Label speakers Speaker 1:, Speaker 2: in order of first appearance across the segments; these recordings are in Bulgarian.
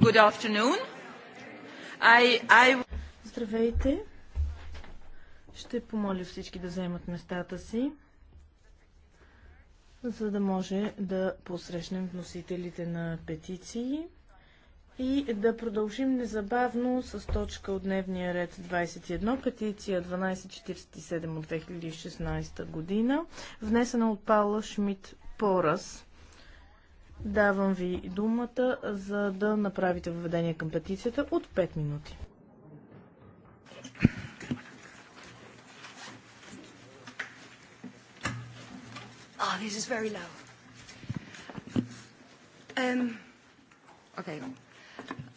Speaker 1: Good afternoon. I, I... Здравейте. Ще помоля всички да вземат местата си, за да може да посрещнем вносителите на петиции и да продължим незабавно с точка от дневния ред 21, петиция 1247 от 2016 година, внесена от Паула Шмидт Порас Давам ви думата, за да направите въведение към петицията от 5 минути.
Speaker 2: Ah, oh, this is very low.
Speaker 1: Um, okay.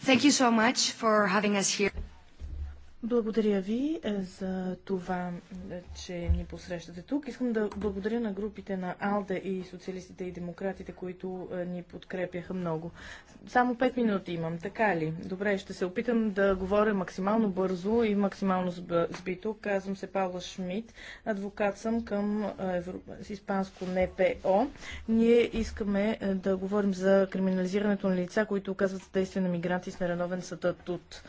Speaker 1: Thank you so much for having us here. Благодаря ви е, за това, е, че ни посрещате тук. Искам да благодаря на групите на АЛДА и социалистите и демократите, които е, ни подкрепяха много. Само 5 минути имам, така ли? Добре, ще се опитам да говоря максимално бързо и максимално сбито. Казвам се Павла Шмидт, адвокат съм към Евро... Испанско НПО. Ние искаме да говорим за криминализирането на лица, които оказват съдействие на мигранти с нередовен статут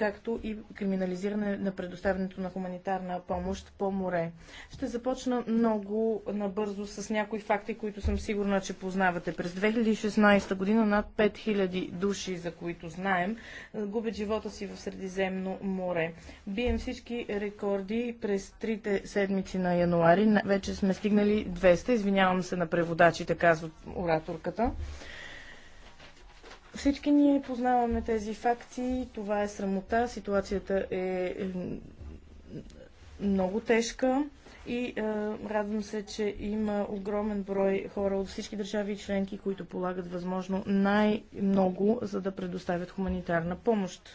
Speaker 1: както и криминализиране на предоставянето на хуманитарна помощ по море. Ще започна много набързо с някои факти, които съм сигурна, че познавате. През 2016 година над 5000 души, за които знаем, губят живота си в Средиземно море. Бием всички рекорди през трите седмици на януари. Вече сме стигнали 200. Извинявам се на преводачите, казва ораторката. Всички ние познаваме тези факти, това е срамота, ситуацията е, е много тежка и е, радвам се, че има огромен брой хора от всички държави и членки, които полагат възможно най-много, за да предоставят хуманитарна помощ.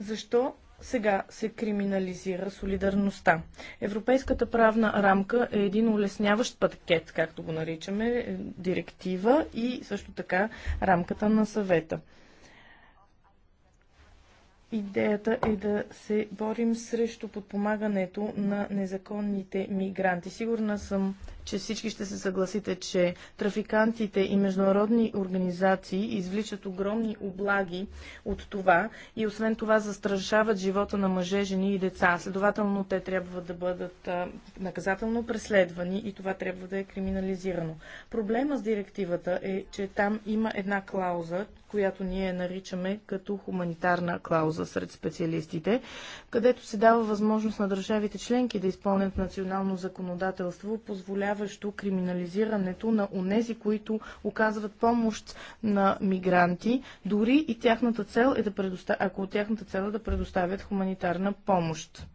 Speaker 1: Защо сега се криминализира солидарността. Европейската правна рамка е един улесняващ пакет, както го наричаме, е, директива и също така рамката на съвета. Идеята е да се борим срещу подпомагането на незаконните мигранти. Сигурна съм, че всички ще се съгласите, че трафикантите и международни организации извличат огромни облаги от това и освен това застрашават живота на мъже, жени и деца. Следователно те трябва да бъдат наказателно преследвани и това трябва да е криминализирано. Проблема с директивата е, че там има една клауза, която ние наричаме като хуманитарна клауза сред специалистите, където се дава възможност на държавите членки да изпълнят национално законодателство, позволява настояващо криминализирането на онези, които оказват помощ на мигранти, дори и тяхната цел е да предоставят, ако тяхната цел е да предоставят хуманитарна помощ.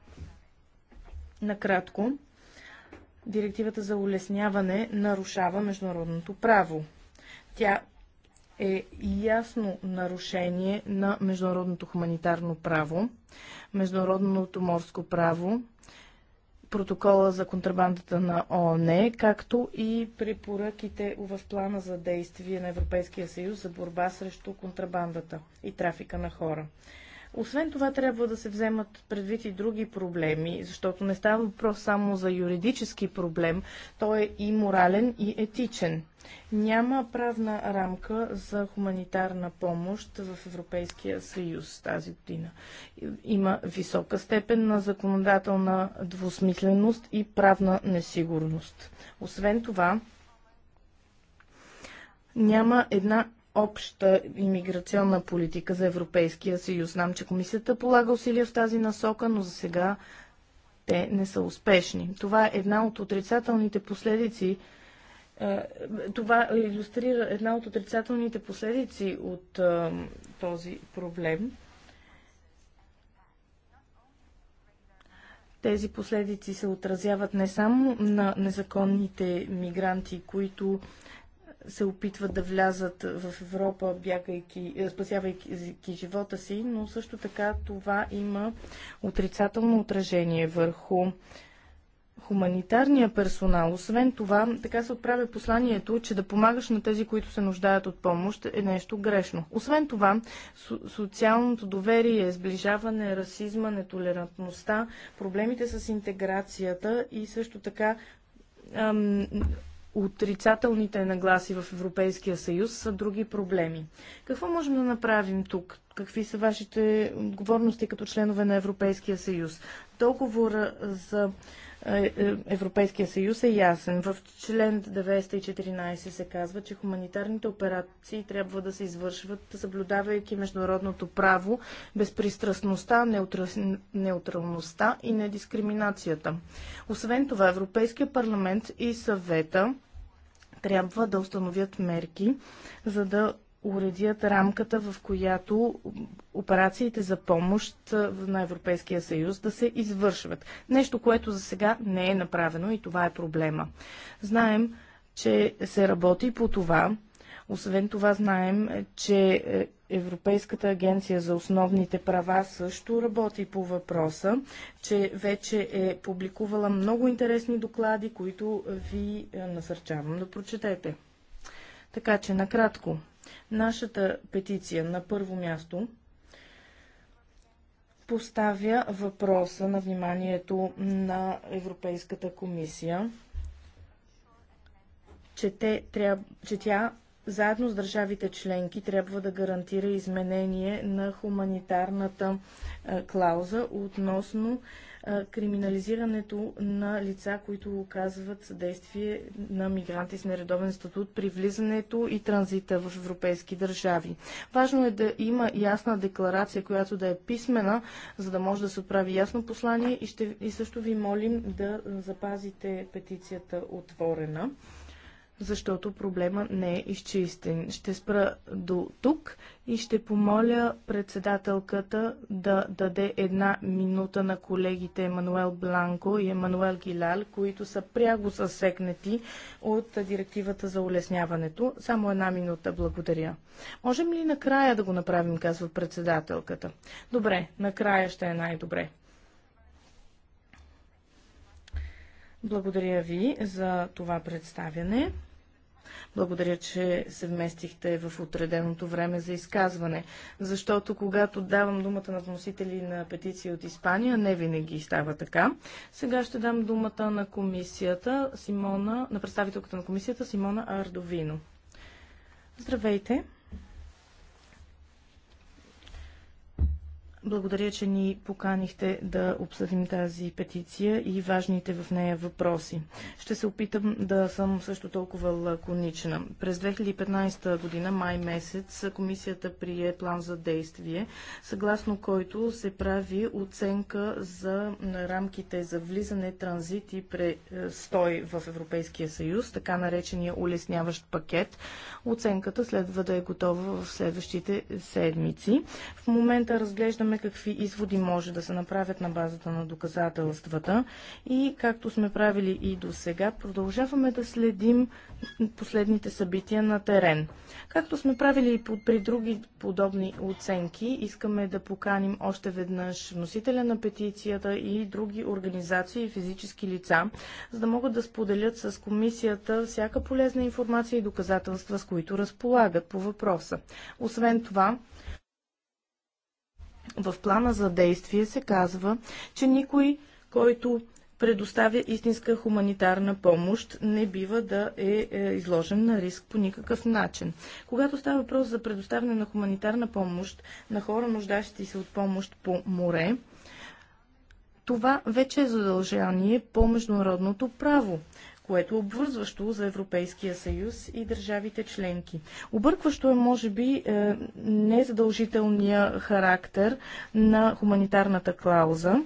Speaker 1: Накратко, директивата за улесняване нарушава международното право. Тя е ясно нарушение на международното хуманитарно право, международното морско право, протокола за контрабандата на ООН, както и препоръките в плана за действие на Европейския съюз за борба срещу контрабандата и трафика на хора. Освен това трябва да се вземат предвид и други проблеми, защото не става въпрос само за юридически проблем, той е и морален и етичен. Няма правна рамка за хуманитарна помощ в Европейския съюз тази година. Има висока степен на законодателна двусмисленост и правна несигурност. Освен това, няма една обща иммиграционна политика за Европейския съюз. Знам, че комисията полага усилия в тази насока, но за сега те не са успешни. Това е една от отрицателните последици. Е, това иллюстрира една от отрицателните последици от е, този проблем. Тези последици се отразяват не само на незаконните мигранти, които се опитват да влязат в Европа, бягайки, е, спасявайки живота си, но също така това има отрицателно отражение върху хуманитарния персонал. Освен това, така се отправя посланието, че да помагаш на тези, които се нуждаят от помощ, е нещо грешно. Освен това, со- социалното доверие, сближаване, расизма, нетолерантността, проблемите с интеграцията и също така отрицателните нагласи в Европейския съюз са други проблеми. Какво можем да направим тук? Какви са вашите отговорности като членове на Европейския съюз? Договора за е, е, Европейския съюз е ясен. В член 914 се казва, че хуманитарните операции трябва да се извършват, съблюдавайки международното право, безпристрастността, неутралността и недискриминацията. Освен това, Европейския парламент и съвета трябва да установят мерки, за да уредят рамката, в която операциите за помощ на Европейския съюз да се извършват. Нещо, което за сега не е направено и това е проблема. Знаем, че се работи по това. Освен това знаем, е, че е, Европейската агенция за основните права също работи по въпроса, че вече е публикувала много интересни доклади, които ви е, насърчавам да прочетете. Така че, накратко, Нашата петиция на първо място поставя въпроса на вниманието на Европейската комисия, че, те, тряб, че тя заедно с държавите членки трябва да гарантира изменение на хуманитарната е, клауза относно криминализирането на лица, които оказват съдействие на мигранти с нередовен статут при влизането и транзита в европейски държави. Важно е да има ясна декларация, която да е писмена, за да може да се отправи ясно послание и, ще, и също ви молим да запазите петицията отворена защото проблема не е изчистен. Ще спра до тук и ще помоля председателката да даде една минута на колегите Емануел Бланко и Емануел Гилал, които са пряго съсекнати от директивата за улесняването. Само една минута, благодаря. Можем ли накрая да го направим, казва председателката? Добре, накрая ще е най-добре. Благодаря ви за това представяне. Благодаря, че се вместихте в отреденото време за изказване, защото когато давам думата на вносители на петиции от Испания, не винаги става така. Сега ще дам думата на комисията Симона, на представителката на комисията Симона Ардовино. Здравейте! Благодаря, че ни поканихте да обсъдим тази петиция и важните в нея въпроси. Ще се опитам да съм също толкова лаконична. През 2015 година, май месец, комисията прие план за действие, съгласно който се прави оценка за рамките за влизане, транзит и престой в Европейския съюз, така наречения улесняващ пакет. Оценката следва да е готова в следващите седмици. В момента разглеждаме виждаме какви изводи може да се направят на базата на доказателствата и както сме правили и до сега, продължаваме да следим последните събития на терен. Както сме правили и при други подобни оценки, искаме да поканим още веднъж носителя на петицията и други организации и физически лица, за да могат да споделят с комисията всяка полезна информация и доказателства, с които разполагат по въпроса. Освен това, в плана за действие се казва, че никой, който предоставя истинска хуманитарна помощ, не бива да е, е изложен на риск по никакъв начин. Когато става въпрос за предоставяне на хуманитарна помощ на хора, нуждащи се от помощ по море, това вече е задължение по международното право което е обвързващо за Европейския съюз и държавите членки. Объркващо е, може би, е, незадължителния характер на хуманитарната клауза. Е,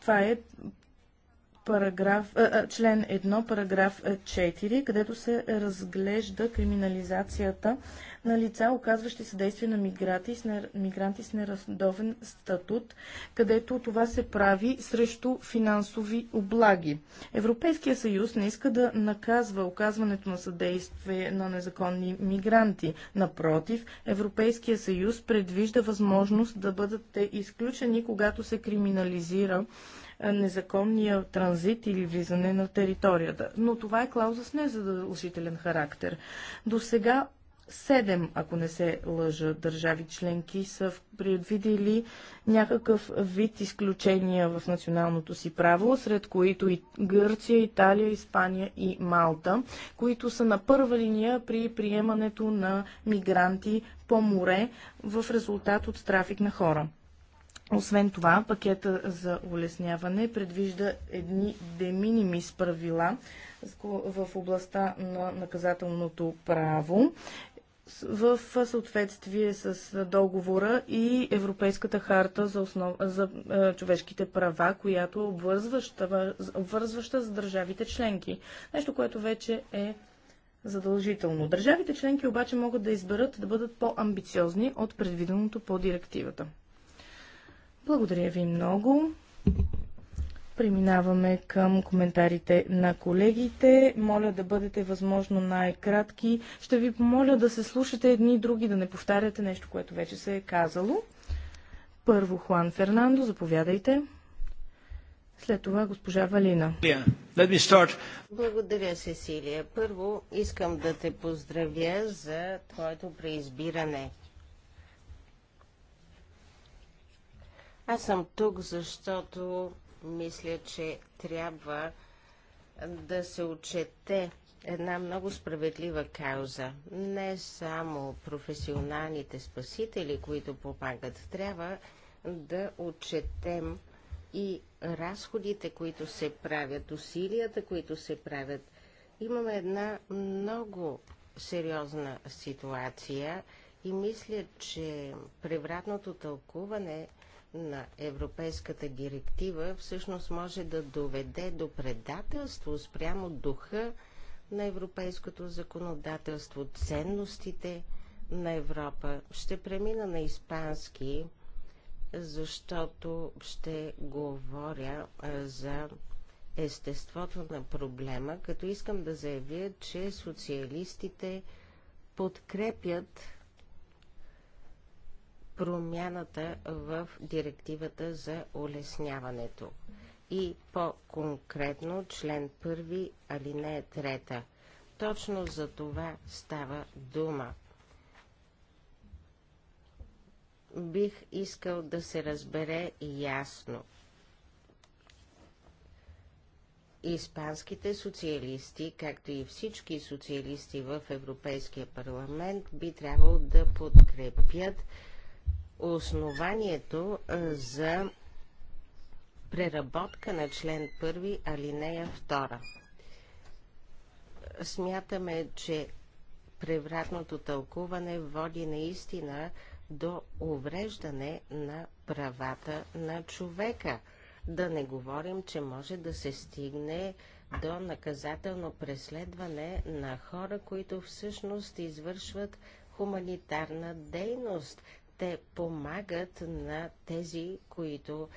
Speaker 1: това е параграф, а, член 1, параграф 4, където се разглежда криминализацията на лица, оказващи съдействие на мигранти с, нер... мигранти с нераздовен статут, където това се прави срещу финансови облаги. Европейския съюз не иска да наказва оказването на съдействие на незаконни мигранти. Напротив, Европейския съюз предвижда възможност да бъдат те изключени, когато се криминализира е, незаконния транзит или влизане на територията. Но това е клауза с незадължителен характер. До сега седем, ако не се лъжа, държави членки са предвидели някакъв вид изключения в националното си право, сред които и Гърция, Италия, Испания и Малта, които са на първа линия при приемането на мигранти по море в резултат от трафик на хора. Освен това, пакета за улесняване предвижда едни деминимис правила в областта на наказателното право в съответствие с договора и Европейската харта за, основ... за е, човешките права, която е обвързваща, обвързваща с държавите членки. Нещо, което вече е задължително. Държавите членки обаче могат да изберат да бъдат по-амбициозни от предвиденото по директивата. Благодаря ви много. Преминаваме към коментарите на колегите. Моля да бъдете възможно най-кратки. Ще ви помоля да се слушате едни и други, да не повтаряте нещо, което вече се е казало. Първо Хуан Фернандо, заповядайте. След това госпожа Валина.
Speaker 3: Благодаря, Сесилия. Първо искам да те поздравя за твоето преизбиране. Аз съм тук, защото мисля, че трябва да се отчете една много справедлива кауза. Не само професионалните спасители, които помагат, трябва да отчетем и разходите, които се правят, усилията, които се правят. Имаме една много сериозна ситуация и мисля, че превратното тълкуване на Европейската директива всъщност може да доведе до предателство спрямо духа на европейското законодателство, ценностите на Европа. Ще премина на испански, защото ще говоря за естеството на проблема, като искам да заявя, че социалистите подкрепят промяната в директивата за улесняването. И по-конкретно член 1, алинея 3. Точно за това става дума. Бих искал да се разбере ясно. Испанските социалисти, както и всички социалисти в Европейския парламент, би трябвало да подкрепят основанието за преработка на член 1, алинея 2. Смятаме, че превратното тълкуване води наистина до увреждане на правата на човека. Да не говорим, че може да се стигне до наказателно преследване на хора, които всъщност извършват хуманитарна дейност те помагат на тези, които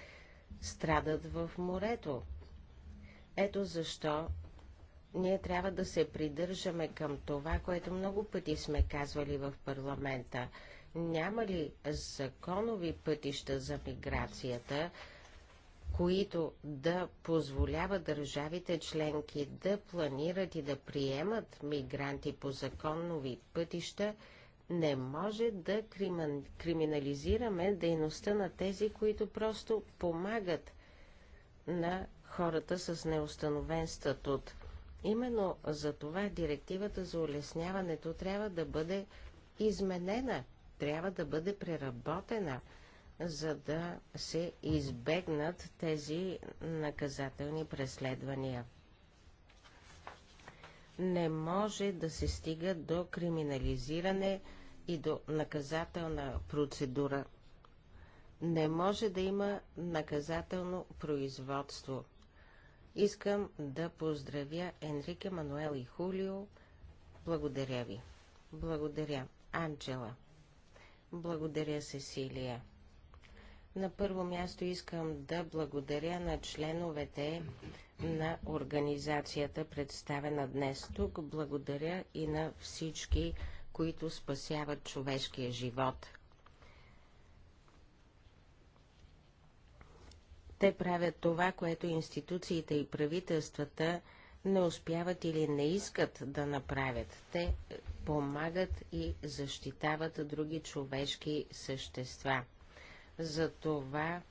Speaker 3: страдат в морето. Ето защо ние трябва да се придържаме към това, което много пъти сме казвали в парламента. Няма ли законови пътища за миграцията, които да позволяват държавите членки да планират и да приемат мигранти по законови пътища не може да криминализираме дейността на тези, които просто помагат на хората с неустановен статут. Именно за това директивата за улесняването трябва да бъде изменена, трябва да бъде преработена, за да се избегнат тези наказателни преследвания. Не може да се стига до криминализиране и до наказателна процедура. Не може да има наказателно производство. Искам да поздравя Енрике, Мануел и Хулио. Благодаря ви. Благодаря, Анджела. Благодаря, Сесилия. На първо място искам да благодаря на членовете на организацията, представена днес тук. Благодаря и на всички които спасяват човешкия живот. Те правят това, което институциите и правителствата не успяват или не искат да направят. Те помагат и защитават други човешки същества. Затова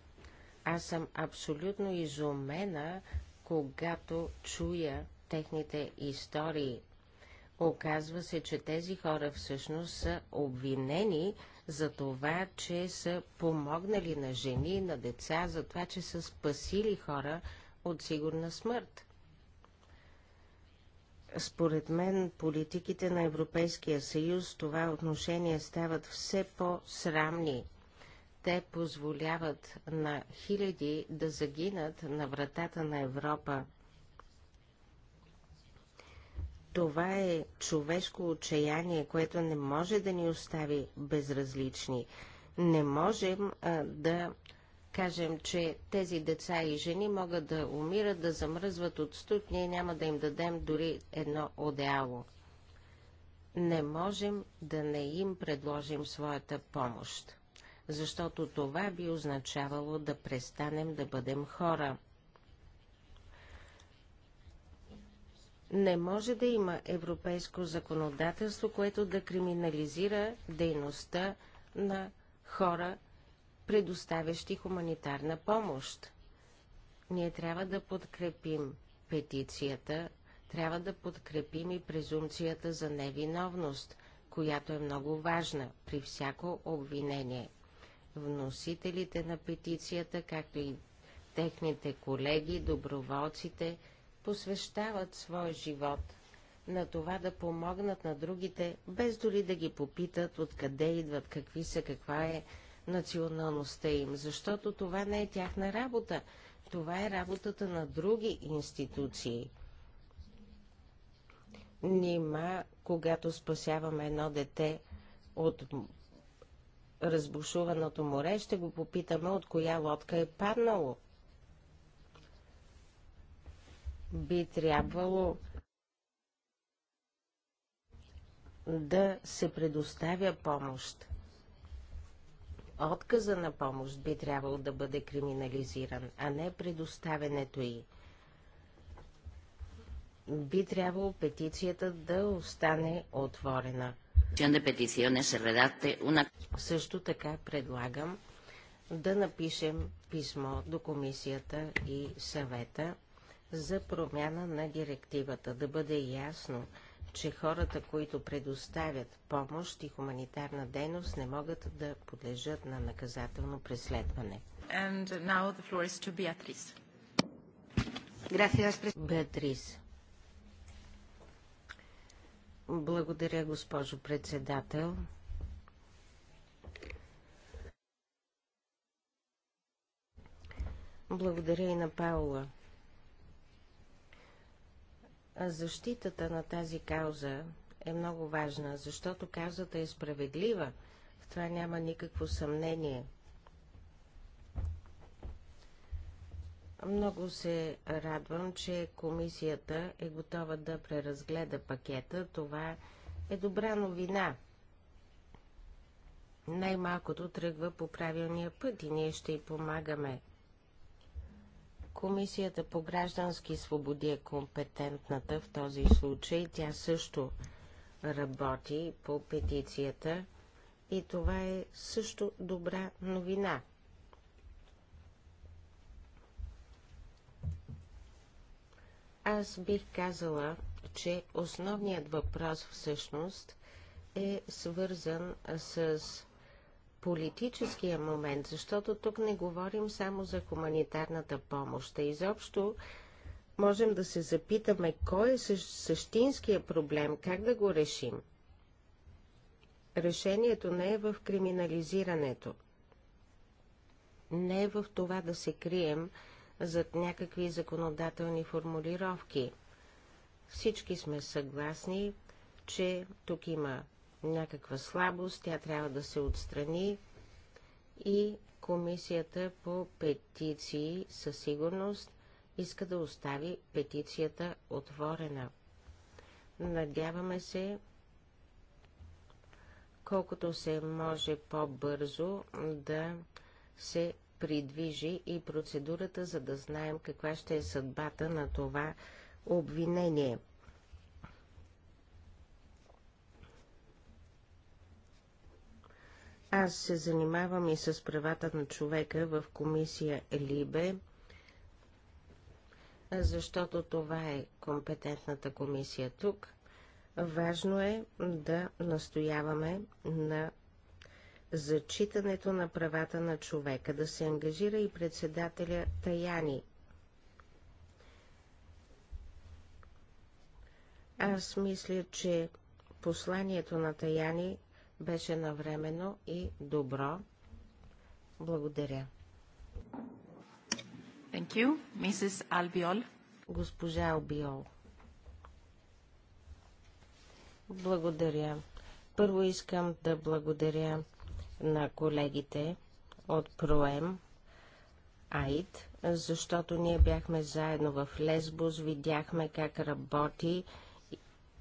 Speaker 3: аз съм абсолютно изумена, когато чуя техните истории. Оказва се, че тези хора всъщност са обвинени за това, че са помогнали на жени, на деца, за това, че са спасили хора от сигурна смърт. Според мен политиките на Европейския съюз това отношение стават все по-срамни. Те позволяват на хиляди да загинат на вратата на Европа. Това е човешко отчаяние, което не може да ни остави безразлични. Не можем а, да кажем, че тези деца и жени могат да умират, да замръзват от студ, ние няма да им дадем дори едно одеало. Не можем да не им предложим своята помощ, защото това би означавало да престанем да бъдем хора. Не може да има европейско законодателство, което да криминализира дейността на хора, предоставящи хуманитарна помощ. Ние трябва да подкрепим петицията, трябва да подкрепим и презумцията за невиновност, която е много важна при всяко обвинение. Вносителите на петицията, както и техните колеги, доброволците, посвещават своя живот на това да помогнат на другите, без дори да ги попитат откъде идват, какви са, каква е националността им, защото това не е тяхна работа. Това е работата на други институции. Нима, когато спасяваме едно дете от разбушуваното море, ще го попитаме от коя лодка е паднало би трябвало да се предоставя помощ. Отказа на помощ би трябвало да бъде криминализиран, а не предоставянето й. Би трябвало петицията да остане отворена. Също така предлагам да напишем писмо до комисията и съвета за промяна на директивата. Да бъде ясно, че хората, които предоставят помощ и хуманитарна дейност, не могат да подлежат на наказателно преследване. Благодаря, госпожо председател. Благодаря и на Паула. Защитата на тази кауза е много важна, защото каузата е справедлива. В това няма никакво съмнение. Много се радвам, че комисията е готова да преразгледа пакета. Това е добра новина. Най-малкото тръгва по правилния път и ние ще й помагаме. Комисията по граждански свободи е компетентната в този случай. Тя също работи по петицията и това е също добра новина. Аз бих казала, че основният въпрос всъщност е свързан с политическия момент, защото тук не говорим само за хуманитарната помощ, а изобщо можем да се запитаме кой е същинския проблем, как да го решим. Решението не е в криминализирането. Не е в това да се крием зад някакви законодателни формулировки. Всички сме съгласни, че тук има някаква слабост, тя трябва да се отстрани и комисията по петиции със сигурност иска да остави петицията отворена. Надяваме се, колкото се може по-бързо да се придвижи и процедурата, за да знаем каква ще е съдбата на това обвинение – Аз се занимавам и с правата на човека в комисия Либе, защото това е компетентната комисия тук. Важно е да настояваме на зачитането на правата на човека, да се ангажира и председателя Таяни. Аз мисля, че посланието на Таяни беше навременно и добро. Благодаря. Thank you. Mrs. Albiol. Госпожа Албиол. Благодаря. Първо искам да благодаря на колегите от Проем АИД, защото ние бяхме заедно в Лесбос, видяхме как работи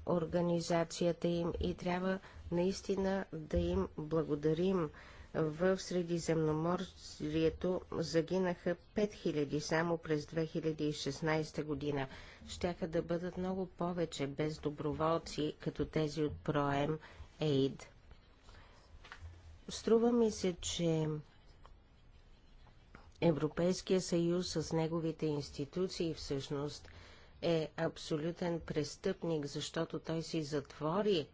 Speaker 3: организацията им и трябва наистина да им благодарим. В Средиземноморието загинаха 5000 само през 2016 година. Щяха да бъдат много повече без доброволци, като тези от Проем Ейд. Струва ми се, че Европейския съюз с неговите институции всъщност е абсолютен престъпник, защото той си затвори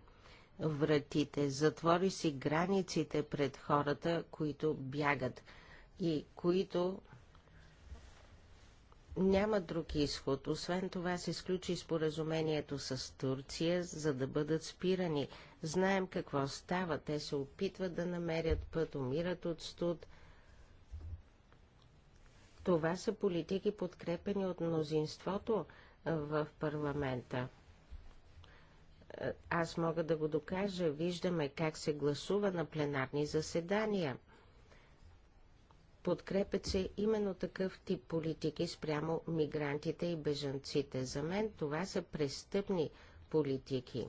Speaker 3: вратите, затвори си границите пред хората, които бягат и които няма друг изход. Освен това се сключи споразумението с Турция, за да бъдат спирани. Знаем какво става. Те се опитват да намерят път, умират от студ. Това са политики, подкрепени от мнозинството в парламента. Е, аз мога да го докажа. Виждаме как се гласува на пленарни заседания. Подкрепят се именно такъв тип политики спрямо мигрантите и бежанците. За мен това са престъпни политики.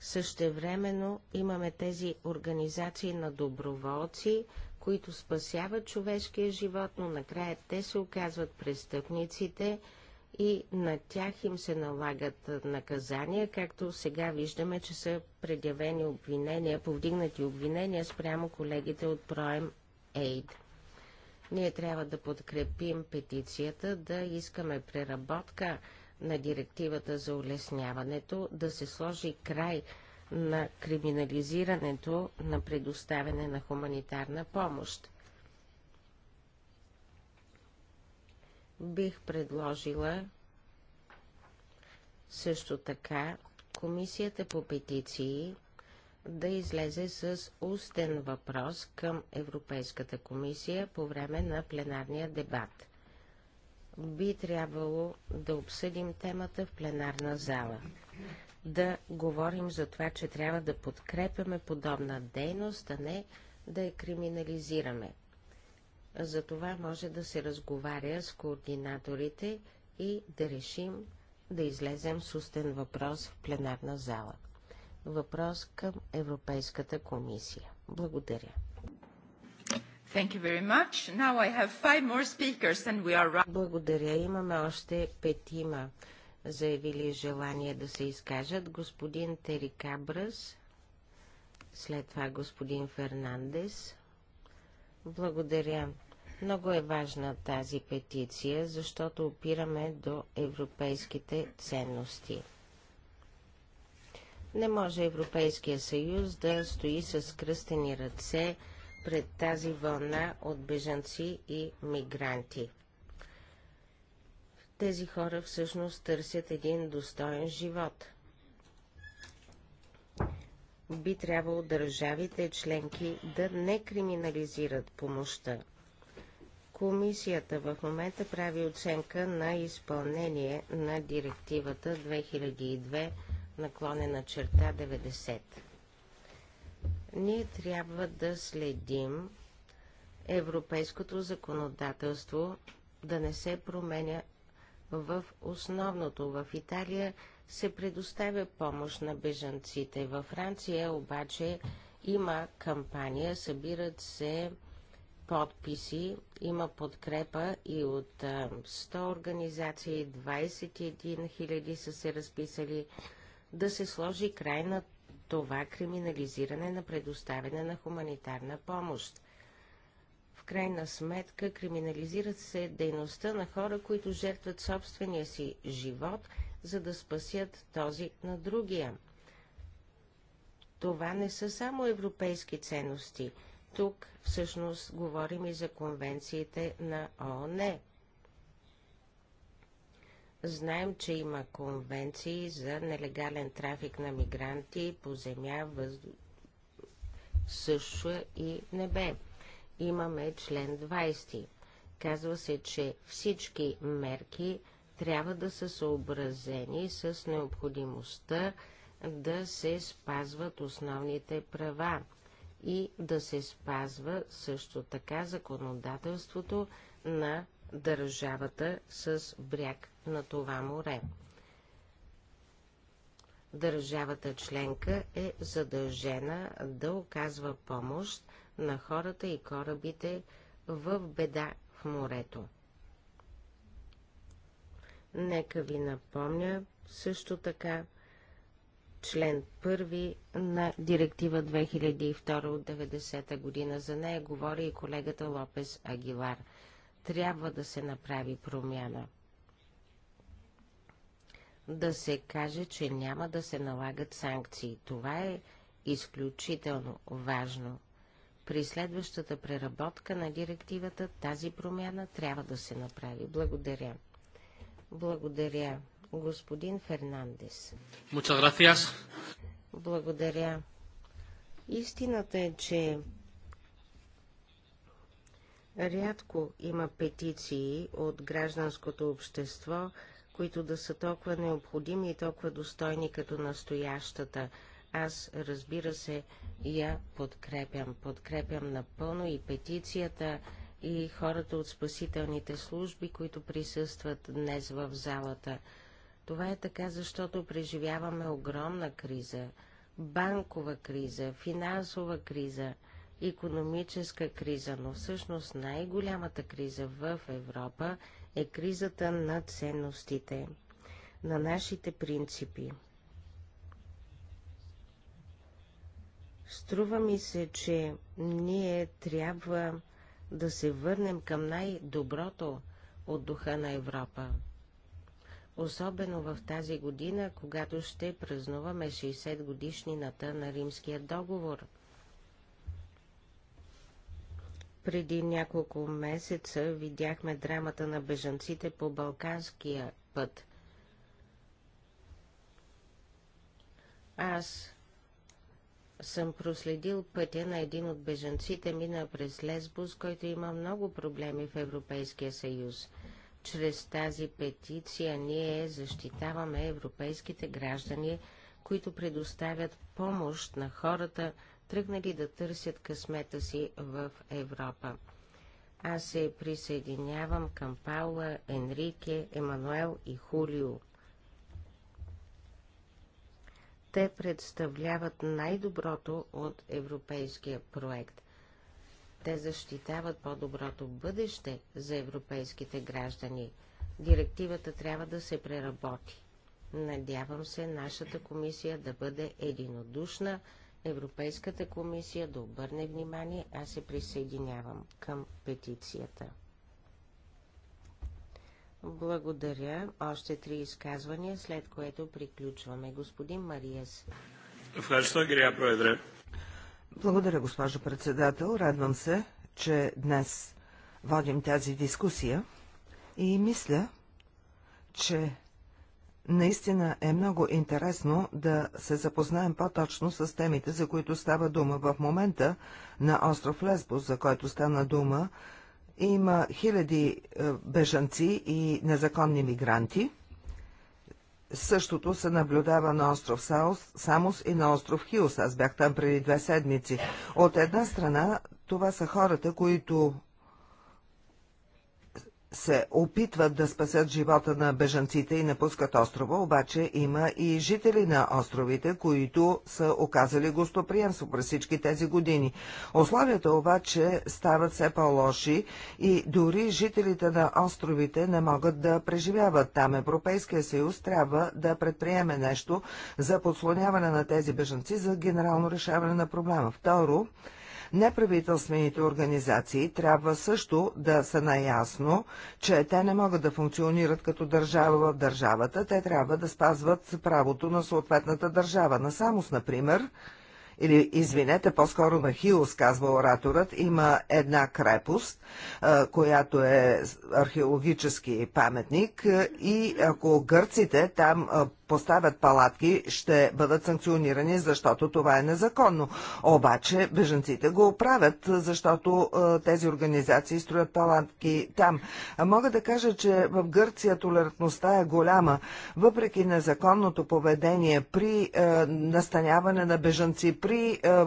Speaker 3: Същевременно имаме тези организации на доброволци, които спасяват човешкия живот, но накрая те се оказват престъпниците – и на тях им се налагат наказания, както сега виждаме, че са предявени обвинения, повдигнати обвинения спрямо колегите от Проем Aid. Ние трябва да подкрепим петицията, да искаме преработка на директивата за улесняването, да се сложи край на криминализирането на предоставяне на хуманитарна помощ. Бих предложила също така Комисията по петиции да излезе с устен въпрос към Европейската комисия по време на пленарния дебат. Би трябвало да обсъдим темата в пленарна зала. Да говорим за това, че трябва да подкрепяме подобна дейност, а не да я криминализираме. За това може да се разговаря с координаторите и да решим да излезем с устен въпрос в пленарна зала. Въпрос към Европейската комисия. Благодаря. Thank you very much. Now I have five more speakers and we are... Благодаря. Имаме още петима заявили желание да се изкажат. Господин Терикабрас, след това господин Фернандес. Благодаря. Много е важна тази петиция, защото опираме до европейските ценности. Не може Европейския съюз да стои с кръстени ръце пред тази вълна от бежанци и мигранти. Тези хора всъщност търсят един достоен живот – би трябвало държавите членки да не криминализират помощта. Комисията в момента прави оценка на изпълнение на директивата 2002 наклонена черта 90. Ние трябва да следим европейското законодателство да не се променя в основното. В Италия се предоставя помощ на бежанците. Във Франция обаче има кампания, събират се подписи, има подкрепа и от 100 организации, 21 000 са се разписали да се сложи край на това криминализиране на предоставяне на хуманитарна помощ. В крайна сметка криминализират се дейността на хора, които жертват собствения си живот – за да спасят този на другия. Това не са само европейски ценности. Тук всъщност говорим и за конвенциите на ООН. Знаем, че има конвенции за нелегален трафик на мигранти по земя, въздух, също и небе. Имаме член 20. Казва се, че всички мерки трябва да са съобразени с необходимостта да се спазват основните права и да се спазва също така законодателството на държавата с бряг на това море. Държавата членка е задължена да оказва помощ на хората и корабите в беда в морето. Нека ви напомня също така член 1 на директива 2002 от 90 та година. За нея говори и колегата Лопес Агилар. Трябва да се направи промяна. Да се каже, че няма да се налагат санкции. Това е изключително важно. При следващата преработка на директивата тази промяна трябва да се направи. Благодаря. Благодаря. Господин Фернандес. Благодаря. Истината е, че рядко има петиции от гражданското общество, които да са толкова необходими и толкова достойни като настоящата. Аз, разбира се, я подкрепям. Подкрепям напълно и петицията, и хората от спасителните служби, които присъстват днес в залата. Това е така, защото преживяваме огромна криза, банкова криза, финансова криза, економическа криза, но всъщност най-голямата криза в Европа е кризата на ценностите, на нашите принципи. Струва ми се, че ние трябва да се върнем към най-доброто от духа на Европа. Особено в тази година, когато ще празнуваме 60 годишнината на Римския договор. Преди няколко месеца видяхме драмата на бежанците по Балканския път. Аз съм проследил пътя на един от бежанците, мина през Лесбус, който има много проблеми в Европейския съюз. Чрез тази петиция ние защитаваме европейските граждани, които предоставят помощ на хората, тръгнали да търсят късмета си в Европа. Аз се присъединявам към Паула, Енрике, Емануел и Хулио. Те представляват най-доброто от европейския проект. Те защитават по-доброто бъдеще за европейските граждани. Директивата трябва да се преработи. Надявам се нашата комисия да бъде единодушна, Европейската комисия да обърне внимание, аз се присъединявам към петицията. Благодаря. Още три изказвания, след което приключваме. Господин Мариес.
Speaker 4: Благодаря, госпожо председател. Радвам се, че днес водим тази дискусия и мисля, че наистина е много интересно да се запознаем по-точно с темите, за които става дума в момента на остров Лесбос, за който стана дума. Има хиляди е, бежанци и незаконни мигранти. Същото се наблюдава на остров Саус, Самус и на остров Хилс. Аз бях там преди две седмици. От една страна, това са хората, които се опитват да спасят живота на бежанците и напускат острова, обаче има и жители на островите, които са оказали гостоприемство през всички тези години. Условията обаче стават все по-лоши и дори жителите на островите не могат да преживяват там. Европейския съюз трябва да предприеме нещо за подслоняване на тези бежанци за генерално решаване на проблема. Второ, Неправителствените организации трябва също да са наясно, че те не могат да функционират като държава в държавата, те трябва да спазват правото на съответната държава. На Самос, например, или извинете, по-скоро на Хилос, казва ораторът, има една крепост, която е археологически паметник и ако гърците там поставят палатки, ще бъдат санкционирани, защото това е незаконно. Обаче беженците го правят, защото е, тези организации строят палатки там. Мога да кажа, че в Гърция толерантността е голяма. Въпреки незаконното поведение при е, настаняване на бежанци, при е,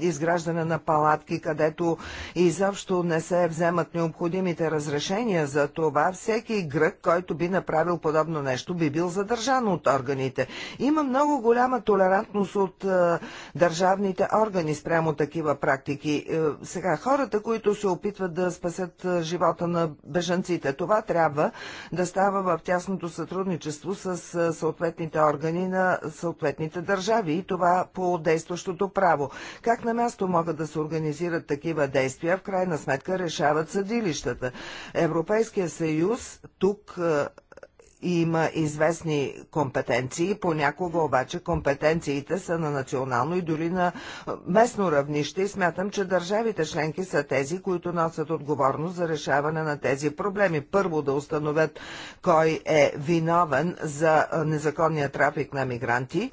Speaker 4: изграждане на палатки, където изобщо не се вземат необходимите разрешения за това, всеки грък, който би направил подобно нещо, би бил задържан от органите органите. Има много голяма толерантност от е, държавните органи спрямо такива практики. Е, сега, хората, които се опитват да спасят е, живота на бежанците, това трябва да става в тясното сътрудничество с съответните органи на съответните държави и това по действащото право. Как на място могат да се организират такива действия, в крайна сметка решават съдилищата. Европейския съюз тук има известни компетенции, понякога обаче компетенциите са на национално и дори на местно равнище и смятам, че държавите членки са тези, които носят отговорност за решаване на тези проблеми. Първо да установят кой е виновен за незаконния трафик на мигранти,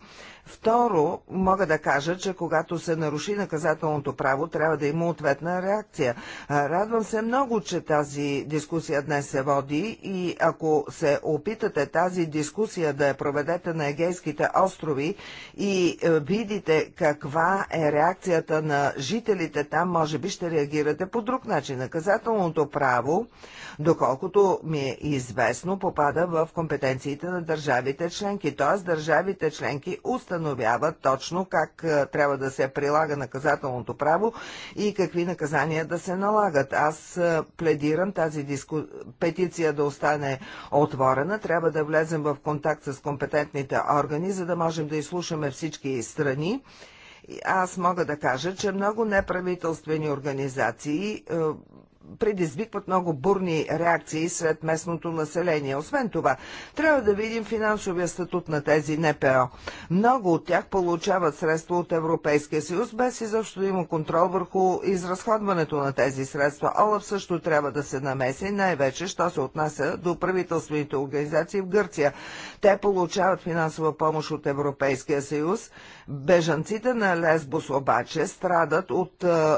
Speaker 4: Второ, мога да кажа, че когато се наруши наказателното право, трябва да има ответна реакция. Радвам се много, че тази дискусия днес се води и ако се опитате тази дискусия да я проведете на Егейските острови и е, видите каква е реакцията на жителите там, може би ще реагирате по друг начин. Наказателното право доколкото ми е известно, попада в компетенциите на държавите членки. Т.е. държавите членки установяват точно как е, трябва да се прилага наказателното право и какви наказания да се налагат. Аз е, пледирам тази диску... петиция да остане отворена. Трябва да влезем в контакт с компетентните органи, за да можем да изслушаме всички страни аз мога да кажа, че много неправителствени организации е, предизвикват много бурни реакции сред местното население. Освен това, трябва да видим финансовия статут на тези НПО. Много от тях получават средства от Европейския съюз, без изобщо да има контрол върху изразходването на тези средства. Олаф също трябва да се намеси, най-вече, що се отнася до правителствените организации в Гърция. Те получават финансова помощ от Европейския съюз. Бежанците на Лесбос обаче страдат от е,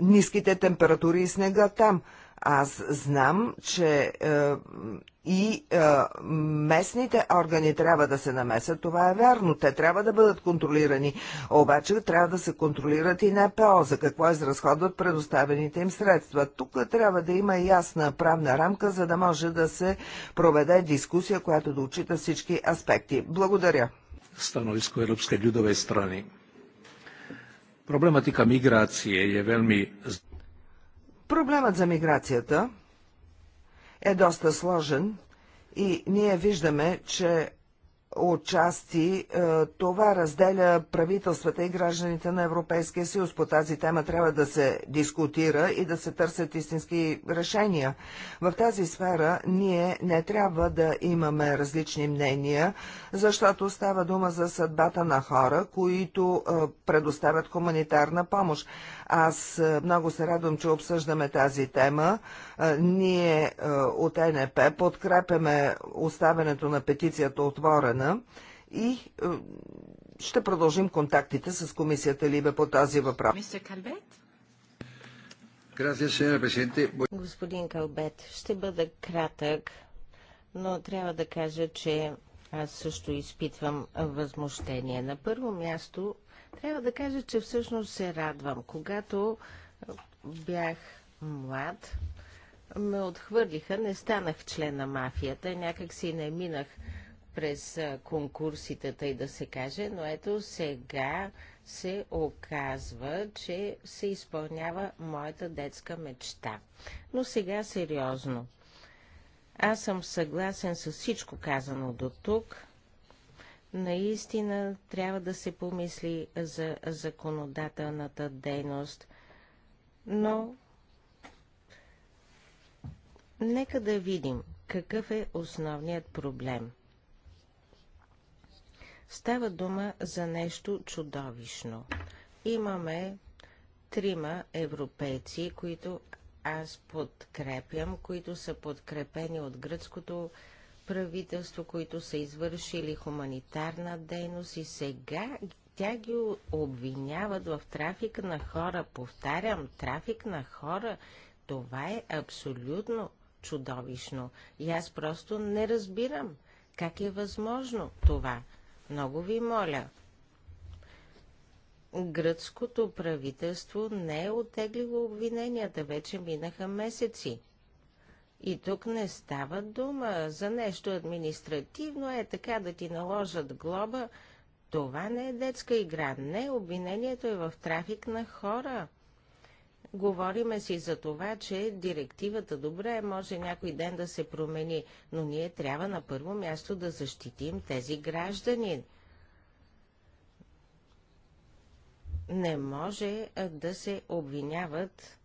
Speaker 4: ниските температури и снега там. Аз знам, че е, и е, местните органи трябва да се намесят, това е вярно. Те трябва да бъдат контролирани, обаче трябва да се контролират и НПО, за какво изразходват предоставените им средства. Тук трябва да има ясна правна рамка, за да може да се проведе дискусия, която да учита всички аспекти. Благодаря.
Speaker 5: Становиско Европска людове страни. Проблематика migrácie je велми...
Speaker 4: Проблемът за миграцията е доста сложен и ние виждаме, че отчасти е, това разделя правителствата и гражданите на Европейския съюз. По тази тема трябва да се дискутира и да се търсят истински решения. В тази сфера ние не трябва да имаме различни мнения, защото става дума за съдбата на хора, които е, предоставят хуманитарна помощ. Аз е, много се радвам, че обсъждаме тази тема. Е, ние е, от НП подкрепяме оставянето на петицията отворена и ще продължим контактите с комисията Либе по тази въпрос. Господин Калбет,
Speaker 3: ще бъда кратък, но трябва да кажа, че аз също изпитвам възмущение. На първо място трябва да кажа, че всъщност се радвам. Когато бях млад, ме отхвърлиха, не станах член на мафията, някак си не минах през конкурсите, тъй да се каже, но ето сега се оказва, че се изпълнява моята детска мечта. Но сега сериозно. Аз съм съгласен с всичко казано до тук. Наистина трябва да се помисли за законодателната дейност, но нека да видим какъв е основният проблем. Става дума за нещо чудовищно. Имаме трима европейци, които аз подкрепям, които са подкрепени от гръцкото правителство, които са извършили хуманитарна дейност и сега тя ги обвиняват в трафик на хора. Повтарям, трафик на хора. Това е абсолютно чудовищно. И аз просто не разбирам как е възможно това. Много ви моля. Гръцкото правителство не е отеглило обвиненията, вече минаха месеци. И тук не става дума за нещо административно, е така да ти наложат глоба. Това не е детска игра, не, обвинението е в трафик на хора. Говориме си за това, че директивата добре може някой ден да се промени, но ние трябва на първо място да защитим тези граждани. Не може да се обвиняват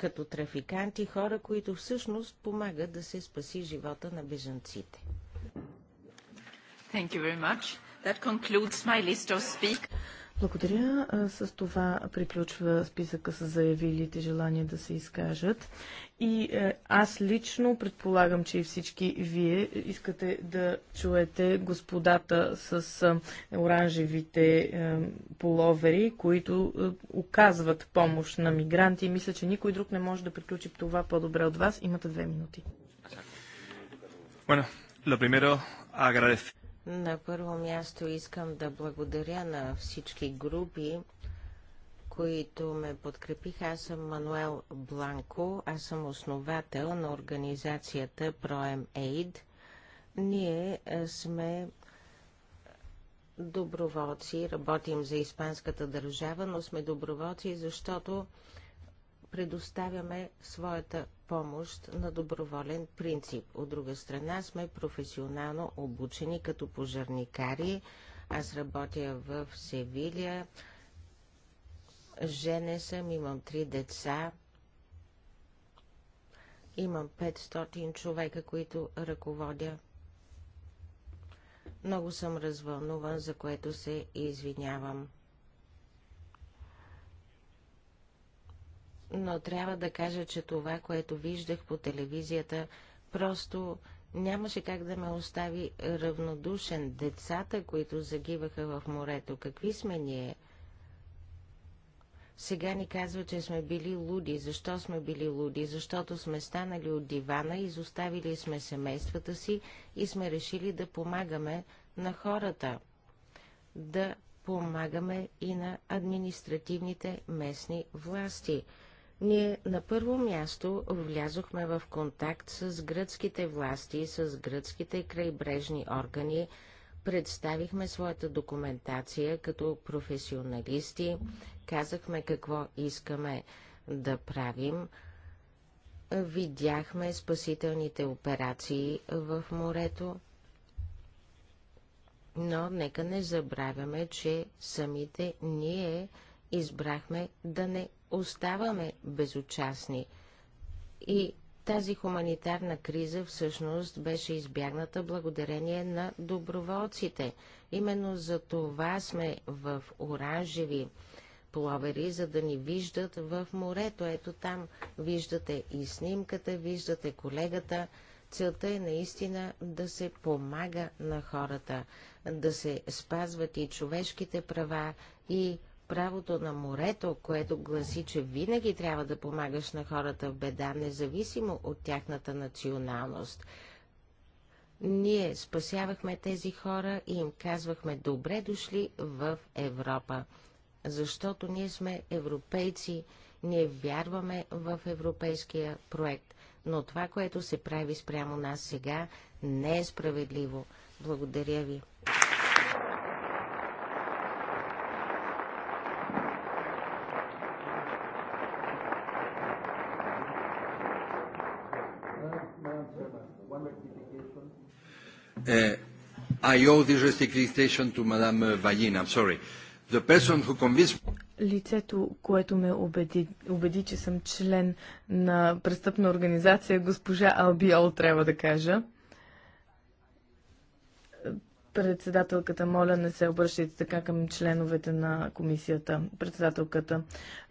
Speaker 3: като трафиканти, хора, които всъщност помагат да се спаси живота на бежанците. Thank you very much. That concludes my list of
Speaker 1: благодаря. С това приключва списъка с заявилите желание да се изкажат. И е, аз лично предполагам, че и всички вие искате да чуете господата с е, оранжевите е, половери, които оказват помощ на мигранти. Мисля, че никой друг не може да приключи това по-добре от вас. Имате две минути.
Speaker 6: Bueno, lo primero, agradecer.
Speaker 3: На първо място искам да благодаря на всички групи, които ме подкрепиха. Аз съм Мануел Бланко, аз съм основател на организацията Проем Aid. Ние е, сме доброволци, работим за испанската държава, но сме доброволци, защото предоставяме своята помощ на доброволен принцип. От друга страна сме професионално обучени като пожарникари. Аз работя в Севилия. Жене съм, имам три деца. Имам 500 човека, които ръководя. Много съм развълнуван, за което се извинявам. но трябва да кажа, че това, което виждах по телевизията, просто нямаше как да ме остави равнодушен. Децата, които загиваха в морето, какви сме ние? Сега ни казва, че сме били луди. Защо сме били луди? Защото сме станали от дивана, изоставили сме семействата си и сме решили да помагаме на хората. Да помагаме и на административните местни власти. Ние на първо място влязохме в контакт с гръцките власти, с гръцките крайбрежни органи, представихме своята документация като професионалисти, казахме какво искаме да правим, видяхме спасителните операции в морето, но нека не забравяме, че самите ние избрахме да не оставаме безучастни. И тази хуманитарна криза всъщност беше избягната благодарение на доброволците. Именно за това сме в оранжеви пловери, за да ни виждат в морето. Ето там виждате и снимката, виждате колегата. Целта е наистина да се помага на хората, да се спазват и човешките права, и правото на морето, което гласи, че винаги трябва да помагаш на хората в беда, независимо от тяхната националност. Ние спасявахме тези хора и им казвахме добре дошли в Европа, защото ние сме европейци, ние вярваме в европейския проект, но това, което се прави спрямо нас сега, не е справедливо. Благодаря ви.
Speaker 7: Eh, I owe this requisition to Madame Vallin, I'm sorry. The person who convinced me...
Speaker 1: Лицето, което ме убеди, убеди, че съм член на престъпна организация, госпожа Албиол, трябва да кажа. Председателката, моля, не се обръщайте така към членовете на комисията. Председателката,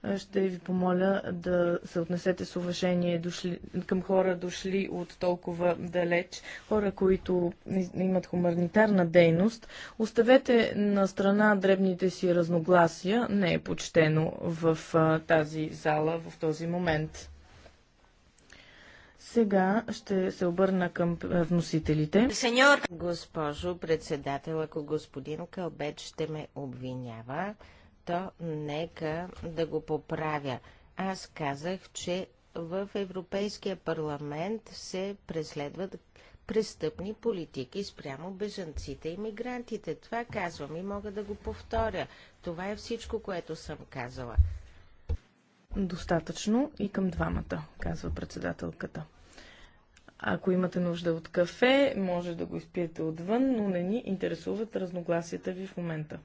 Speaker 1: е, ще ви помоля да се отнесете с уважение дошли, към хора, дошли от толкова далеч, хора, които имат хуманитарна дейност. Оставете на страна дребните си разногласия. Не е почтено в тази
Speaker 3: зала в този момент.
Speaker 1: Сега ще се обърна към вносителите.
Speaker 3: Сеньор! Госпожо председател, ако господин Кълбет ще ме обвинява, то нека да го поправя. Аз казах, че в Европейския парламент се преследват престъпни политики спрямо бежанците и мигрантите. Това казвам и мога да го повторя. Това е всичко, което съм казала.
Speaker 1: Достатъчно и към двамата, казва председателката. Ако имате нужда от кафе, може да го изпиете отвън, но не ни интересуват разногласията ви в момента.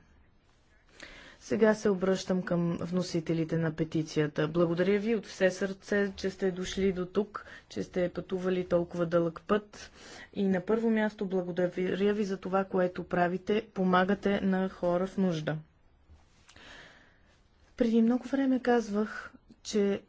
Speaker 1: Сега се обръщам към вносителите на петицията. Благодаря ви от все сърце, че сте дошли до тук, че сте пътували толкова дълъг път. И на първо място благодаря ви за това, което правите, помагате на хора в нужда. Преди много време казвах, че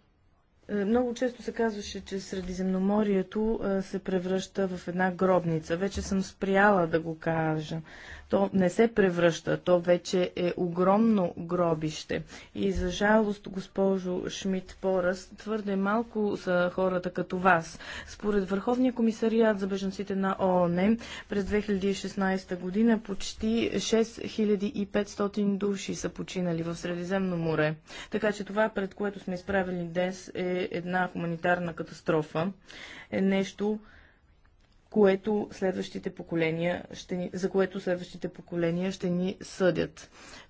Speaker 1: е, много често се казваше, че Средиземноморието е, се превръща в една гробница. Вече съм спряла да го кажа. То не се превръща, то вече е огромно гробище. И за жалост, госпожо Шмидт Порас, твърде малко са хората като вас. Според Върховния комисариат за беженците на ООН през 2016 година почти 6500 души са починали в Средиземно море. Така че това, пред което сме изправили днес, е една хуманитарна катастрофа. Е нещо, което следващите поколения ще ни, за което следващите поколения ще ни съдят.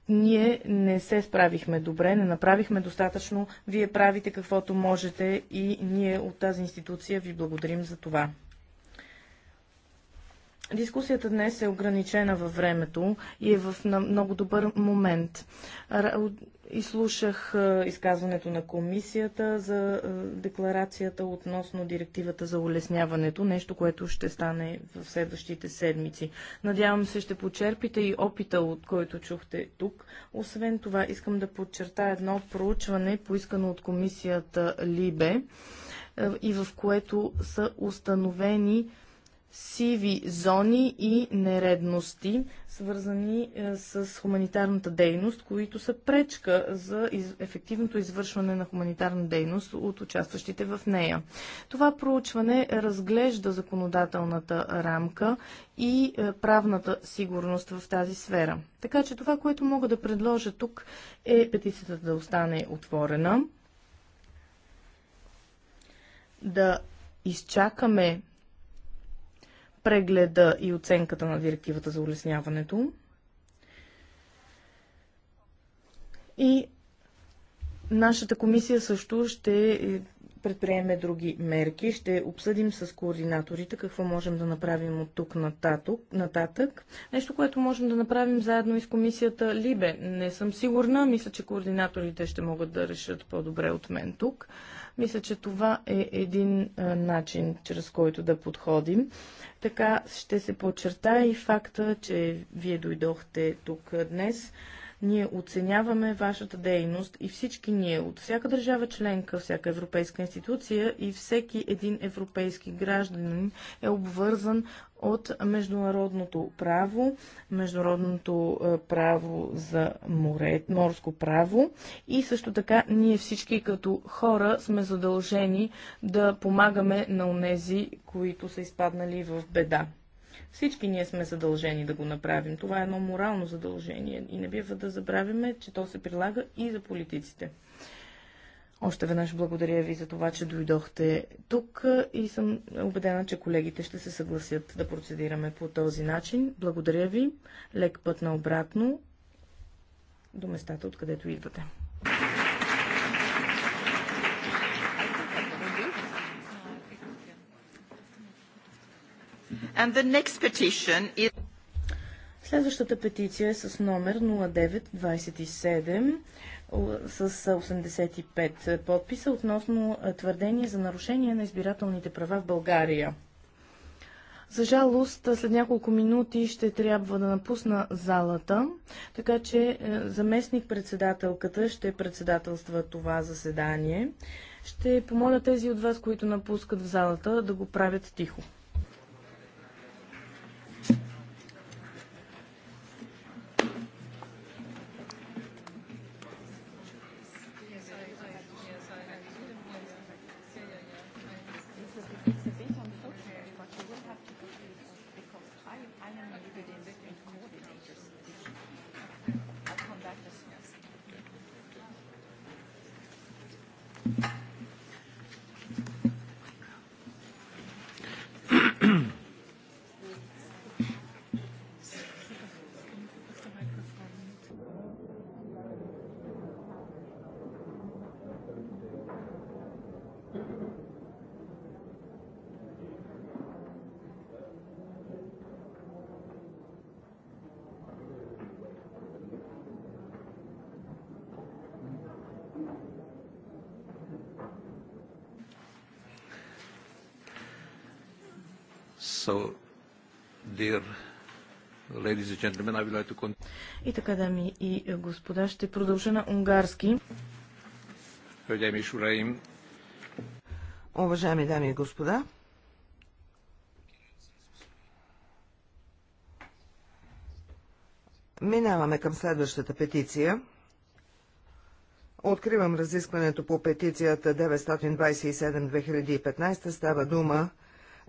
Speaker 1: Ние не се справихме добре, не направихме достатъчно. Вие правите каквото можете и ние от тази институция ви благодарим за това. Дискусията днес е ограничена във времето и е в много добър момент. Изслушах е, изказването на комисията за е, декларацията относно директивата за улесняването, нещо, което ще стане в следващите седмици. Надявам се, ще почерпите и опита, от който чухте тук. Освен това, искам да подчертая едно проучване, поискано от комисията Либе, е, и в което са установени сиви зони и нередности, свързани е, с хуманитарната дейност, които са пречка за ефективното извършване на хуманитарна дейност от участващите в нея. Това проучване разглежда законодателната рамка и е, правната сигурност в тази сфера. Така че това, което мога да предложа тук е петицията да остане отворена, да изчакаме прегледа и оценката на директивата за улесняването. И нашата комисия също ще предприеме други мерки. Ще обсъдим с координаторите какво можем да направим от тук нататък. нататък. Нещо, което можем да направим заедно и с комисията Либе. Не съм сигурна. Мисля, че координаторите ще могат да решат по-добре от мен тук. Мисля, че това е един начин, чрез който да подходим. Така ще се подчертая и факта, че вие дойдохте тук днес ние оценяваме вашата дейност и всички ние, от всяка държава членка, всяка европейска институция и всеки един европейски гражданин е обвързан от международното право, международното е, право за море, морско право и също така ние всички като хора сме задължени да помагаме на онези, които са изпаднали в беда. Всички ние сме задължени да го направим. Това е едно морално задължение и не бива да забравяме, че то се прилага и за политиците. Още веднъж благодаря ви за това, че дойдохте тук и съм убедена, че колегите ще се съгласят да процедираме по този начин. Благодаря ви. Лек път на обратно до местата, откъдето идвате. Is... Следващата петиция е с номер 0927 с 85 подписа относно твърдение за нарушение на избирателните права в България. За жалост, след няколко минути ще трябва да напусна залата, така че е, заместник-председателката ще председателства това заседание. Ще помоля тези от вас, които напускат в залата, да го правят тихо. И така, дами и господа, ще продължа на унгарски.
Speaker 4: Уважаеми дами и господа, минаваме към следващата петиция. Откривам разискването по петицията 927-2015. Става дума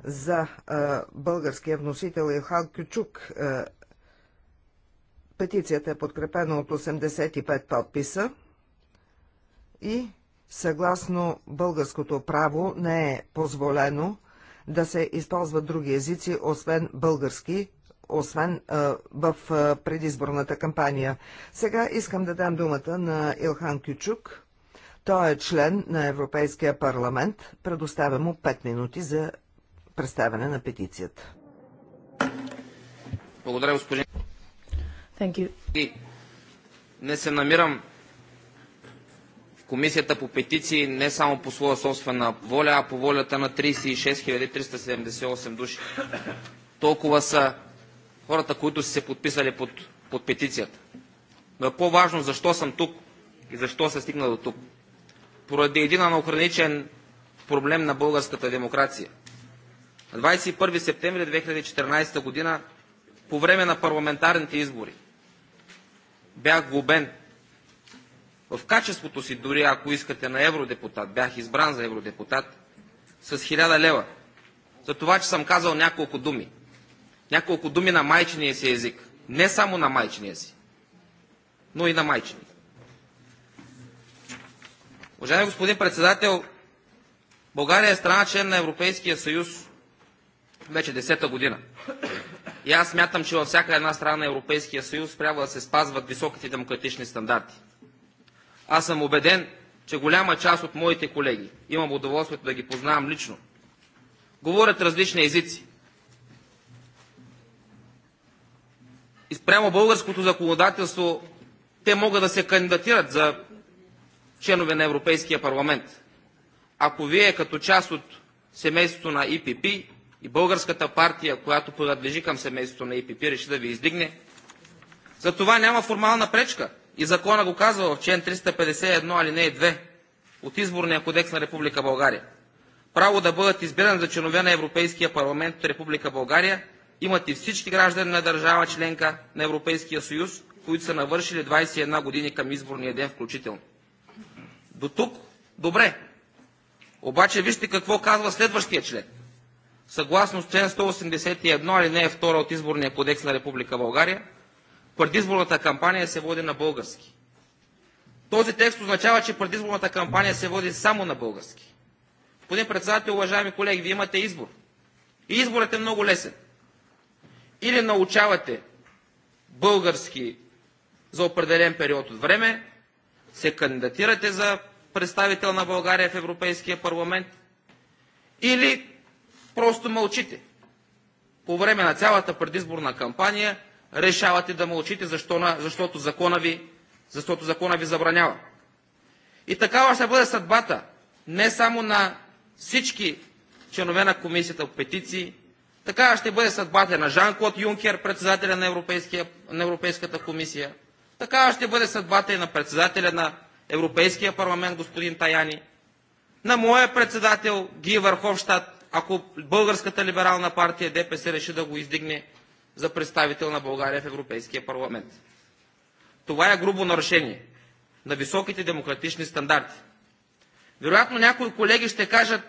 Speaker 4: за а, българския вносител Илхан Кючук. А, петицията е подкрепена от 85 подписа и съгласно българското право не е позволено да се използват други езици, освен български, освен а, в а, предизборната кампания. Сега искам да дам думата на Илхан Кючук. Той е член на Европейския парламент. Предоставя му 5 минути за представяне на петицията.
Speaker 8: Благодаря, господин. Thank you. не се намирам в Комисията по петиции не само по своя собствена воля, а по волята на 36 378 души. Толкова са хората, които са се подписали под, под петицията. Но е по-важно защо съм тук и защо се стигна до тук. Поради един анахроничен проблем на българската демокрация – 21 септември 2014 година по време на парламентарните избори. Бях глобен. В качеството си, дори ако искате, на евродепутат, бях избран за евродепутат с 1000 лева. За това, че съм казал няколко думи. Няколко думи на майчиния си език. Не само на майчиния си, но и на майчиния. Уважаеми господин председател, България е страна член на Европейския съюз вече десета година. И аз смятам, че във всяка една страна на Европейския съюз трябва да се спазват високите демократични стандарти. Аз съм убеден, че голяма част от моите колеги, имам удоволствието да ги познавам лично, говорят различни езици. И спрямо българското законодателство те могат да се кандидатират за членове на Европейския парламент. Ако вие като част от семейството на ИПП и българската партия, която принадлежи към семейството на ИПП, реши да ви издигне. За това няма формална пречка. И закона го казва в член 351 и 2 от Изборния кодекс на Република България. Право да бъдат избирани за членове на Европейския парламент от Република България имат и всички граждани на държава членка на Европейския съюз, които са навършили 21 години към изборния ден включително. До тук добре. Обаче вижте какво казва следващия член. Съгласно член 181, алинея 2 от Изборния кодекс на Република България, предизборната кампания се води на български. Този текст означава, че предизборната кампания се води само на български. Господин председател, уважаеми колеги, вие имате избор. И изборът е много лесен. Или научавате български за определен период от време, се кандидатирате за представител на България в Европейския парламент, или Просто мълчите. По време на цялата предизборна кампания решавате да мълчите, защото, закона ви, защото закона ви забранява. И такава ще бъде съдбата не само на всички членове на комисията по петиции, такава ще бъде съдбата на Жан-Клод Юнкер, председателя на, на Европейската комисия, такава ще бъде съдбата и на председателя на Европейския парламент, господин Таяни, на моя председател Ги Върховщад, ако Българската либерална партия ДПС реши да го издигне за представител на България в Европейския парламент. Това е грубо нарушение на високите демократични стандарти. Вероятно някои колеги ще кажат,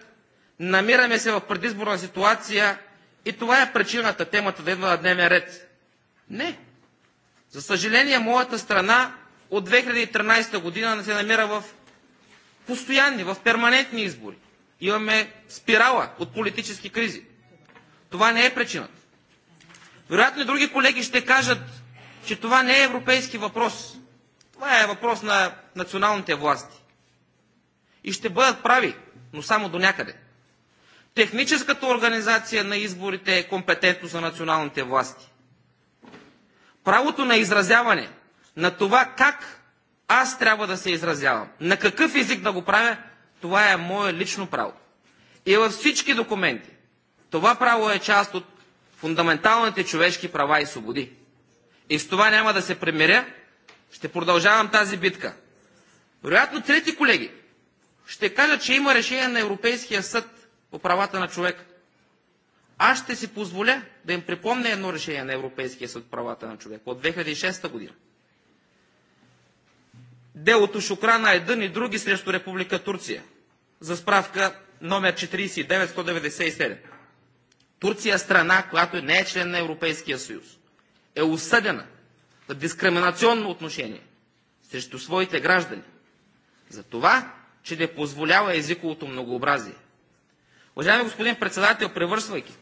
Speaker 8: намираме се в предизборна ситуация и това е причината темата да идва на дневен ред. Не. За съжаление, моята страна от 2013 година се намира в постоянни, в перманентни избори имаме спирала от политически кризи. Това не е причината. Вероятно и други колеги ще кажат, че това не е европейски въпрос. Това е въпрос на националните власти. И ще бъдат прави, но само до някъде. Техническата организация на изборите е компетентност на националните власти. Правото на изразяване на това как аз трябва да се изразявам, на какъв език да го правя, това е мое лично право. И във всички документи това право е част от фундаменталните човешки права и свободи. И с това няма да се премиря. Ще продължавам тази битка. Вероятно, трети колеги ще кажат, че има решение на Европейския съд по правата на човека. Аз ще си позволя да им припомня едно решение на Европейския съд по правата на човека от 2006 година делото Шукран Айдън е и други срещу Република Турция. За справка номер 49197. Турция е страна, която не е член на Европейския съюз, е осъдена за дискриминационно отношение срещу своите граждани. За това, че не позволява езиковото многообразие. Уважаеми господин председател, превършвайки,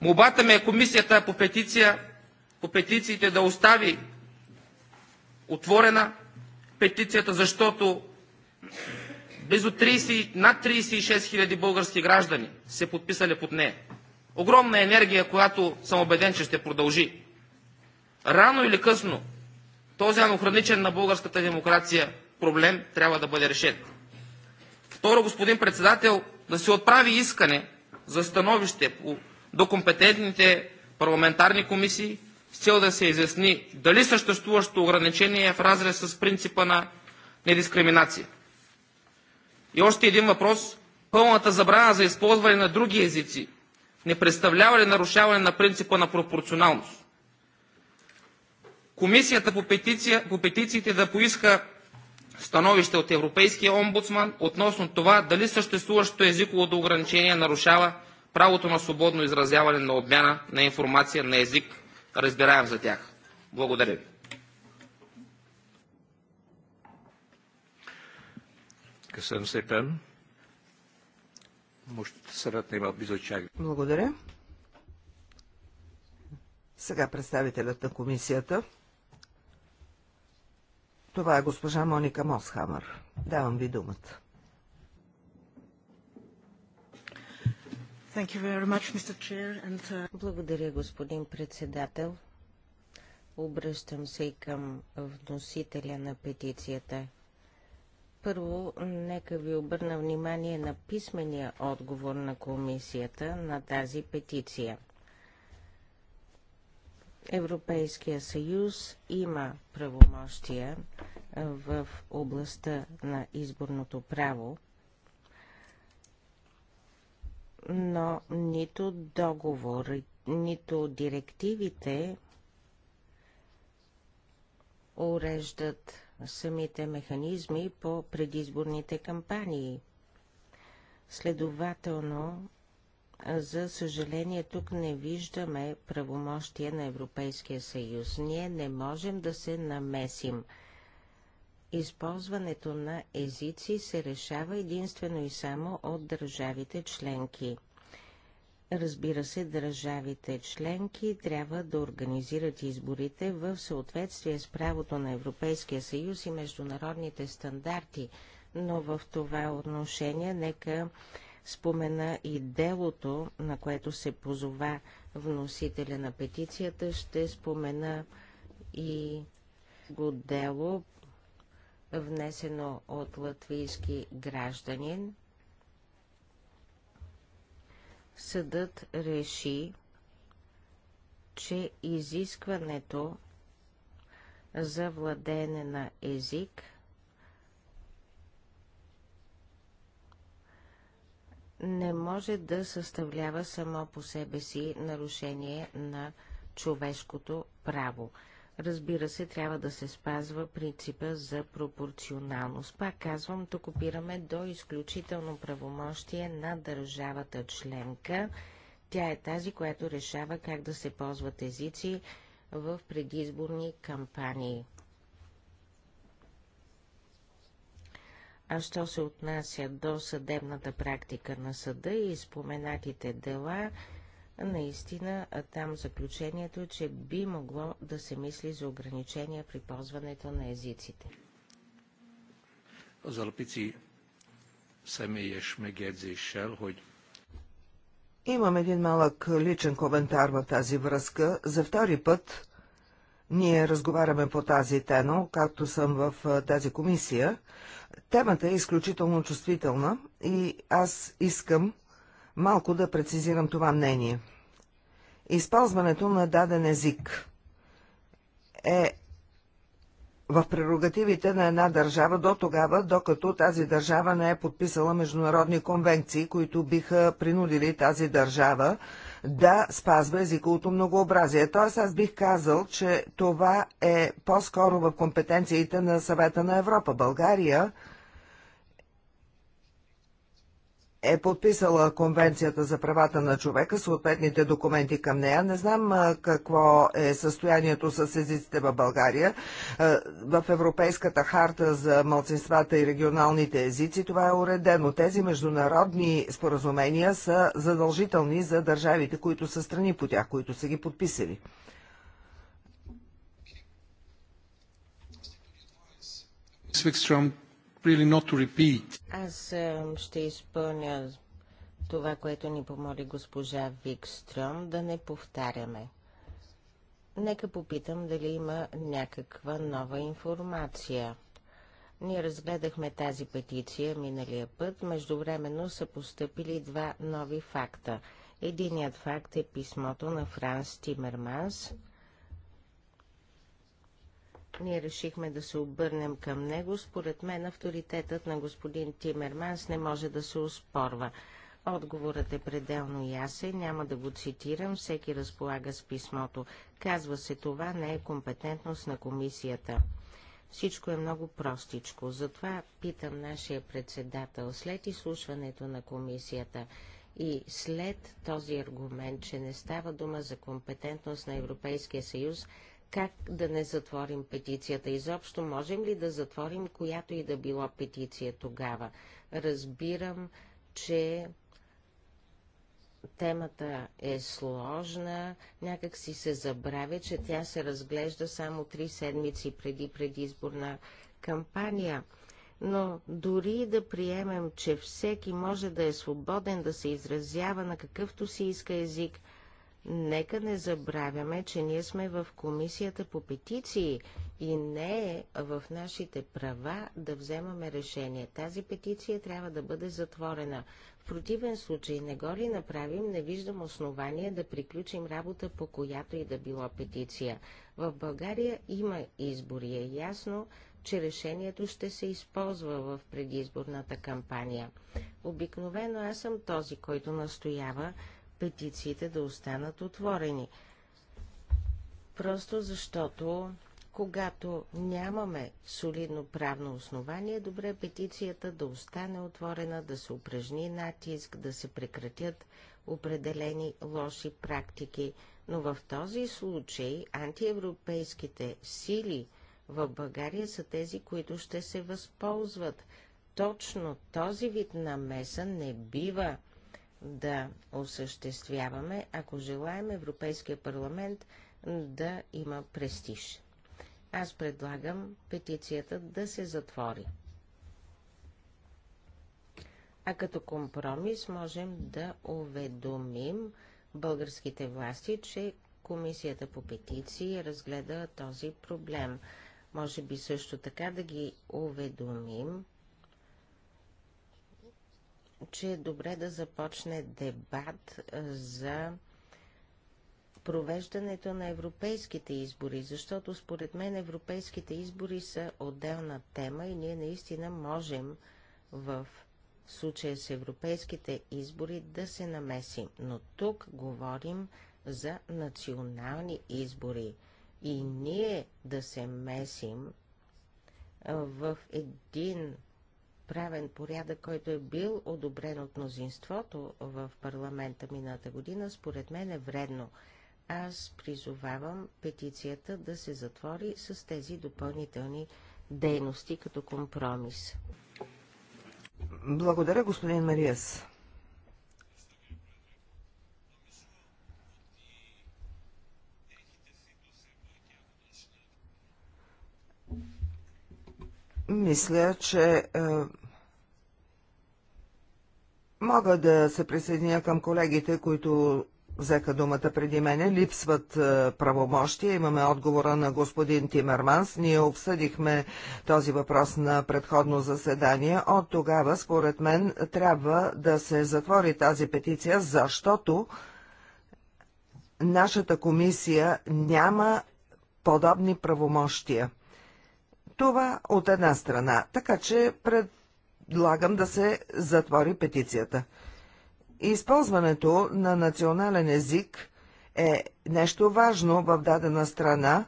Speaker 8: мобата ми е комисията по, петиция, по петициите да остави отворена петицията, защото близо 30, над 36 хиляди български граждани се подписали под нея. Огромна енергия, която съм убеден, че ще продължи. Рано или късно този анохраничен на българската демокрация проблем трябва да бъде решен. Второ, господин председател, да се отправи искане за становище до компетентните парламентарни комисии с цел да се изясни дали съществуващото ограничение е в разрез с принципа на недискриминация. И още един въпрос. Пълната забрана за използване на други езици не представлява ли нарушаване на принципа на пропорционалност? Комисията по, петиция, по петициите да поиска становище от Европейския омбудсман относно това дали съществуващото езиковото ограничение нарушава правото на свободно изразяване на обмяна на информация на език разбираем за тях. Благодаря ви.
Speaker 5: Köszönöm szépen. Most szeretném a bizottság.
Speaker 4: Благодаря. Сега представителят на комисията. Това е госпожа Моника Мосхамър. Давам ви думата.
Speaker 3: Much, Chair, and... Uh, Благодаря, господин председател. Обръщам се и към вносителя на петицията. Първо, нека ви обърна внимание на писмения отговор на комисията на тази петиция. Европейския съюз има правомощия в областта на изборното право но нито договори, нито директивите уреждат самите механизми по предизборните кампании. Следователно, за съжаление, тук не виждаме правомощия на Европейския съюз. Ние не можем да се намесим – използването на езици се решава единствено и само от държавите членки. Разбира се, държавите членки трябва да организират изборите в съответствие с правото на Европейския съюз и международните стандарти, но в това отношение нека спомена и делото, на което се позова вносителя на петицията, ще спомена и го дело внесено от латвийски гражданин. Съдът реши, че изискването за владеене на език не може да съставлява само по себе си нарушение на човешкото право. Разбира се, трябва да се спазва принципа за пропорционалност. Пак казвам, тук опираме до изключително правомощие на държавата членка. Тя е тази, която решава как да се ползват езици в предизборни кампании. А що се отнася до съдебната практика на съда и споменатите дела, наистина там заключението е, че би могло да се мисли за ограничения при ползването на езиците.
Speaker 4: Имам един малък личен коментар в тази връзка. За втори път ние разговаряме по тази тема, както съм в тази комисия. Темата е изключително чувствителна и аз искам малко да прецизирам това мнение. Използването на даден език е в прерогативите на една държава до тогава, докато тази държава не е подписала международни конвенции, които биха принудили тази държава да спазва езиковото многообразие. Т.е. аз бих казал, че това е по-скоро в компетенциите на съвета на Европа. България е подписала Конвенцията за правата на човека, съответните документи към нея. Не знам какво е състоянието с езиците в България. В Европейската харта за малцинствата и регионалните езици това е уредено. Тези международни споразумения са задължителни за държавите, които са страни по тях, които са ги подписали. Свикстром
Speaker 6: really
Speaker 3: Аз ще изпълня това, което ни помоли госпожа Викстрем, да не повтаряме. Нека попитам дали има някаква нова информация. Ние разгледахме тази петиция миналия път. Междувременно са поступили два нови факта. Единият факт е писмото на Франс Тимерманс – ние решихме да се обърнем към него. Според мен авторитетът на господин Тимерманс не може да се успорва. Отговорът е пределно ясен, няма да го цитирам, всеки разполага с писмото. Казва се това не е компетентност на комисията. Всичко е много простичко, затова питам нашия председател след изслушването на комисията и след този аргумент, че не става дума за компетентност на Европейския съюз, как да не затворим петицията? Изобщо можем ли да затворим която и да било петиция тогава? Разбирам, че темата е сложна, някак си се забравя, че тя се разглежда само три седмици преди предизборна кампания. Но дори да приемем, че всеки може да е свободен да се изразява на какъвто си иска език – Нека не забравяме, че ние сме в комисията по петиции и не е в нашите права да вземаме решение. Тази петиция трябва да бъде затворена. В противен случай не го ли направим, не виждам основания да приключим работа по която и да било петиция. В България има избори, е ясно, че решението ще се използва в предизборната кампания. Обикновено аз съм този, който настоява петициите да останат отворени. Просто защото, когато нямаме солидно правно основание, е добре петицията да остане отворена, да се упражни натиск, да се прекратят определени лоши практики, но в този случай антиевропейските сили в България са тези, които ще се възползват. Точно този вид намеса не бива да осъществяваме, ако желаем Европейския парламент да има престиж. Аз предлагам петицията да се затвори. А като компромис можем да уведомим българските власти, че Комисията по петиции разгледа този проблем. Може би също така да ги уведомим, че е добре да започне дебат за провеждането на европейските избори, защото според мен европейските избори са отделна тема и ние наистина можем в случая с европейските избори да се намесим. Но тук говорим за национални избори и ние да се месим в един правен порядък, който е бил одобрен от мнозинството в парламента мината година, според мен е вредно. Аз призовавам петицията да се затвори с тези допълнителни дейности като компромис.
Speaker 4: Благодаря, господин Мариас. Мисля, че е, мога да се присъединя към колегите, които взеха думата преди мене. Липсват е, правомощия. Имаме отговора на господин Тимерманс. Ние обсъдихме този въпрос на предходно заседание. От тогава, според мен, трябва да се затвори тази петиция, защото нашата комисия няма подобни правомощия. Това от една страна, така че предлагам да се затвори петицията. Използването на национален език е нещо важно в дадена страна,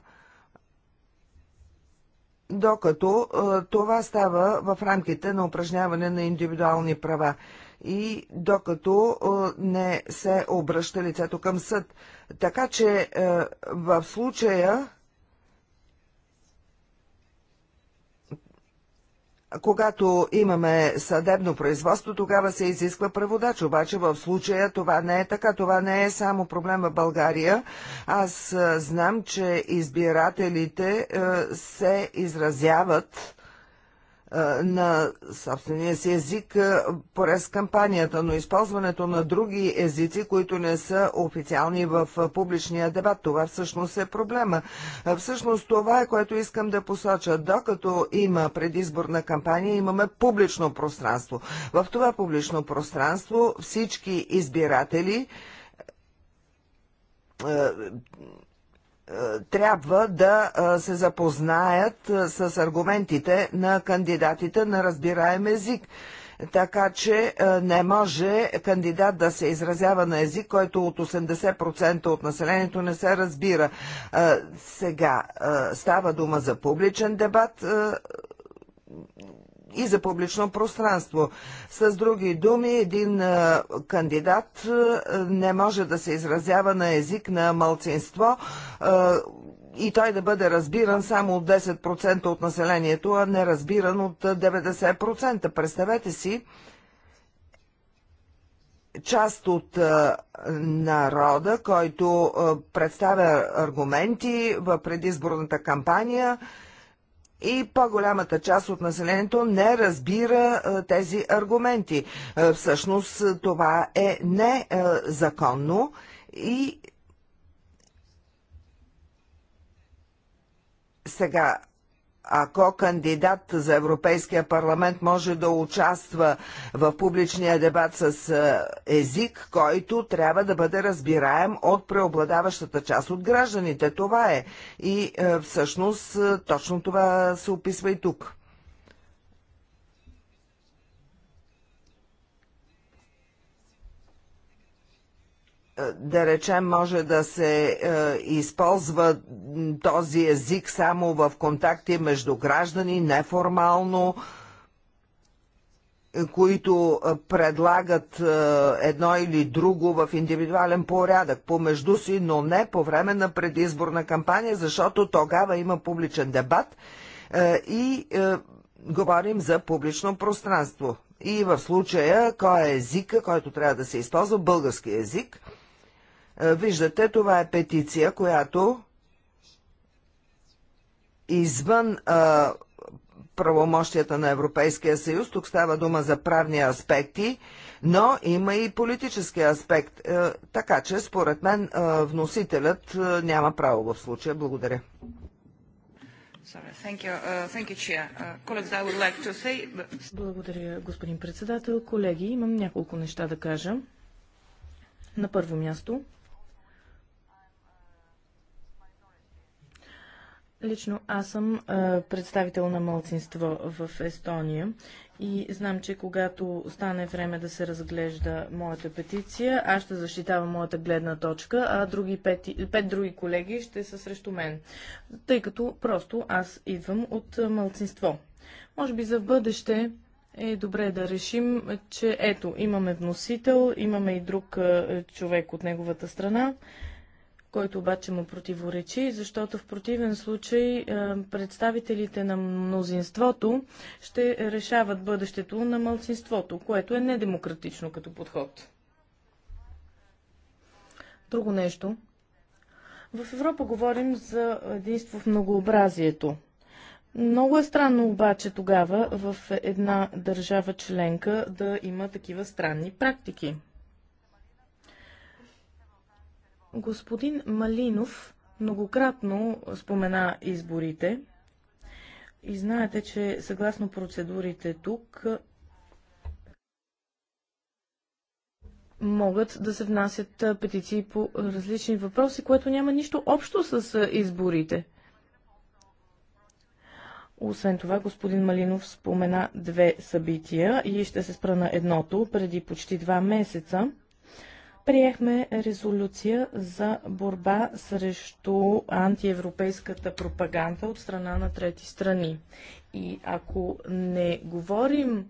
Speaker 4: докато е, това става в рамките на упражняване на индивидуални права и докато е, не се обръща лицето към съд. Така че е, в случая когато имаме съдебно производство, тогава се изисква преводач. Обаче в случая това не е така. Това не е само проблема в България. Аз знам, че избирателите се изразяват на собствения си език порез кампанията, но използването на други езици, които не са официални в публичния дебат, това всъщност е проблема. Всъщност това е, което искам да посоча. Докато има предизборна кампания, имаме публично пространство. В това публично пространство всички избиратели трябва да се запознаят с аргументите на кандидатите на разбираем език. Така че не може кандидат да се изразява на език, който от 80% от населението не се разбира. Сега става дума за публичен дебат и за публично пространство. С други думи, един кандидат не може да се изразява на език на малцинство и той да бъде разбиран само от 10% от населението, а не разбиран от 90%. Представете си, част от а, народа, който а, представя аргументи в предизборната кампания и по-голямата част от населението не разбира а, е, тези аргументи. А, е, всъщност е, това е незаконно и сега ако кандидат за Европейския парламент може да участва в публичния дебат с е, език, който трябва да бъде разбираем от преобладаващата част от гражданите. Това е. И е, всъщност е, точно това се описва и тук. да речем, може да се е, използва този език само в контакти между граждани, неформално, които е, предлагат е, едно или друго в индивидуален порядък помежду си, но не по време на предизборна кампания, защото тогава има публичен дебат е, и говорим за публично пространство. И в случая, кой е езика, който трябва да се използва, български език – е, виждате, това е петиция, която извън а, правомощията на Европейския съюз, тук става дума за правни аспекти, но има и политически аспект. Е, така че, според мен, е, вносителят няма право в случая. Благодаря. Uh, uh,
Speaker 1: Благодаря, господин председател. Колеги, имам няколко неща да кажа. На първо място, Лично аз съм а, представител на мълцинство в Естония и знам, че когато стане време да се разглежда моята петиция, аз ще защитавам моята гледна точка, а други пети, пет други колеги ще са срещу мен, тъй като просто аз идвам от мълцинство. Може би за в бъдеще е добре да решим, че ето, имаме вносител, имаме и друг а, човек от неговата страна който обаче му противоречи, защото в противен случай е, представителите на мнозинството ще решават бъдещето на малцинството, което е недемократично като подход. Друго нещо. В Европа говорим за единство в многообразието. Много е странно обаче тогава в една държава членка да има такива странни практики. Господин Малинов многократно спомена изборите и знаете, че съгласно процедурите тук могат да се внасят петиции по различни въпроси, което няма нищо общо с изборите. Освен това, господин Малинов спомена две събития и ще се спра на едното преди почти два месеца приехме резолюция за борба срещу антиевропейската пропаганда от страна на трети страни. И ако не говорим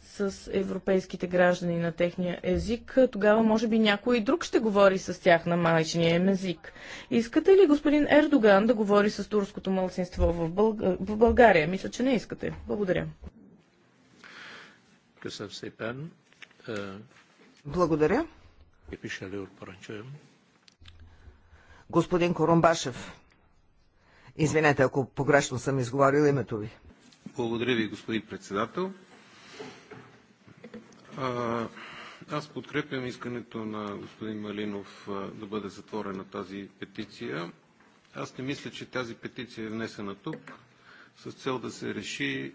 Speaker 1: с европейските граждани на техния език, тогава може би някой друг ще говори с тях на майчния им език. Искате ли господин Ердоган да говори с турското малцинство в, Бълг... в България? Мисля, че не искате. Благодаря.
Speaker 4: Благодаря. Господин Корумбашев, извинете, ако погрешно съм изговорил името ви.
Speaker 6: Благодаря ви, господин председател. А, аз подкрепям искането на господин Малинов да бъде затворена тази петиция. Аз не мисля, че тази петиция е внесена тук с цел да се реши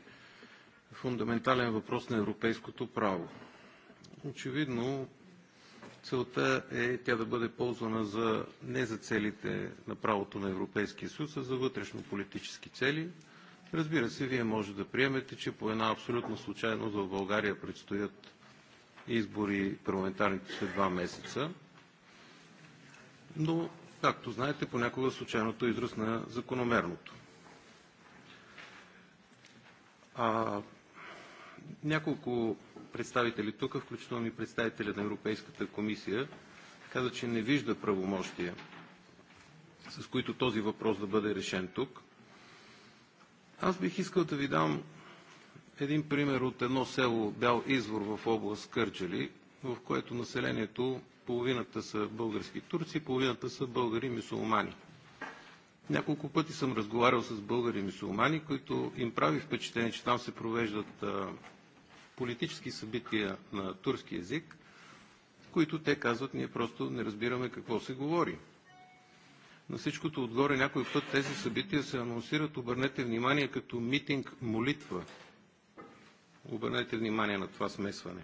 Speaker 6: фундаментален въпрос на европейското право. Очевидно, Целта е тя да бъде ползвана за, не за целите на правото на Европейския съюз, а за вътрешно-политически цели. Разбира се, вие може да приемете, че по една абсолютна случайност в България предстоят избори парламентарните след два месеца. Но, както знаете, понякога случайното е израз на закономерното. А, няколко представители тук, включително и представителя на Европейската комисия, каза, че не вижда правомощия, с които този въпрос да бъде решен тук. Аз бих искал да ви дам един пример от едно село Бял Извор в област Кърджали, в което населението половината са български турци, половината са българи мусулмани. Няколко пъти съм разговарял с българи мусулмани, които им прави впечатление, че там се провеждат а, политически събития на турски язик, които те казват, ние просто не разбираме какво се говори. На всичкото отгоре някой път тези събития се анонсират, обърнете внимание, като митинг молитва. Обърнете внимание на това смесване.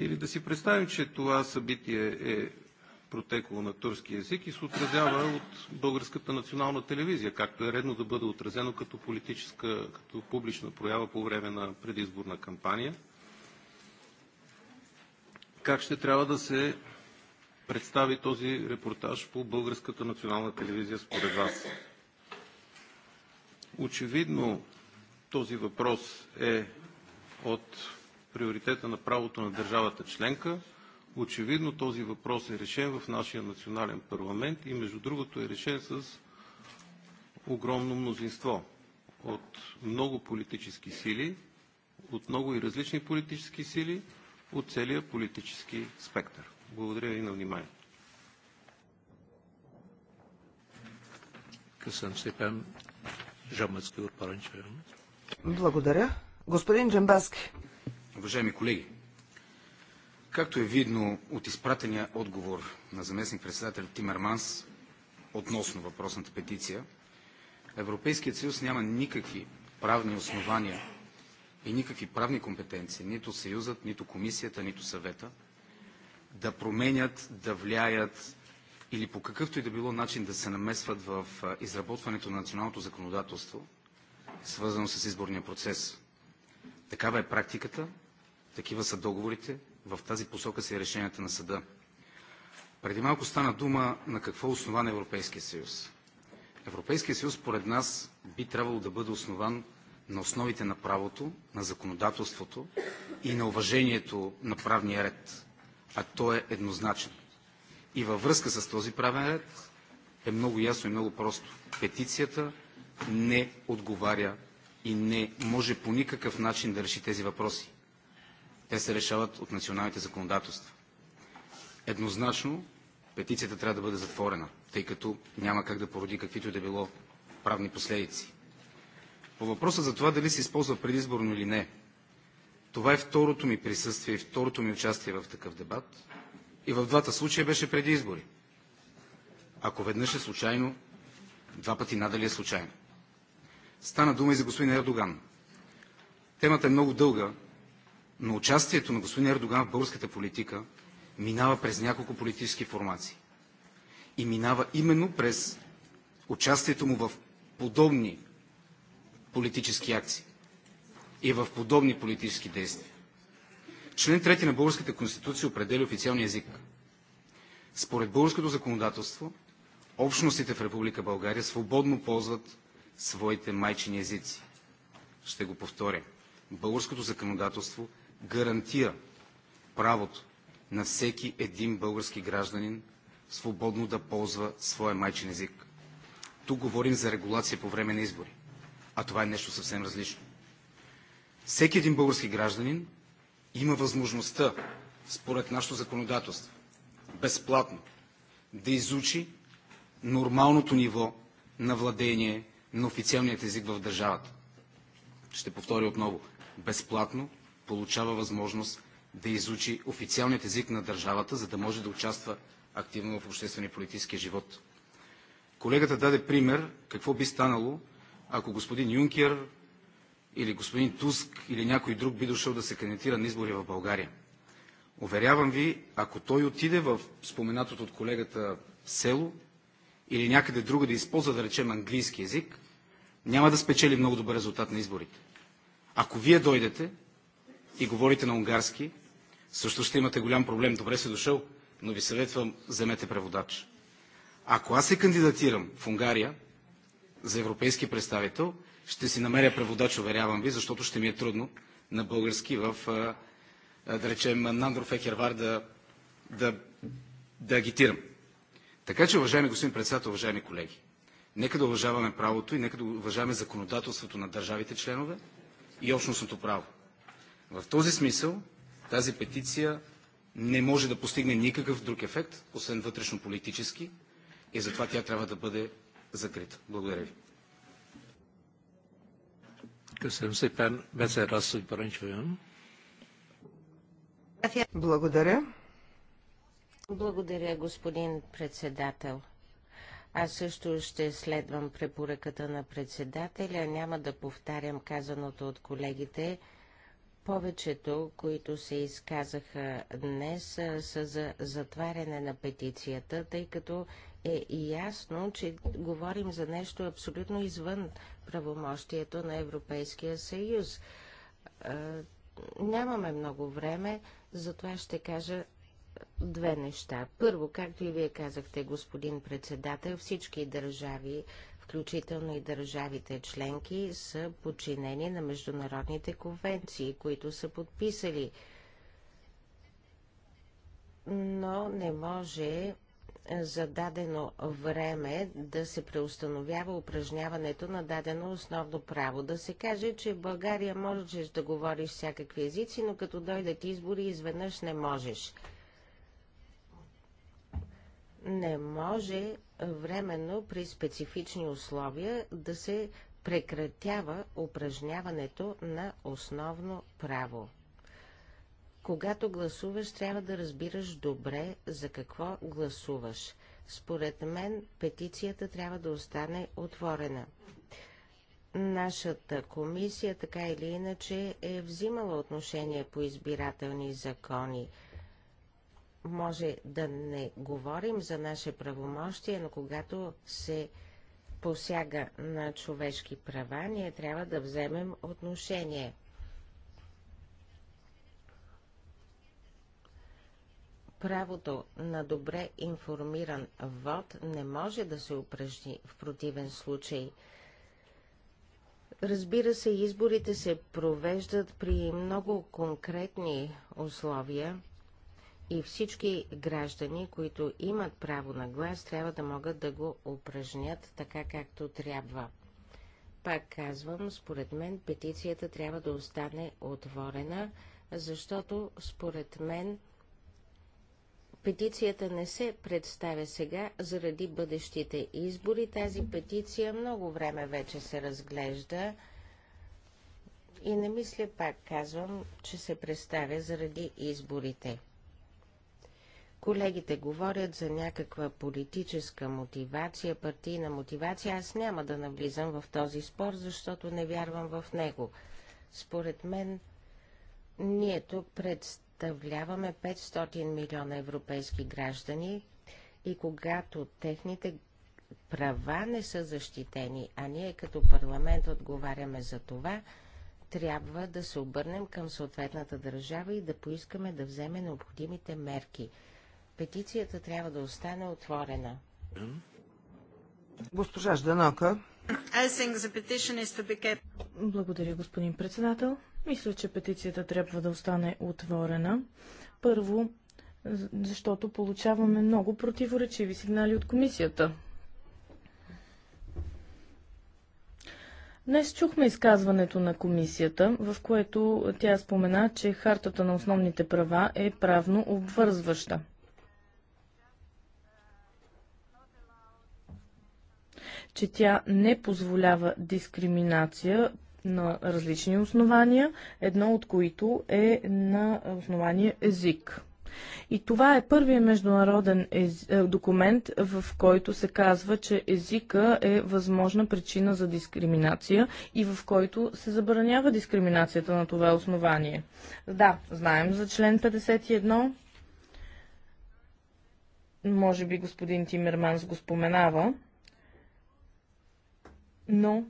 Speaker 6: Или да си представим, че това събитие е протекло на турски язик и се отразява от Българската национална телевизия, както е редно да бъде отразено като политическа, като публична проява по време на предизборна кампания. Как ще трябва да се представи този репортаж по Българската национална телевизия според вас? Очевидно този въпрос е от приоритета на правото на държавата членка – Очевидно този въпрос е решен в нашия национален парламент и между другото е решен с огромно мнозинство от много политически сили, от много и различни политически сили, от целия политически спектър. Благодаря ви на вниманието.
Speaker 4: Благодаря. Господин Джамбаски.
Speaker 5: Уважаеми колеги, Както е видно от изпратения
Speaker 2: отговор на заместник-председател Тимерманс относно въпросната петиция, Европейският съюз няма никакви правни основания и никакви правни компетенции, нито Съюзът, нито Комисията, нито Съвета, да променят, да влияят или по какъвто и да било начин да се намесват в изработването на националното законодателство, свързано с изборния процес. Такава е практиката, такива са договорите, в тази посока са и е решенията на съда. Преди малко стана дума на какво е основан Европейския съюз. Европейския съюз, според нас, би трябвало да бъде основан на основите на правото, на законодателството и на уважението на правния ред. А то е еднозначен. И във връзка с този правен ред е много ясно и много просто. Петицията не отговаря и не може по никакъв начин да реши тези въпроси. Те се решават от националните законодателства. Еднозначно петицията трябва да бъде затворена, тъй като няма как да породи каквито да било правни последици. По въпроса за това дали се използва предизборно или не, това е второто ми присъствие и второто ми участие в такъв дебат. И в двата случая беше преди избори. Ако веднъж е случайно, два пъти надали е случайно. Стана дума и за господин Ердоган. Темата е много дълга но участието на господин Ердоган в българската политика минава през няколко политически формации. И минава именно през участието му в подобни политически акции и в подобни политически действия. Член 3 на Българската конституция определя официалния език. Според българското законодателство, общностите в Република България свободно ползват своите майчини езици. Ще го повторя. Българското законодателство гарантира правото на всеки един български гражданин свободно да ползва своя майчин език. Тук говорим за регулация по време на избори, а това е нещо съвсем различно. Всеки един български гражданин има възможността, според нашето законодателство, безплатно да изучи нормалното ниво на владение на официалният език в държавата. Ще повторя отново. Безплатно получава възможност да изучи официалният език на държавата, за да може да участва активно в обществения политически живот. Колегата даде пример какво би станало, ако господин Юнкер или господин Туск или някой друг би дошъл да се кандидатира на избори в България. Уверявам ви, ако той отиде в споменатото от колегата село или някъде друга да използва, да речем, английски язик, няма да спечели много добър резултат на изборите. Ако вие дойдете и говорите на унгарски, също ще имате голям проблем. Добре си дошъл, но ви съветвам, вземете преводач. Ако аз се кандидатирам в Унгария за европейски представител, ще си намеря преводач, уверявам ви, защото ще ми е трудно на български в, да речем, Нандро Екервар да, да, да агитирам. Така че, уважаеми господин председател, уважаеми колеги, нека да уважаваме правото и нека да уважаваме законодателството на държавите членове и общностното право. В този смисъл тази петиция не може да постигне никакъв друг ефект, освен вътрешно-политически, и затова тя трябва да бъде закрита. Благодаря ви.
Speaker 4: Благодаря.
Speaker 3: Благодаря, господин председател. Аз също ще следвам препоръката на председателя. Няма да повтарям казаното от колегите. Повечето, които се изказаха днес, са за затваряне на петицията, тъй като е ясно, че говорим за нещо абсолютно извън правомощието на Европейския съюз. Нямаме много време, затова ще кажа две неща. Първо, както и вие казахте, господин председател, всички държави включително и държавите членки, са подчинени на международните конвенции, които са подписали. Но не може за дадено време да се преустановява упражняването на дадено основно право. Да се каже, че в България можеш да говориш всякакви езици, но като дойдат избори, изведнъж не можеш – не може временно при специфични условия да се прекратява упражняването на основно право. Когато гласуваш, трябва да разбираш добре за какво гласуваш. Според мен, петицията трябва да остане отворена. Нашата комисия, така или иначе, е взимала отношение по избирателни закони може да не говорим за наше правомощие, но когато се посяга на човешки права, ние трябва да вземем отношение. Правото на добре информиран вод не може да се упражни в противен случай. Разбира се, изборите се провеждат при много конкретни условия – и всички граждани, които имат право на глас, трябва да могат да го упражнят така както трябва. Пак казвам, според мен петицията трябва да остане отворена, защото според мен петицията не се представя сега заради бъдещите избори. Тази петиция много време вече се разглежда и не мисля, пак казвам, че се представя заради изборите. Колегите говорят за някаква политическа мотивация, партийна мотивация. Аз няма да навлизам в този спор, защото не вярвам в него. Според мен, ние тук представляваме 500 милиона европейски граждани и когато техните права не са защитени, а ние като парламент отговаряме за това, трябва да се обърнем към съответната държава и да поискаме да вземе необходимите мерки – петицията трябва да остане отворена.
Speaker 4: Госпожа Жданока.
Speaker 1: Благодаря, господин председател. Мисля, че петицията трябва да остане отворена. Първо, защото получаваме много противоречиви сигнали от комисията. Днес чухме изказването на комисията, в което тя спомена, че хартата на основните права е правно обвързваща. че тя не позволява дискриминация на различни основания, едно от които е на основание език. И това е първият международен ез... Е, документ, в който се казва, че езика е възможна причина за дискриминация и в който се забранява дискриминацията на това основание. Да, знаем за член 51. Може би господин Тимерманс го споменава но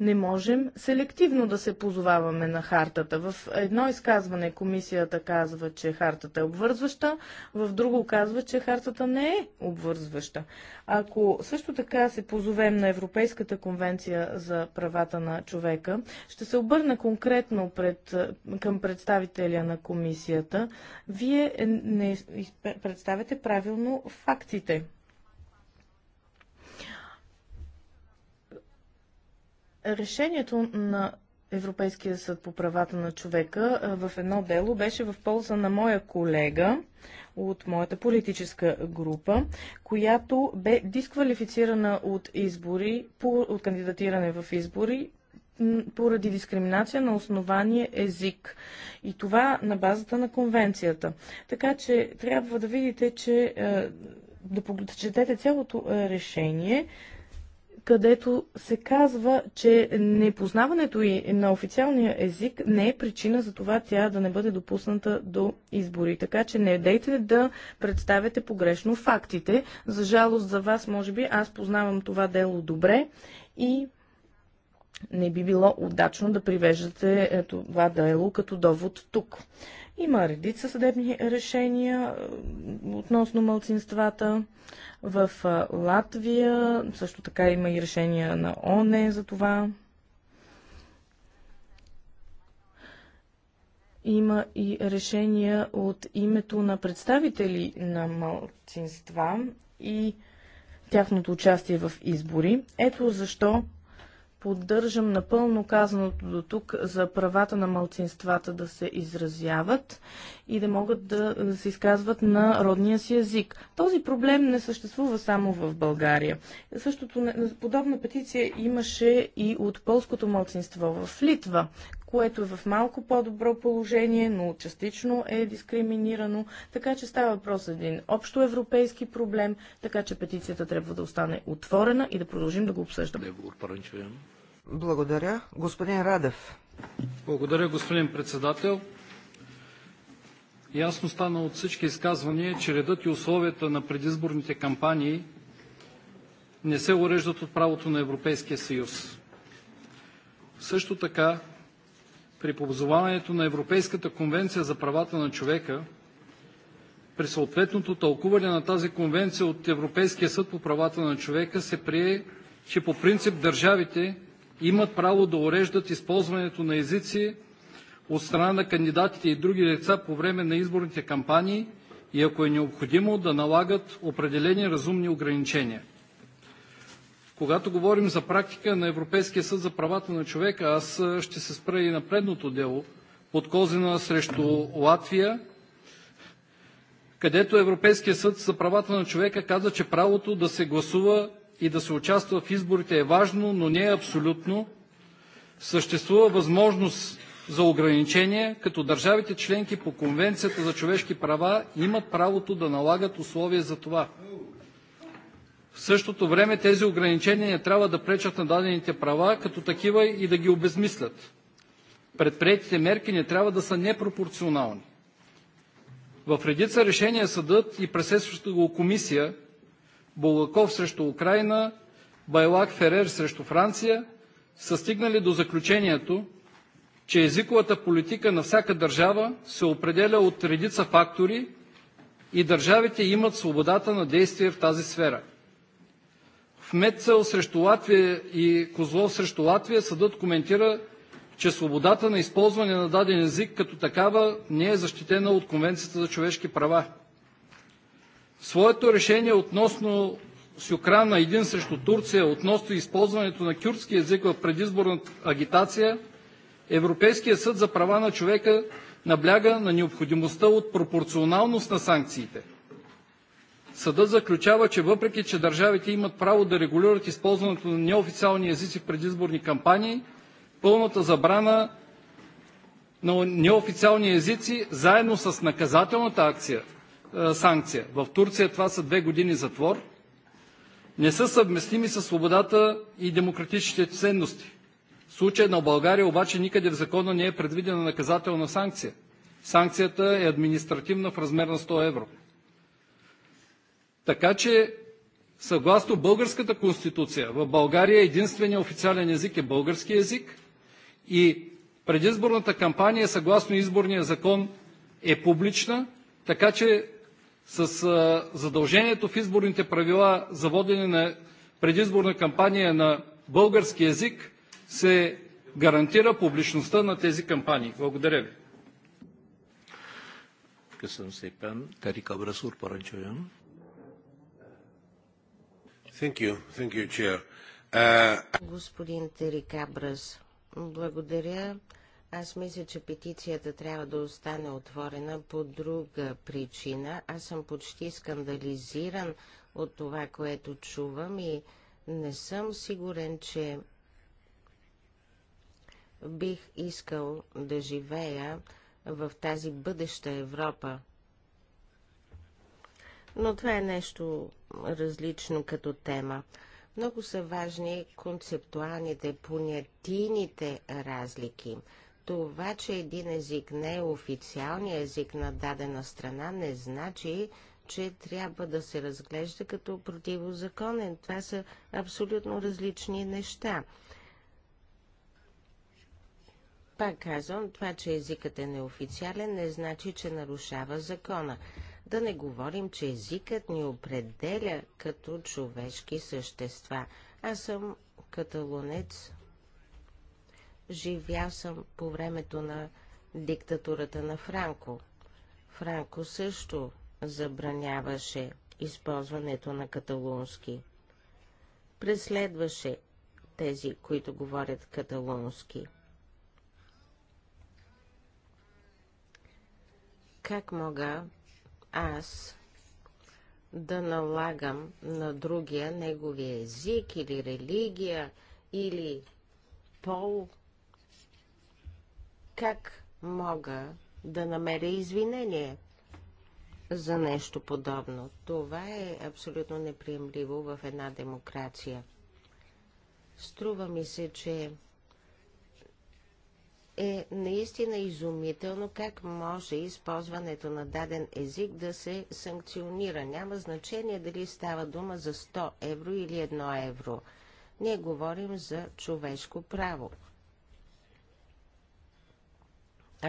Speaker 1: не можем селективно да се позоваваме на хартата. В едно изказване комисията казва, че хартата е обвързваща, в друго казва, че хартата не е обвързваща. Ако също така се позовем на Европейската конвенция за правата на човека, ще се обърна конкретно пред, към представителя на комисията. Вие не представяте правилно фактите. Решението на Европейския съд по правата на човека в едно дело беше в полза на моя колега от моята политическа група, която бе дисквалифицирана от избори, от кандидатиране в избори поради дискриминация на основание език. И това на базата на конвенцията. Така че трябва да видите, че да прочетете цялото решение, където се казва, че непознаването и на официалния език не е причина за това тя да не бъде допусната до избори. Така че не дейте да представяте погрешно фактите. За жалост за вас, може би, аз познавам това дело добре и не би било удачно да привеждате е, това дело като довод тук. Има редица съдебни решения относно мълцинствата. В Латвия също така има и решения на ОНЕ за това. Има и решения от името на представители на мълцинства и тяхното участие в избори. Ето защо Поддържам напълно казаното до тук за правата на малцинствата да се изразяват и да могат да се изказват на родния си език. Този проблем не съществува само в България. Същото, подобна петиция имаше и от полското малцинство в Литва, което е в малко по-добро положение, но частично е дискриминирано, така че става въпрос за един общо европейски проблем, така че петицията трябва да остане отворена и да продължим да го обсъждаме. Благодаря. Господин Радев.
Speaker 7: Благодаря, господин председател. Ясно стана от всички изказвания, че редът и условията на предизборните кампании не се уреждат от правото на Европейския съюз. Също така, при позоваването на Европейската конвенция за правата на човека, при съответното тълкуване на тази конвенция от Европейския съд по правата на човека се прие, че по принцип държавите имат право да уреждат използването на езици от страна на кандидатите и други лица по време на изборните кампании и ако е необходимо, да налагат определени разумни ограничения. Когато говорим за практика на Европейския съд за правата на човека, аз ще се спра и на предното дело, Подкозина срещу Латвия, където Европейският съд за правата на човека каза, че правото да се гласува и да се участва в изборите е важно, но не е абсолютно. Съществува възможност за ограничение, като държавите членки по Конвенцията за човешки права имат правото да налагат условия за това. В същото време тези ограничения не трябва да пречат на дадените права като такива и да ги обезмислят. Предприетите мерки не трябва да са непропорционални. В редица решения съдът и пресесващата го комисия Булгаков срещу Украина, Байлак Ферер срещу Франция, са стигнали до заключението, че езиковата политика на всяка държава се определя от редица фактори и държавите имат свободата на действие в тази сфера. В Метцел срещу Латвия и Козлов срещу Латвия съдът коментира, че свободата на използване на даден език като такава не е защитена от Конвенцията за човешки права – Своето решение относно с Украина един срещу Турция относно използването на кюртски язик в предизборната агитация, Европейският съд за права на човека набляга на необходимостта от пропорционалност на санкциите. Съдът заключава, че въпреки, че държавите имат право да регулират използването на неофициални езици в предизборни кампании, пълната забрана на неофициални езици, заедно с наказателната акция е, санкция. В Турция това са две години затвор. Не са съвместими с свободата и демократичните ценности. В случая на България обаче никъде в закона не е предвидена наказателна санкция. Санкцията е административна в размер на 100 евро. Така че, съгласно българската конституция, в България единственият официален език е български език и предизборната кампания, съгласно изборния закон, е публична, така че с задължението в изборните правила за водене на предизборна кампания на български език се гарантира публичността на тези
Speaker 5: кампании. Благодаря ви.
Speaker 3: Господин Терикабрас, благодаря. Аз мисля, че петицията трябва да остане отворена по друга причина. Аз съм почти скандализиран от това, което чувам и не съм сигурен, че бих искал да живея в тази бъдеща Европа. Но това е нещо различно като тема. Много са важни концептуалните, понятийните разлики – това, че един език не е официалният език на дадена страна, не значи, че трябва да се разглежда като противозаконен. Това са абсолютно различни неща. Пак казвам, това, че езикът е неофициален, не значи, че нарушава закона. Да не говорим, че езикът ни определя като човешки същества. Аз съм каталонец Живял съм по времето на диктатурата на Франко. Франко също забраняваше използването на каталунски. Преследваше тези, които говорят каталунски. Как мога аз да налагам на другия неговия език или религия или пол? Как мога да намеря извинение за нещо подобно? Това е абсолютно неприемливо в една демокрация. Струва ми се, че е наистина изумително как може използването на даден език да се санкционира. Няма значение дали става дума за 100 евро или 1 евро. Ние говорим за човешко право.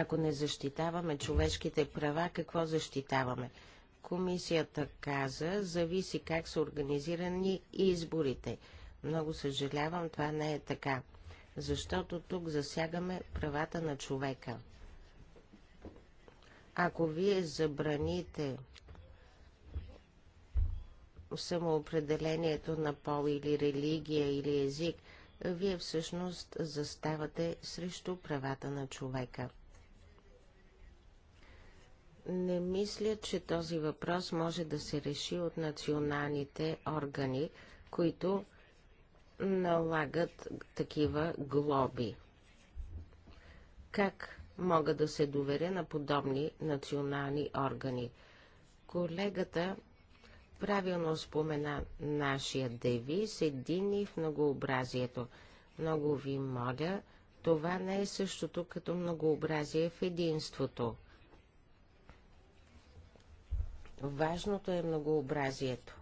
Speaker 3: Ако не защитаваме човешките права, какво защитаваме? Комисията каза, зависи как са организирани изборите. Много съжалявам, това не е така, защото тук засягаме правата на човека. Ако вие забраните самоопределението на пол или религия или език, вие всъщност заставате срещу правата на човека. Не мисля, че този въпрос може да се реши от националните органи, които налагат такива глоби. Как мога да се доверя на подобни национални органи? Колегата правилно спомена нашия девиз едини в многообразието. Много ви моля, това не е същото като многообразие в единството. Важното е многообразието.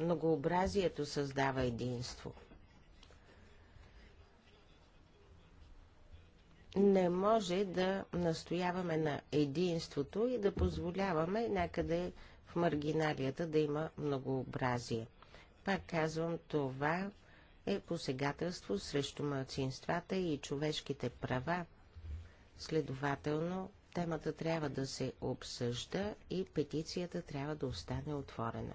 Speaker 3: Многообразието създава единство. Не може да настояваме на единството и да позволяваме някъде в маргиналията да има многообразие. Пак казвам, това е посегателство срещу младсинствата и човешките права. Следователно, Темата трябва да се обсъжда и петицията трябва да остане отворена.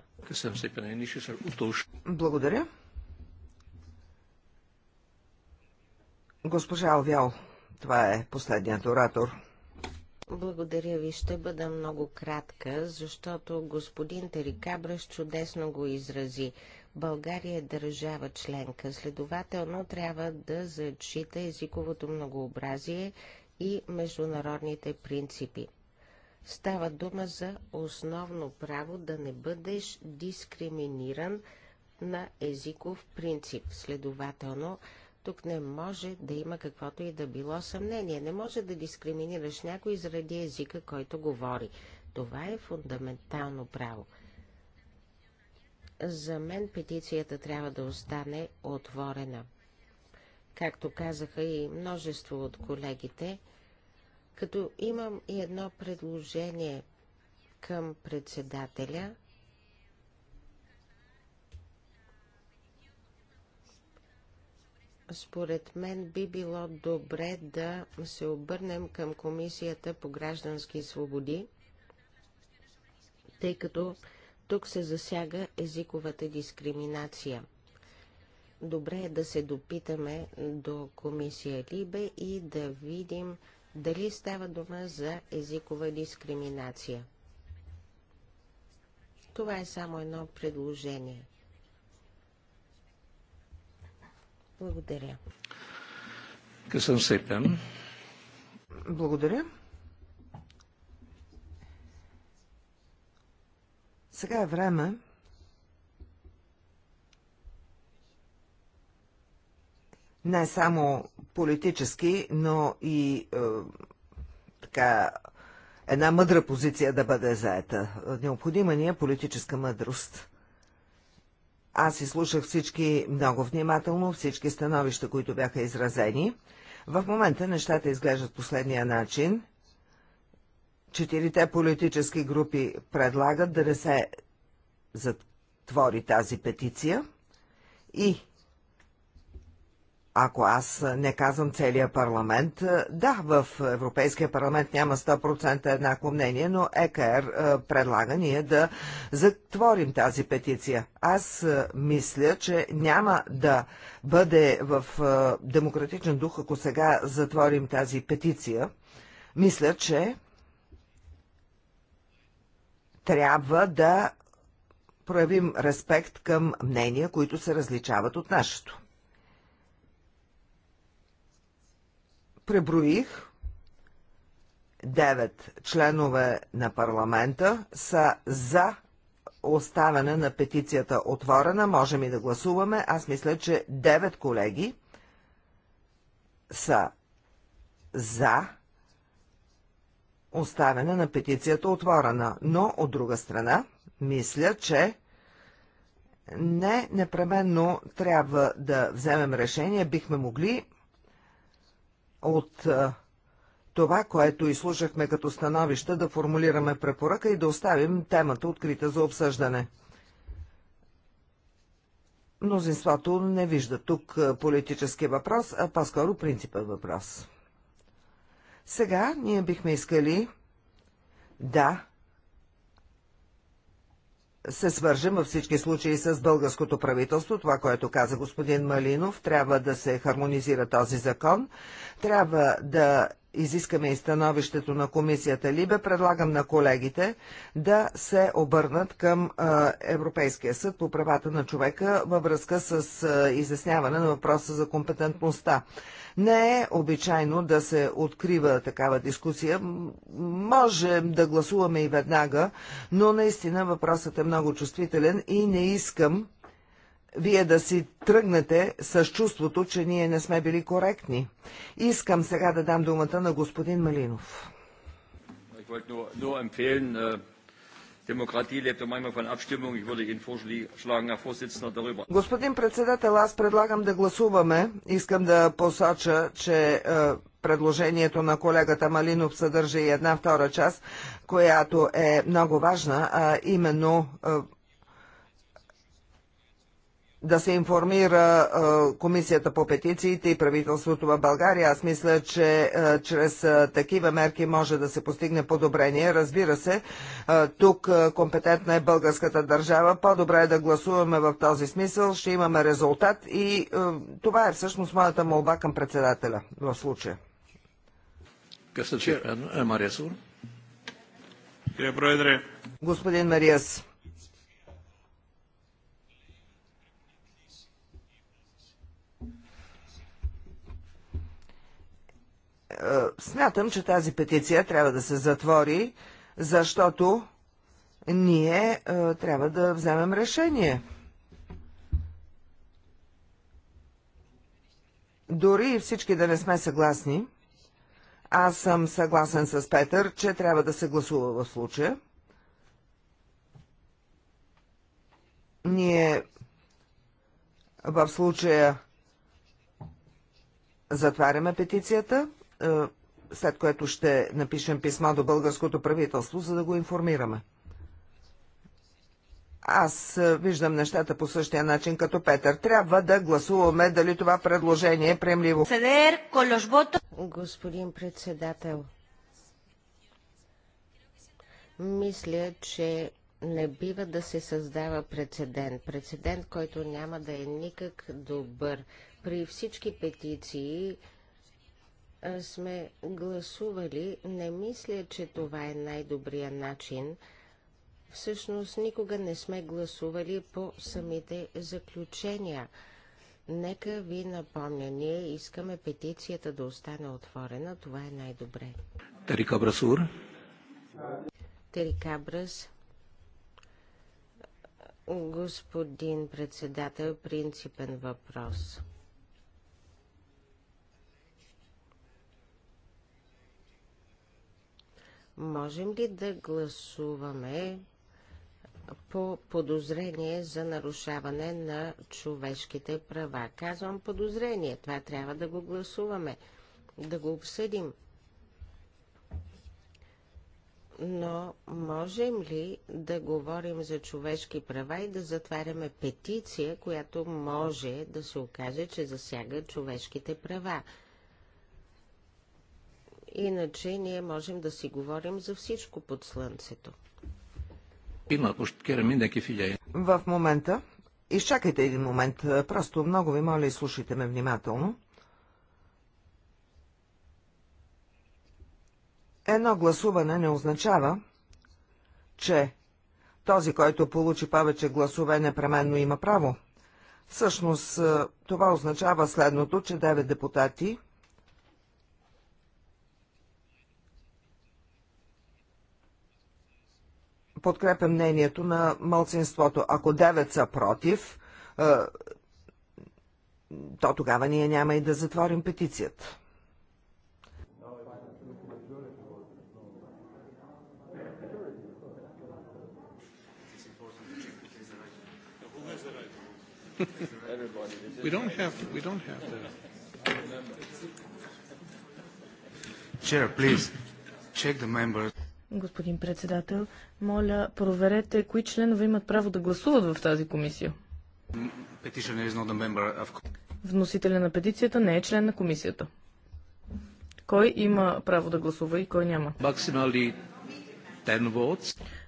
Speaker 3: Благодаря.
Speaker 4: Госпожа Алвял, това е последният оратор.
Speaker 3: Благодаря ви, ще бъда много кратка, защото господин Терикабраш чудесно го изрази. България е държава членка, следователно трябва да зачита езиковото многообразие и международните принципи. Става дума за основно право да не бъдеш дискриминиран на езиков принцип. Следователно, тук не може да има каквото и да било съмнение. Не може да дискриминираш някой заради езика, който говори. Това е фундаментално право. За мен петицията трябва да остане отворена. Както казаха и множество от колегите, като имам и едно предложение към председателя, според мен би било добре да се обърнем към Комисията по граждански свободи, тъй като тук се засяга езиковата дискриминация. Добре е да се допитаме до комисия Либе и да видим дали става дума за езикова дискриминация. Това е само едно предложение.
Speaker 4: Благодаря.
Speaker 5: Късъм Сейпен.
Speaker 4: Благодаря. Сега е време не само политически, но и е, така, една мъдра позиция да бъде заета. Необходима ни е политическа мъдрост. Аз изслушах всички много внимателно, всички становища, които бяха изразени. В момента нещата изглеждат последния начин. Четирите политически групи предлагат да не се затвори тази петиция и ако аз не казвам целият парламент, е, да, в Европейския парламент няма 100% еднакво мнение, но ЕКР е, предлага ние да затворим тази петиция. Аз е, мисля, че няма да бъде в демократичен дух, ако сега затворим тази петиция. Мисля, че трябва да проявим респект към мнения, които се различават от нашето. преброих. Девет членове на парламента са за оставяне на петицията отворена. Можем и да гласуваме. Аз мисля, че девет колеги са за оставяне на петицията отворена. Но, от друга страна, мисля, че не непременно трябва да вземем решение. Бихме могли от това, което изслушахме като становище, да формулираме препоръка и да оставим темата открита за обсъждане. Мнозинството не вижда тук политически въпрос, а по-скоро принципен въпрос. Сега ние бихме искали да се свържем във всички случаи с българското правителство, това, което каза господин Малинов, трябва да се хармонизира този закон, трябва да изискаме и становището на комисията Либе, предлагам на колегите да се обърнат към Европейския съд по правата на човека във връзка с изясняване на въпроса за компетентността. Не е обичайно да се открива такава дискусия. Може да гласуваме и веднага, но наистина въпросът е много чувствителен и не искам вие да си тръгнете с чувството, че ние не сме били коректни. Искам сега да дам думата на господин Малинов.
Speaker 7: Äh,
Speaker 4: господин председател, аз предлагам да гласуваме. Искам да посоча, че е, предложението на колегата Малинов съдържа и една втора част, която е много важна, а именно е, да се информира Комисията по петициите и правителството в България. Аз мисля, че чрез такива мерки може да се постигне подобрение. Разбира се, тук компетентна е българската държава. По-добре е да гласуваме в този смисъл. Ще имаме резултат и това е всъщност моята молба към председателя в случая. Е, Господин Мариас. Е, смятам, че тази петиция трябва да се затвори, защото ние е, трябва да вземем решение. Дори и всички да не сме съгласни, аз съм съгласен с Петър, че трябва да се гласува в случая. Ние в случая затваряме петицията. Е, след което ще напишем писма до българското правителство, за да го информираме. Аз е, виждам нещата по същия начин като Петър. Трябва да гласуваме дали това предложение е приемливо.
Speaker 3: Господин председател, мисля, че не бива да се създава прецедент. Прецедент, който няма да е никак добър. При всички петиции сме гласували, не мисля, че това е най-добрия начин. Всъщност никога не сме гласували по самите заключения. Нека ви напомня, ние искаме петицията да остане отворена, това е най-добре.
Speaker 5: Терикабрас Ур?
Speaker 3: Терикабрас. Господин председател, принципен въпрос. Можем ли да гласуваме по подозрение за нарушаване на човешките права? Казвам подозрение. Това трябва да го гласуваме, да го обсъдим. Но можем ли да говорим за човешки права и да затваряме петиция, която може да се окаже, че засяга човешките права? Иначе ние можем да си говорим за всичко под слънцето.
Speaker 4: В момента, изчакайте един момент, просто много ви моля и слушайте ме внимателно. Едно гласуване не означава, че този, който получи повече гласове, непременно има право. Всъщност, е, това означава следното, че 9 депутати подкрепя мнението на мълцинството. Ако девет са против, то тогава ние няма и да затворим петицията.
Speaker 2: chair please check the members
Speaker 1: Господин председател, моля, проверете кои членове имат право да гласуват в тази комисия. Вносителя на петицията не е член на комисията. Кой има право да гласува и кой няма?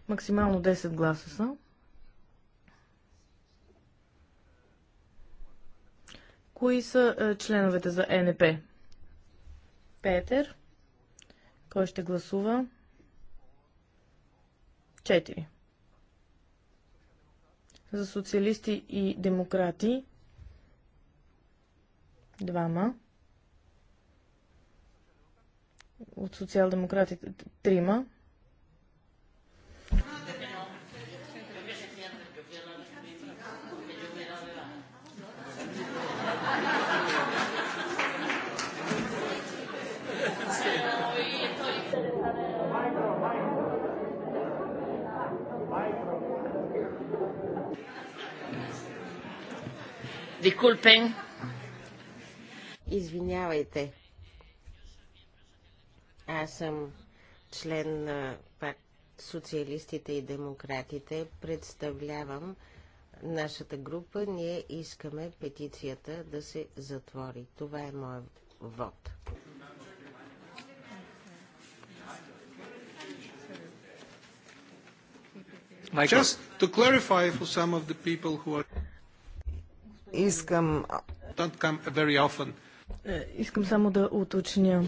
Speaker 1: Максимално 10 гласа са. Кои са е, членовете за НП? Петър. Кой ще гласува? 4. За социалисти и демократи 2. От социал-демократите трима.
Speaker 3: Disculpen. Извинявайте. Аз съм член на пак социалистите и демократите. Представлявам нашата група. Ние искаме петицията да се затвори. Това е моят вод.
Speaker 6: Just to clarify for some of the people who are...
Speaker 1: Искам... Е, искам само да уточня,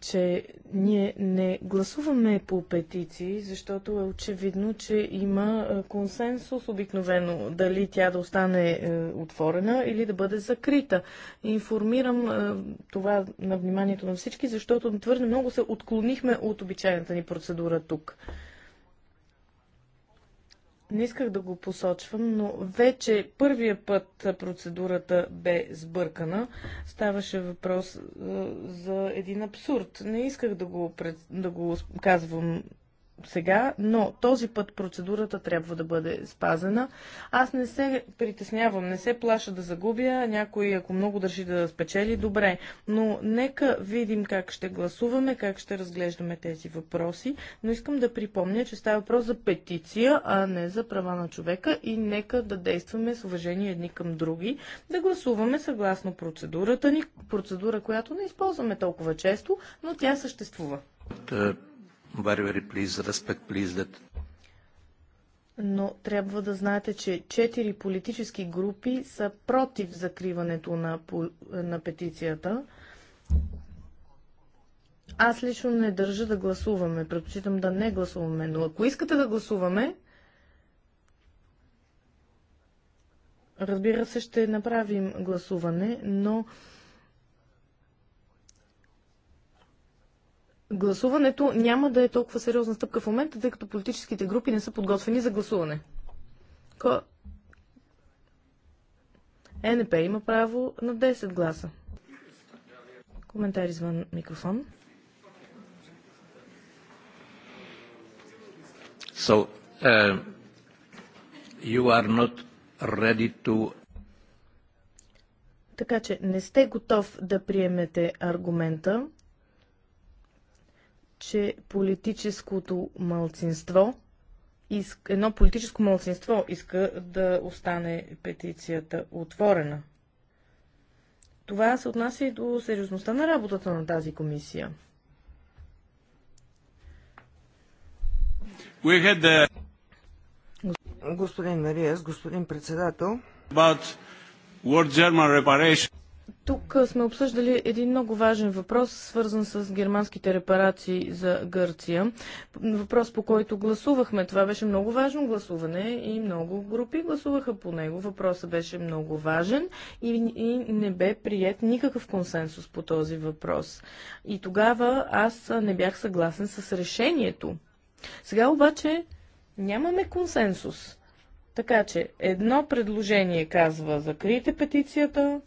Speaker 1: че ние не гласуваме по петиции, защото е очевидно, че има е, консенсус обикновено дали тя да остане е, отворена или да бъде закрита. Информирам това на вниманието на всички, защото твърде много се отклонихме от обичайната ни процедура тук. Не исках да го посочвам, но вече първия път процедурата бе сбъркана. Ставаше въпрос за един абсурд. Не исках да го, пред... да го казвам сега, но този път процедурата трябва да бъде спазена. Аз не се притеснявам, не се плаша да загубя, някой ако много държи да спечели, добре, но нека видим как ще гласуваме, как ще разглеждаме тези въпроси, но искам да припомня, че става въпрос за петиция, а не за права на човека и нека да действаме с уважение едни към други, да гласуваме съгласно процедурата ни, процедура, която не използваме толкова често, но тя съществува.
Speaker 5: Е, very, very respect that
Speaker 1: но трябва да знаете, че четири политически групи са против закриването на, на петицията. Аз лично не държа да гласуваме, предпочитам да не гласуваме, но ако искате да гласуваме, разбира се, ще направим гласуване, но гласуването няма да е толкова сериозна стъпка в момента, тъй като политическите групи не са подготвени за гласуване. Ко... ЕНП има право на 10 гласа. Коментар извън микрофон.
Speaker 5: So, uh, you are not ready to
Speaker 1: така че не сте готов да приемете аргумента, че политическото малцинство едно политическо малцинство иска да остане петицията отворена. Това се отнася и до сериозността на работата на тази комисия.
Speaker 6: The...
Speaker 4: Господин Мариас, господин председател,
Speaker 1: тук сме обсъждали един много важен въпрос, свързан с германските репарации за Гърция. Въпрос, по който гласувахме. Това беше много важно гласуване и много групи гласуваха по него. Въпросът беше много важен и, и не бе прият никакъв консенсус по този въпрос. И тогава аз не бях съгласен с решението. Сега обаче нямаме консенсус. Така че едно предложение казва закрите петицията,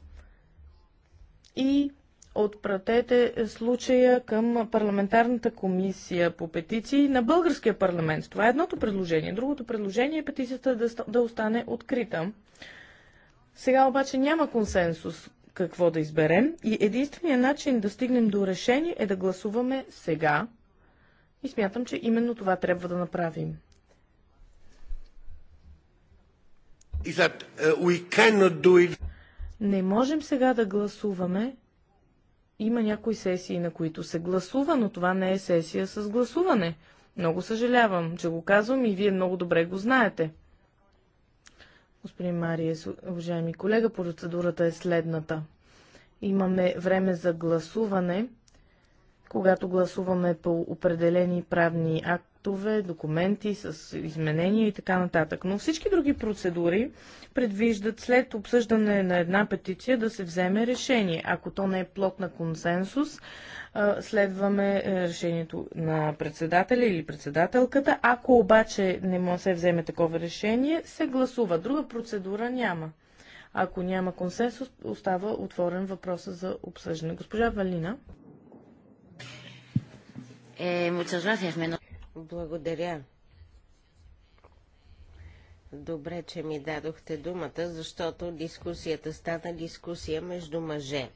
Speaker 1: и отпратете случая към парламентарната комисия по петиции на българския парламент. Това е едното предложение. Другото предложение е петицията да, да остане открита. Сега обаче няма консенсус какво да изберем и единственият начин да стигнем до решение е да гласуваме сега. И смятам, че именно това трябва да направим.
Speaker 6: Is that, uh, we cannot do it.
Speaker 1: Не можем сега да гласуваме. Има някои сесии, на които се гласува, но това не е сесия с гласуване. Много съжалявам, че го казвам и вие много добре го знаете. Господин Мариес, уважаеми колега, процедурата е следната. Имаме време за гласуване, когато гласуваме по определени правни акт, актове, документи с изменения и така нататък. Но всички други процедури предвиждат след обсъждане на една петиция да се вземе решение. Ако то не е плод на консенсус, следваме е, решението на председателя или председателката. Ако обаче не може да вземе такова решение, се гласува. Друга процедура няма. Ако няма консенсус, остава отворен въпроса за обсъждане. Госпожа Валина.
Speaker 3: Е, благодаря. Добре, че ми дадохте думата, защото дискусията стана дискусия между мъже.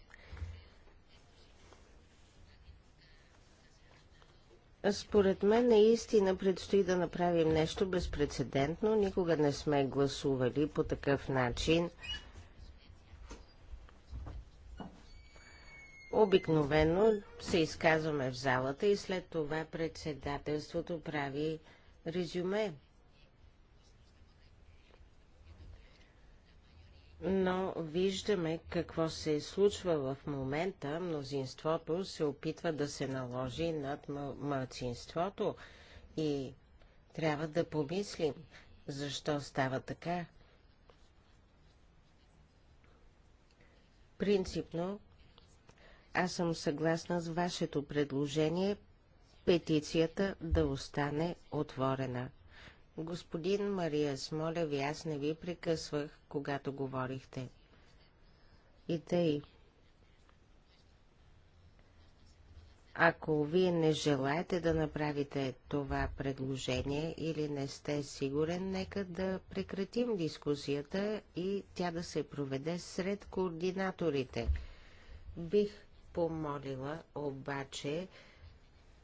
Speaker 3: Според мен наистина предстои да направим нещо безпредседентно. Никога не сме гласували по такъв начин. Обикновено се изказваме в залата и след това председателството прави резюме. Но виждаме какво се случва в момента. Мнозинството се опитва да се наложи над мълцинството и трябва да помислим защо става така. Принципно аз съм съгласна с вашето предложение петицията да остане отворена. Господин Мария, моля ви, аз не ви прекъсвах, когато говорихте. И тъй. Ако вие не желаете да направите това предложение или не сте сигурен, нека да прекратим дискусията и тя да се проведе сред координаторите. Бих помолила обаче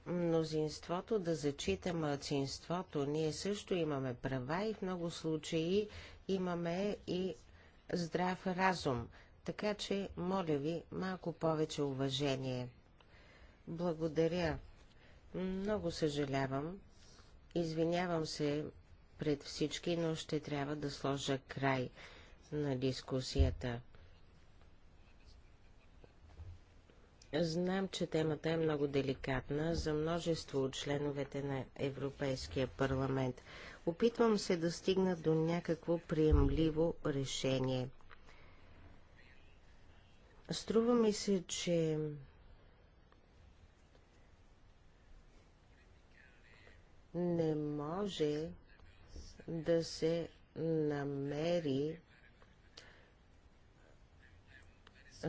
Speaker 3: мнозинството да зачита младсинството. Ние също имаме права и в много случаи имаме и здрав разум. Така че, моля ви, малко повече уважение. Благодаря. Много съжалявам. Извинявам се пред всички, но ще трябва да сложа край на дискусията. Знам, че темата е много деликатна за множество от членовете на Европейския парламент. Опитвам се да стигна до някакво приемливо решение. Струва ми се, че не може да се намери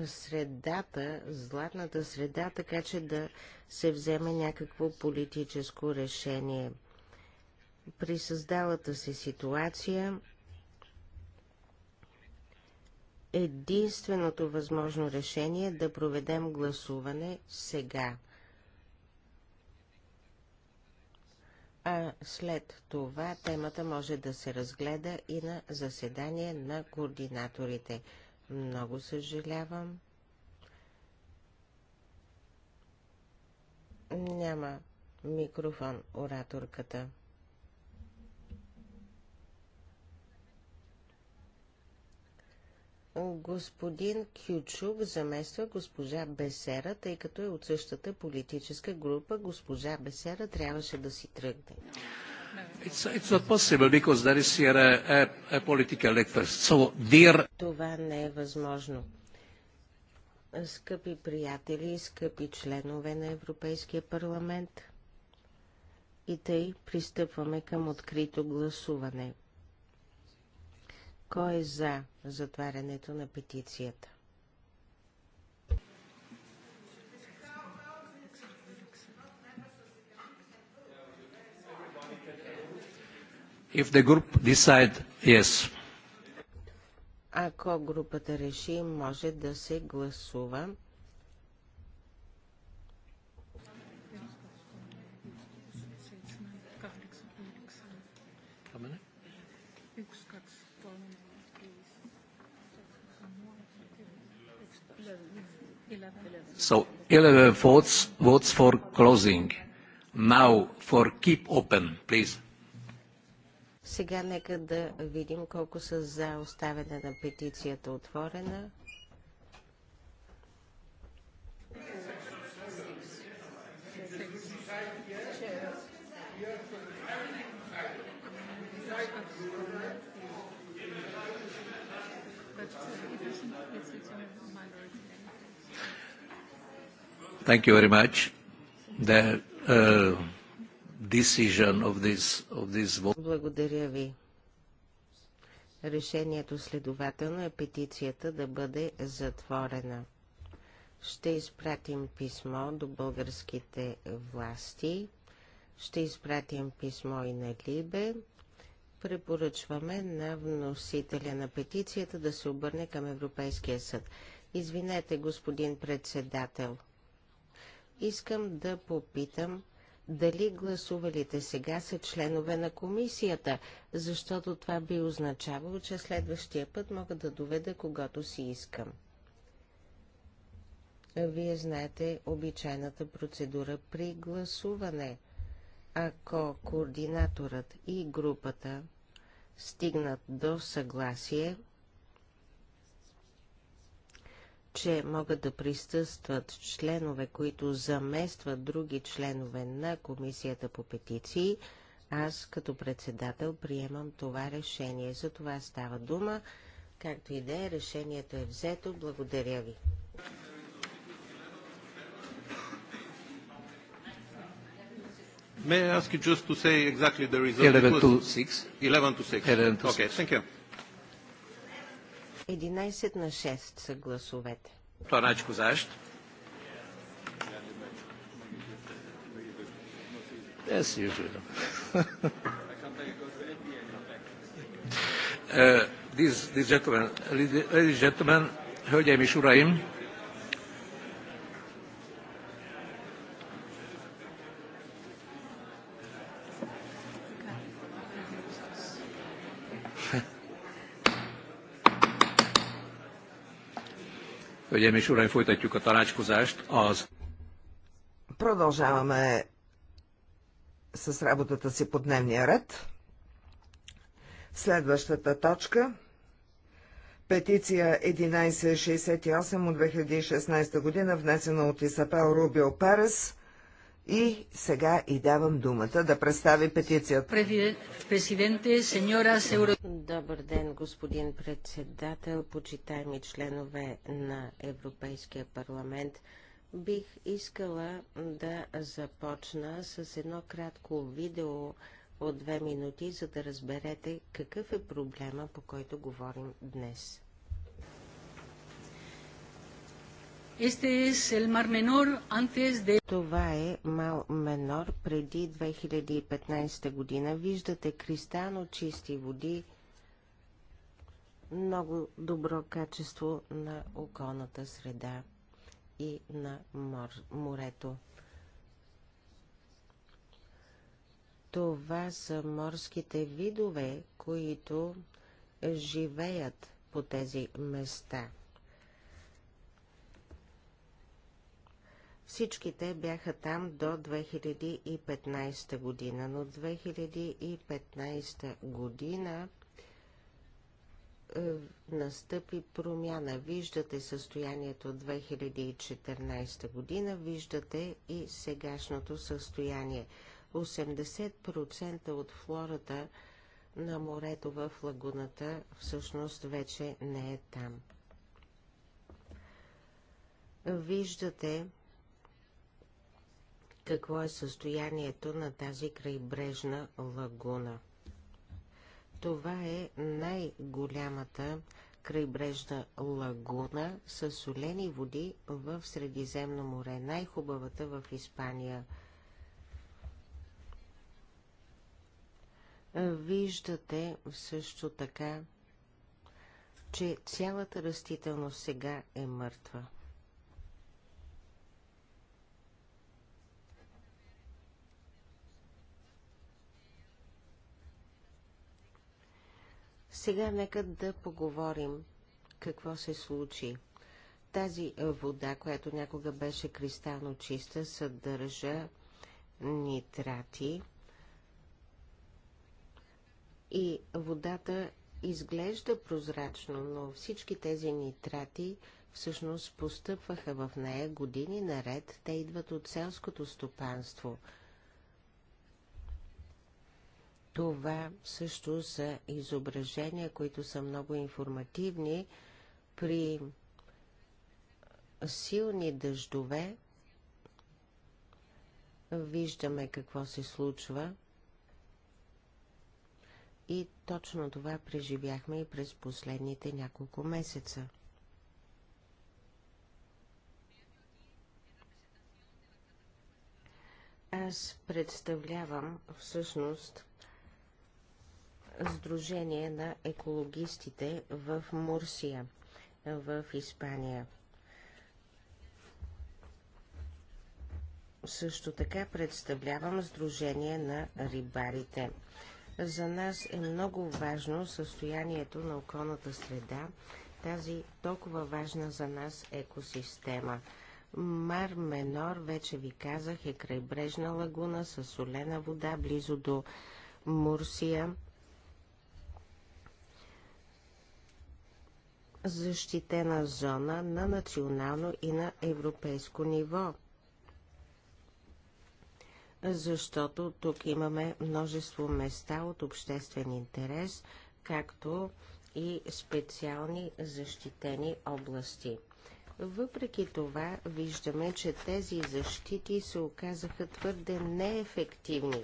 Speaker 3: средата, златната среда, така че да се вземе някакво политическо решение. При създалата се си ситуация единственото възможно решение е да проведем гласуване сега. а след това темата може да се разгледа и на заседание на координаторите. Много съжалявам. Няма микрофон ораторката. Господин Кючук замества госпожа Бесера, тъй като е от същата политическа група. Госпожа Бесера трябваше да си тръгне.
Speaker 5: It's, it's not possible because there is here a, a, a political So, dear...
Speaker 3: Това не е възможно. Скъпи приятели, скъпи членове на Европейския парламент, и тъй пристъпваме към открито гласуване. Кой е за затварянето на петицията?
Speaker 5: if the group decide yes.
Speaker 3: Ако групата реши, може да се гласува.
Speaker 5: So 11 votes, votes for closing. Now for keep open, please.
Speaker 3: Сега нека да видим колко са за оставяне на петицията отворена.
Speaker 5: Thank you very much. The, uh decision of this, of this vote.
Speaker 3: Благодаря ви. Решението следователно е петицията да бъде затворена. Ще изпратим писмо до българските власти. Ще изпратим писмо и на Либе. Препоръчваме на вносителя на петицията да се обърне към Европейския съд. Извинете, господин председател. Искам да попитам дали гласувалите сега са членове на комисията, защото това би означавало, че следващия път мога да доведа когато си искам. Вие знаете обичайната процедура при гласуване. Ако координаторът и групата стигнат до съгласие че могат да присъстват членове, които заместват други членове на Комисията по петиции, аз като председател приемам това решение. За това става дума. Както и да е, решението е взето. Благодаря ви.
Speaker 6: May I ask you just to say exactly the result? 11 to 6. 11 to 6.
Speaker 5: 11 to 6. Okay, thank
Speaker 6: you.
Speaker 3: 11 на 6 са гласовете.
Speaker 5: Тоначко защо? As usual. uh, these, these gentlemen, ladies and gentlemen, hölgyeim és uraim, Hölgyeim és uraim, folytatjuk a tanácskozást. Az...
Speaker 4: Продължаваме с работата си по дневния ред. Следващата точка Петиция 1168 от 2016 година, внесена от Исапел Рубио Перес – и сега и давам думата да представи петицията.
Speaker 3: Добър ден, господин председател, почитаеми членове на Европейския парламент. Бих искала да започна с едно кратко видео от две минути, за да разберете какъв е проблема, по който говорим днес. Este es el Mar Menor antes de... Това е Мал Менор преди 2015 година. Виждате кристално чисти води, много добро качество на околната среда и на мор, морето. Това са морските видове, които живеят по тези места – Всичките бяха там до 2015 година, но 2015 година е, настъпи промяна. Виждате състоянието от 2014 година, виждате и сегашното състояние. 80% от флората на морето в лагуната всъщност вече не е там. Виждате какво е състоянието на тази крайбрежна лагуна. Това е най-голямата крайбрежна лагуна с солени води в Средиземно море, най-хубавата в Испания. Виждате също така, че цялата растителност сега е мъртва. Сега нека да поговорим какво се случи. Тази вода, която някога беше кристално чиста, съдържа нитрати и водата изглежда прозрачно, но всички тези нитрати всъщност постъпваха в нея години наред. Те идват от селското стопанство – това също са изображения, които са много информативни. При силни дъждове виждаме какво се случва. И точно това преживяхме и през последните няколко месеца. Аз представлявам всъщност Сдружение на екологистите в Мурсия, в Испания. Също така представлявам Сдружение на рибарите. За нас е много важно състоянието на околната среда, тази толкова важна за нас екосистема. Мар Менор, вече ви казах, е крайбрежна лагуна с солена вода близо до Мурсия. защитена зона на национално и на европейско ниво. Защото тук имаме множество места от обществен интерес, както и специални защитени области. Въпреки това, виждаме, че тези защити се оказаха твърде неефективни.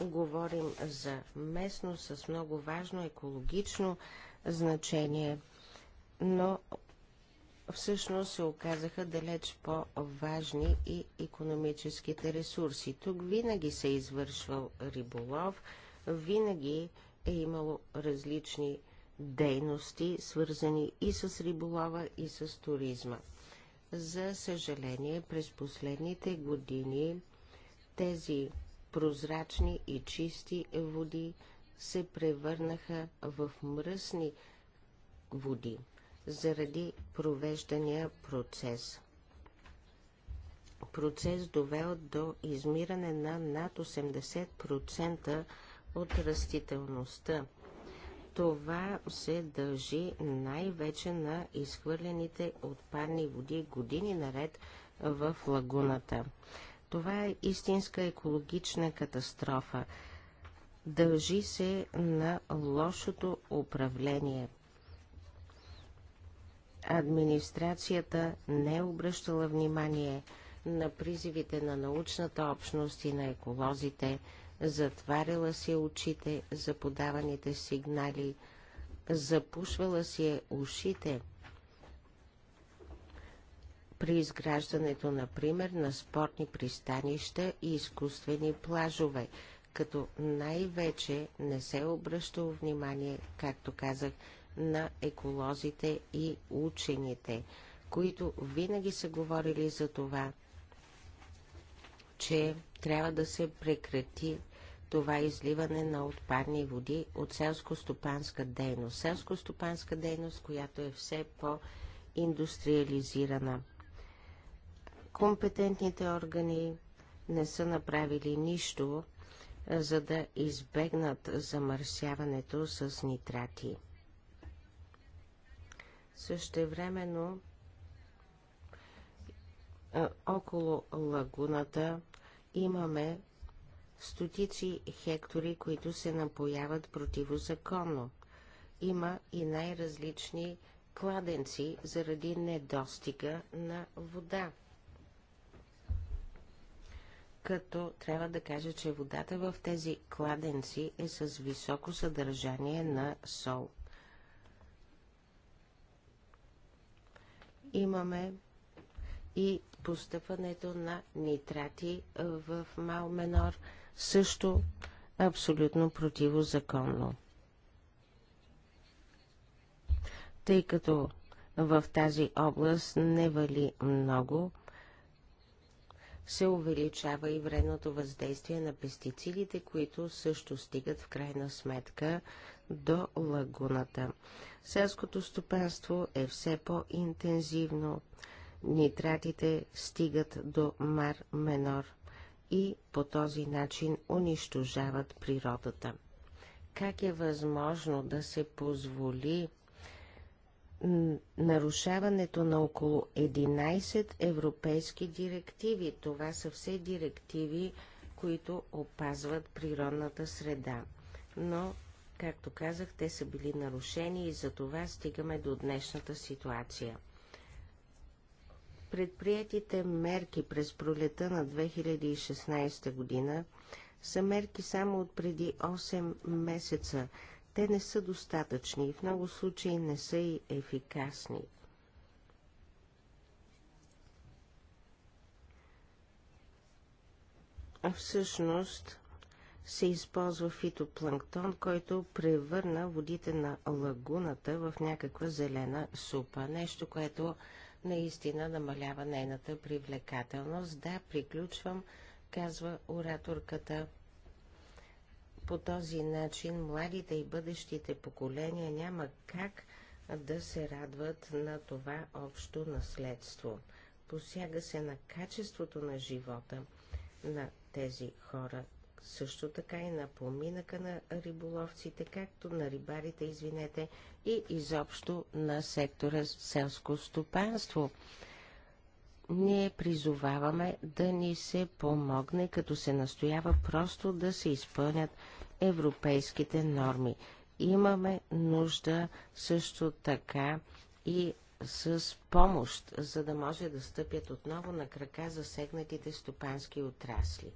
Speaker 3: Говорим за местно с много важно екологично значение, но всъщност се оказаха далеч по-важни и економическите ресурси. Тук винаги се е извършвал риболов, винаги е имало различни дейности, свързани и с риболова, и с туризма. За съжаление, през последните години тези прозрачни и чисти води – се превърнаха в мръсни води заради провеждания процес. Процес довел до измиране на над 80% от растителността. Това се дължи най-вече на изхвърлените отпадни води години наред в лагуната. Това е истинска екологична катастрофа. Дължи се на лошото управление. Администрацията не е обръщала внимание на призивите на научната общност и на еколозите, затваряла си очите за подаваните сигнали, запушвала си е ушите. При изграждането, например, на спортни пристанища и изкуствени плажове – като най-вече не се обръщало внимание, както казах, на еколозите и учените, които винаги са говорили за това, че трябва да се прекрати това изливане на отпадни води от селско-стопанска дейност. Селско-стопанска дейност, която е все по-индустриализирана. Компетентните органи не са направили нищо за да избегнат замърсяването с нитрати. Същевременно около лагуната имаме стотици хектори, които се напояват противозаконно. Има и най-различни кладенци заради недостига на вода като трябва да кажа, че водата в тези кладенци е с високо съдържание на сол. Имаме и постъпването на нитрати в мал менор, също абсолютно противозаконно. Тъй като в тази област не вали много, се увеличава и вредното въздействие на пестицидите, които също стигат в крайна сметка до лагуната. Селското стопанство е все по-интензивно. Нитратите стигат до Мар Менор и по този начин унищожават природата. Как е възможно да се позволи нарушаването на около 11 европейски директиви. Това са все директиви, които опазват природната среда. Но, както казах, те са били нарушени и за това стигаме до днешната ситуация. Предприятите мерки през пролета на 2016 година са мерки само от преди 8 месеца – те не са достатъчни и в много случаи не са и ефикасни. Всъщност се използва фитопланктон, който превърна водите на лагуната в някаква зелена супа. Нещо, което наистина намалява нейната привлекателност. Да, приключвам, казва ораторката. По този начин младите и бъдещите поколения няма как да се радват на това общо наследство. Посяга се на качеството на живота на тези хора, също така и на поминъка на риболовците, както на рибарите, извинете, и изобщо на сектора селско стопанство ние призоваваме да ни се помогне, като се настоява просто да се изпълнят европейските норми. Имаме нужда също така и с помощ, за да може да стъпят отново на крака засегнатите стопански отрасли.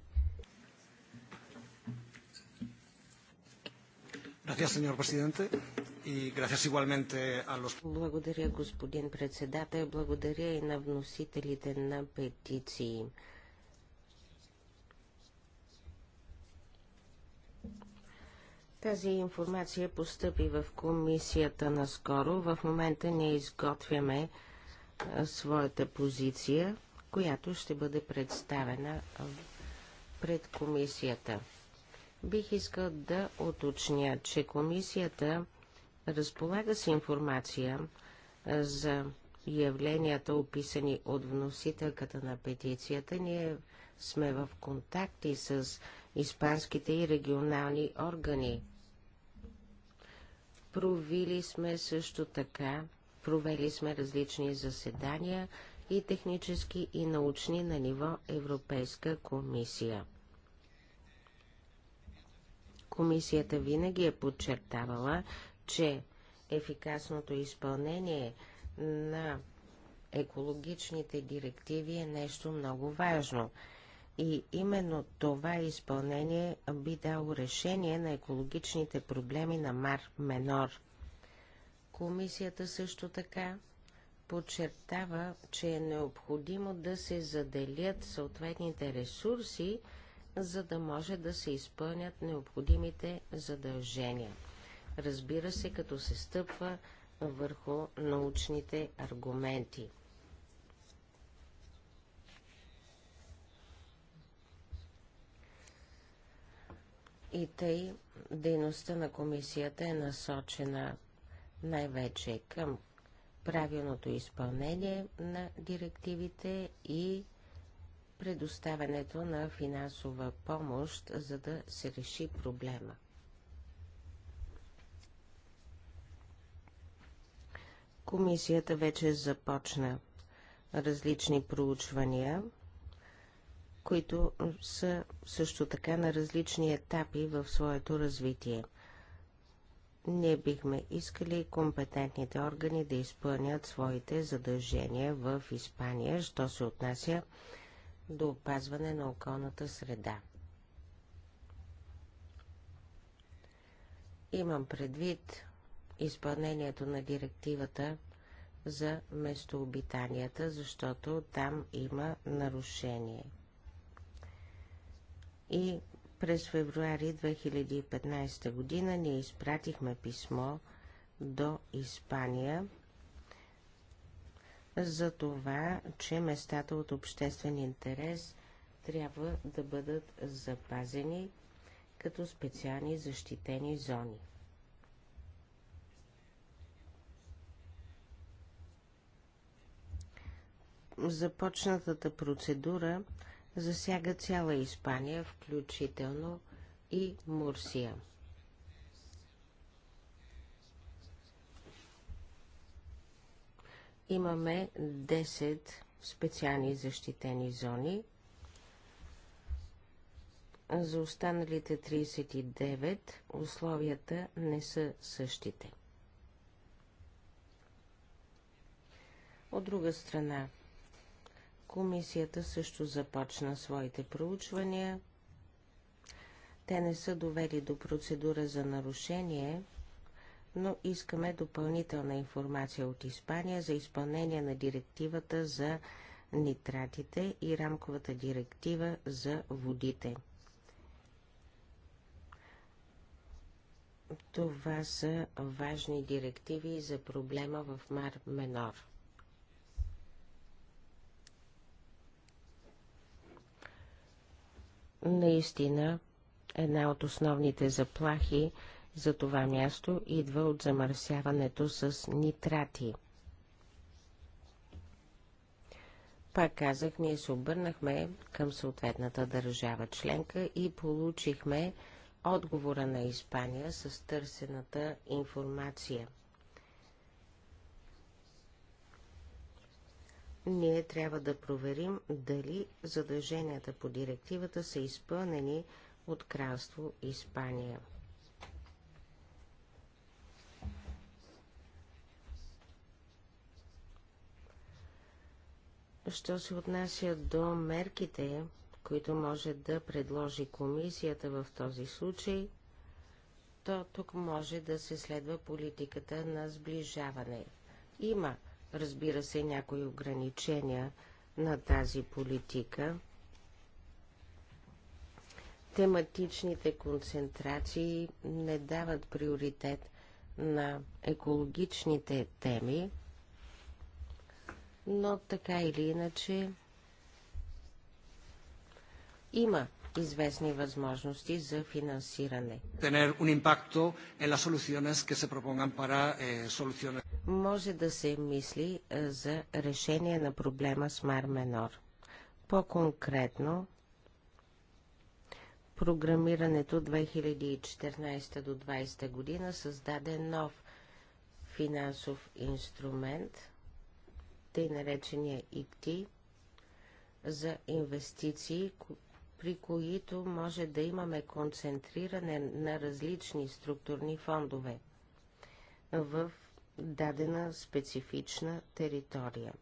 Speaker 3: Gracias, señor presidente и gracias igualmente a los... Благодаря, господин председател. Благодаря и на вносителите на петиции. Тази информация постъпи в комисията наскоро. В момента ние изготвяме своята позиция, която ще бъде представена пред комисията. Бих искал да уточня, че комисията Разполага с информация за явленията, описани от вносителката на петицията. Ние сме в контакти с испанските и регионални органи. Провели сме също така, провели сме различни заседания и технически и научни на ниво Европейска комисия. Комисията винаги е подчертавала, че ефикасното изпълнение на екологичните директиви е нещо много важно. И именно това изпълнение би дало решение на екологичните проблеми на Мар Менор. Комисията също така подчертава, че е необходимо да се заделят съответните ресурси, за да може да се изпълнят необходимите задължения разбира се, като се стъпва върху научните аргументи. И тъй дейността на комисията е насочена най-вече към правилното изпълнение на директивите и предоставянето на финансова помощ, за да се реши проблема. Комисията вече започна различни проучвания, които са също така на различни етапи в своето развитие. Ние бихме искали компетентните органи да изпълнят своите задължения в Испания, що се отнася до опазване на околната среда. Имам предвид изпълнението на директивата за местообитанията, защото там има нарушение. И през февруари 2015 година ние изпратихме писмо до Испания за това, че местата от обществен интерес трябва да бъдат запазени като специални защитени зони. започнатата процедура засяга цяла Испания, включително и Мурсия. Имаме 10 специални защитени зони. За останалите 39 условията не са същите. От друга страна, Комисията също започна своите проучвания. Те не са довели до процедура за нарушение, но искаме допълнителна информация от Испания за изпълнение на директивата за нитратите и рамковата директива за водите. Това са важни директиви за проблема в Мар Менор. Наистина, една от основните заплахи за това място идва от замърсяването с нитрати. Пак казах, ние се обърнахме към съответната държава членка и получихме отговора на Испания с търсената информация – ние трябва да проверим дали задълженията по директивата са изпълнени от кралство Испания. Що се отнася до мерките, които може да предложи комисията в този случай, то тук може да се следва политиката на сближаване. Има разбира се, някои ограничения на тази политика. Тематичните концентрации не дават приоритет на екологичните теми, но така или иначе има известни възможности за финансиране. Tener un impacto en las soluciones
Speaker 7: que se propongan para eh, soluciones
Speaker 3: може да се мисли е, за решение на проблема с Мар Менор. По-конкретно, програмирането 2014 до 2020 година създаде нов финансов инструмент, тъй наречения ИКТ, за инвестиции, при които може да имаме концентриране на различни структурни фондове в дадена специфична територия.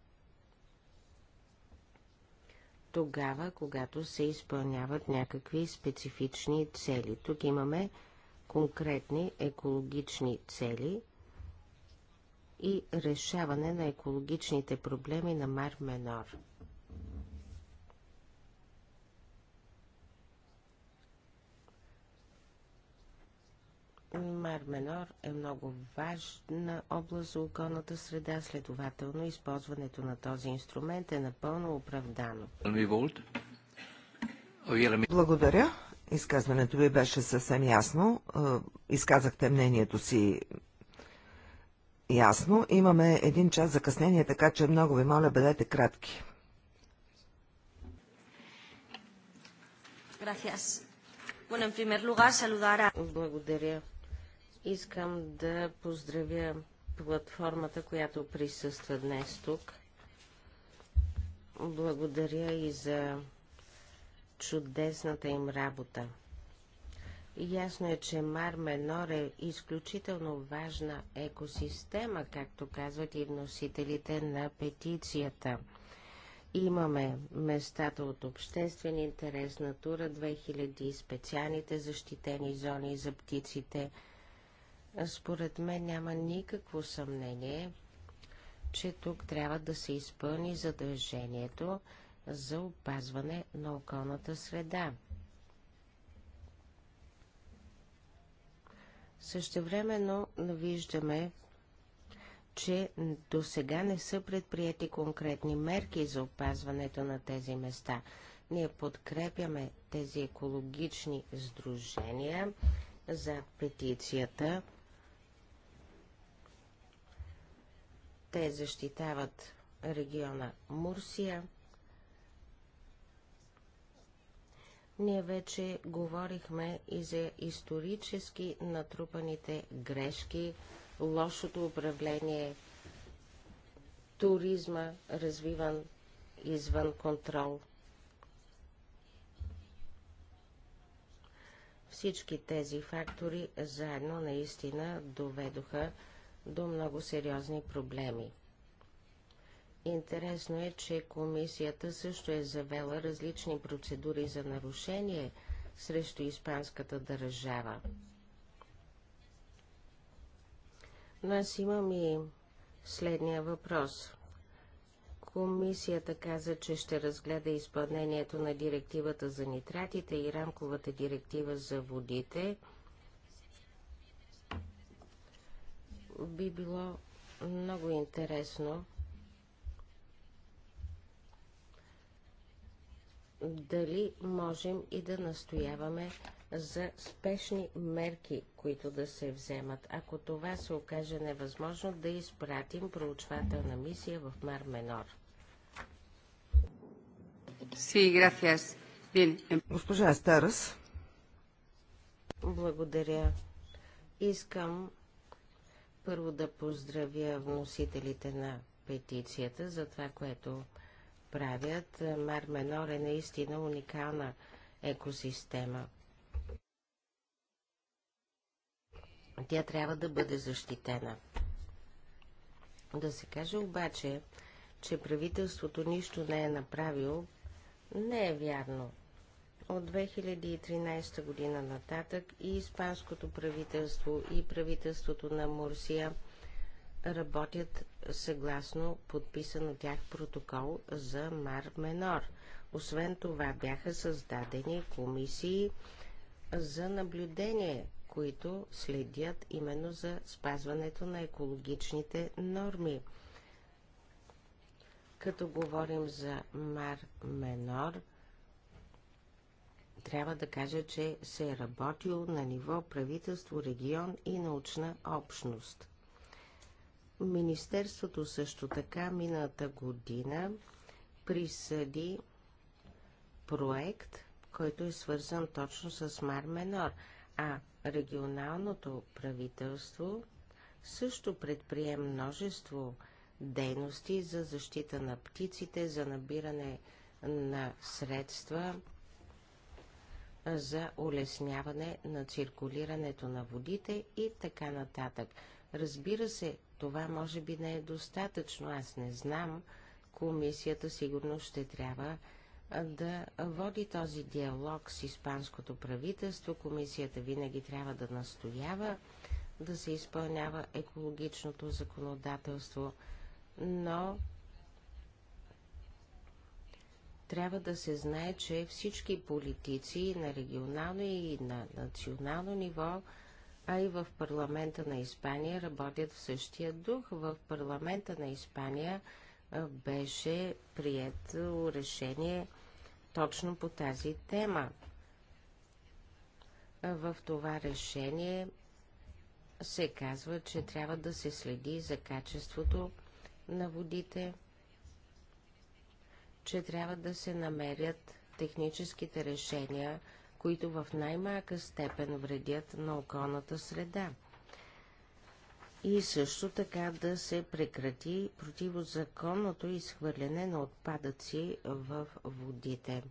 Speaker 3: Тогава, когато се изпълняват някакви специфични цели. Тук имаме конкретни екологични цели и решаване на екологичните проблеми на Мар Менор. Мар Менор е много важна област за околната среда, следователно използването на този инструмент е напълно оправдано.
Speaker 4: Благодаря. Изказването ви беше съвсем ясно. Е, изказахте мнението си ясно. Имаме един час закъснение, така че много ви моля, бъдете кратки.
Speaker 3: Благодаря. Искам да поздравя платформата, която присъства днес тук. Благодаря и за чудесната им работа. Ясно е, че Мар Менор е изключително важна екосистема, както казват и вносителите на петицията. Имаме местата от обществен интерес, Натура 2000, специалните защитени зони за птиците – според мен няма никакво съмнение, че тук трябва да се изпълни задължението за опазване на околната среда. Същевременно виждаме, че до сега не са предприяти конкретни мерки за опазването на тези места. Ние подкрепяме тези екологични сдружения за петицията – Те защитават региона Мурсия. Ние вече говорихме и за исторически натрупаните грешки, лошото управление, туризма, развиван извън контрол. Всички тези фактори заедно наистина доведоха до много сериозни проблеми. Интересно е, че комисията също е завела различни процедури за нарушение срещу испанската държава. Но аз имам и следния въпрос. Комисията каза, че ще разгледа изпълнението на директивата за нитратите и рамковата директива за водите – би било много интересно дали можем и да настояваме за спешни мерки, които да се вземат. Ако това се окаже невъзможно, да изпратим проучвателна мисия в Мар Менор.
Speaker 4: Sí, Госпожа Старас.
Speaker 3: Благодаря. Искам първо да поздравя вносителите на петицията за това, което правят. Мар Менор е наистина уникална екосистема. Тя трябва да бъде защитена. Да се каже обаче, че правителството нищо не е направило, не е вярно. От 2013 година нататък и испанското правителство и правителството на Мурсия работят съгласно подписан от тях протокол за Мар Менор. Освен това бяха създадени комисии за наблюдение, които следят именно за спазването на екологичните норми. Като говорим за Мар Менор – трябва да кажа, че се е работил на ниво правителство, регион и научна общност. Министерството също така миналата година присъди проект, който е свързан точно с Мар Менор, а регионалното правителство също предприе множество дейности за защита на птиците, за набиране на средства за улесняване на циркулирането на водите и така нататък. Разбира се, това може би не е достатъчно, аз не знам. Комисията сигурно ще трябва да води този диалог с испанското правителство. Комисията винаги трябва да настоява да се изпълнява екологичното законодателство, но трябва да се знае, че всички политици на регионално и на национално ниво, а и в парламента на Испания работят в същия дух. В парламента на Испания беше прието решение точно по тази тема. В това решение се казва, че трябва да се следи за качеството на водите – че трябва да се намерят техническите решения, които в най-малка степен вредят на околната среда. И също така да се прекрати противозаконното изхвърляне на отпадъци в водите.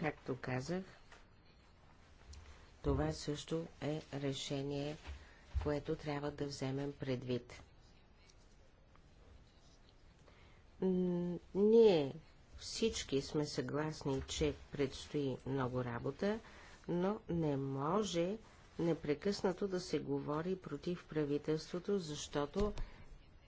Speaker 3: Както казах, това също е решение, което трябва да вземем предвид. Ние всички сме съгласни, че предстои много работа, но не може непрекъснато да се говори против правителството, защото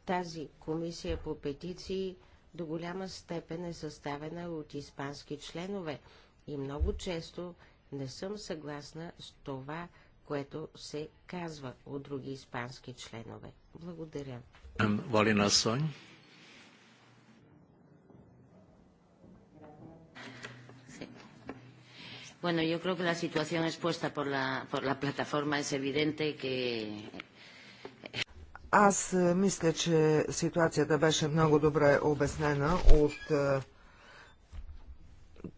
Speaker 3: тази комисия по петиции до голяма степен е съставена от испански членове и много често не съм съгласна с това, което се казва от други испански членове. Благодаря.
Speaker 5: Um,
Speaker 3: Bueno, yo creo que la situación expuesta por la, por la plataforma es evidente que
Speaker 4: аз е, мисля, че ситуацията беше много добре обяснена от е,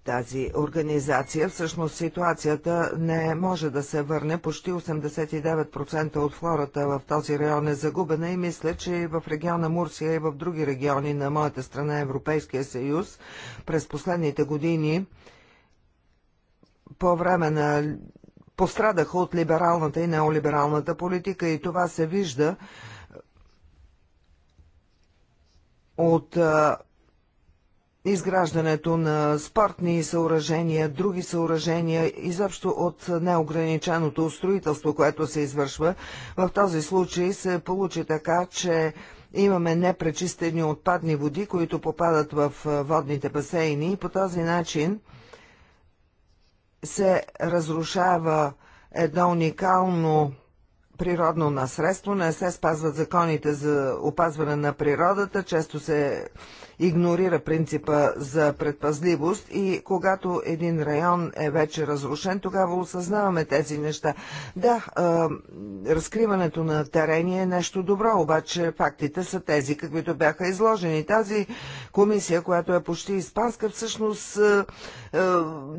Speaker 4: тази организация. Всъщност ситуацията не може да се върне. Почти 89% от флората в този район е загубена и мисля, че и в региона Мурсия и в други региони на моята страна Европейския съюз през последните години по време на пострадаха от либералната и неолибералната политика и това се вижда е, от а, е, изграждането на спортни съоръжения, други съоръжения, изобщо от неограниченото строителство, което се извършва. В този случай се получи така, че имаме непречистени отпадни води, които попадат в е, водните басейни и по този начин – се разрушава едно уникално природно наследство, не се спазват законите за опазване на природата, често се игнорира принципа за предпазливост и когато един район е вече разрушен, тогава осъзнаваме тези неща. Да, разкриването на терени е нещо добро, обаче фактите са тези, каквито бяха изложени. Тази комисия, която е почти испанска, всъщност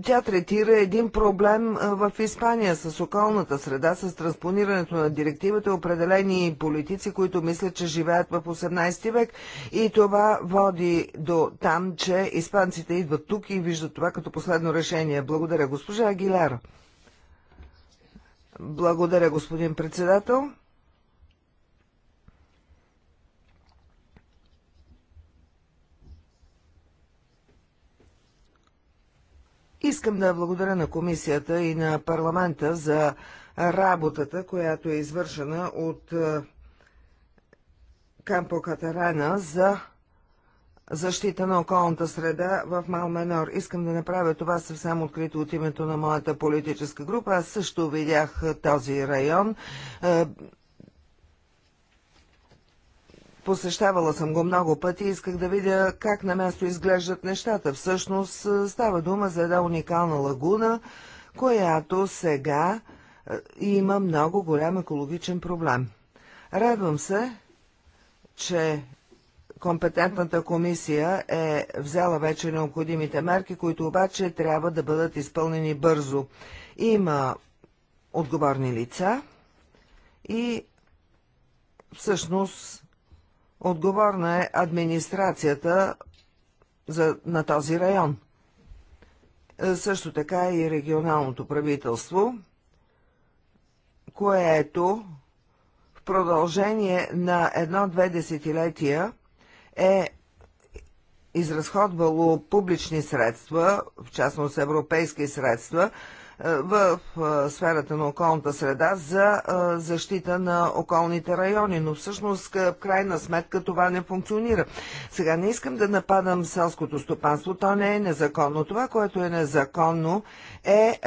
Speaker 4: тя третира един проблем в Испания с околната среда, с транспонирането на директивата, определени политици, които мислят, че живеят в 18 век и това води води до там, че испанците идват тук и виждат това като последно решение. Благодаря, госпожа Агиляра. Благодаря, господин председател. Искам да благодаря на комисията и на парламента за работата, която е извършена от е, Кампо Катарана за защита на околната среда в Малменор. Искам да направя това съвсем открито от името на моята политическа група. Аз също видях е, този район. Е, посещавала съм го много пъти и исках да видя как на място изглеждат нещата. Всъщност е, става дума за една уникална лагуна, която сега има много голям екологичен проблем. Радвам се, че компетентната комисия е взела вече необходимите мерки, които обаче трябва да бъдат изпълнени бързо. Има отговорни лица и всъщност отговорна е администрацията за, на този район. Е, също така и регионалното правителство, което в продължение на едно-две десетилетия е изразходвало публични средства, в частност европейски средства, в сферата на околната среда за защита на околните райони, но всъщност в крайна сметка това не функционира. Сега не искам да нападам селското стопанство, то не е незаконно. Това, което е незаконно, е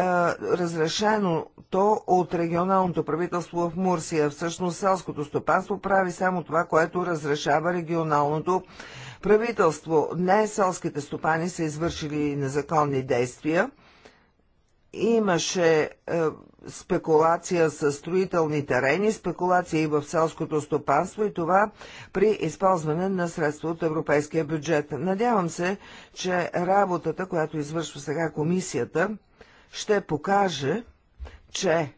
Speaker 4: разрешеното от регионалното правителство в Мурсия. Всъщност селското стопанство прави само това, което разрешава регионалното правителство. Не селските стопани са извършили незаконни действия имаше е, спекулация с строителни терени, спекулация и в селското стопанство и това при използване на средства от европейския бюджет. Надявам се, че работата, която извършва сега комисията, ще покаже, че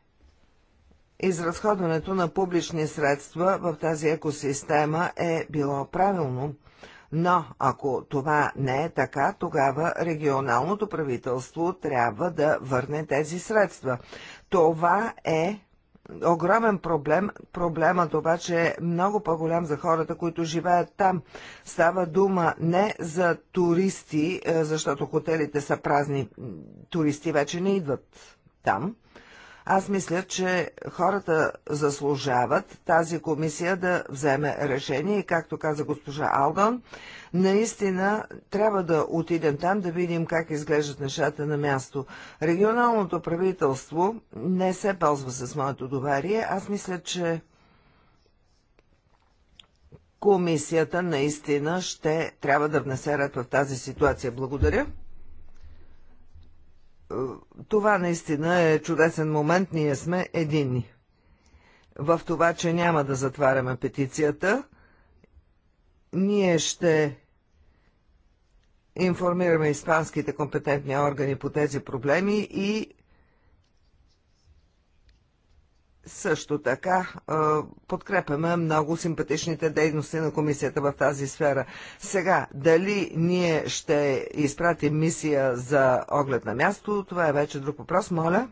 Speaker 4: изразходването на публични средства в тази екосистема е било правилно. Но ако това не е така, тогава регионалното правителство трябва да върне тези средства. Това е огромен проблем. Проблемът обаче е много по-голям за хората, които живеят там. Става дума не за туристи, е, защото хотелите са празни. Туристи вече не идват там. Аз мисля, че хората заслужават тази комисия да вземе решение и, както каза госпожа Алган, наистина трябва да отидем там, да видим как изглеждат нещата на място. Регионалното правителство не се ползва с моето доверие. Аз мисля, че комисията наистина ще трябва да внесе ред в тази ситуация. Благодаря това наистина е чудесен момент. Ние сме единни. В това, че няма да затваряме петицията, ние ще информираме испанските компетентни органи по тези проблеми и Също така подкрепяме много симпатичните дейности на комисията в тази сфера. Сега, дали ние ще изпратим мисия за оглед на място, това е вече друг въпрос. Моля.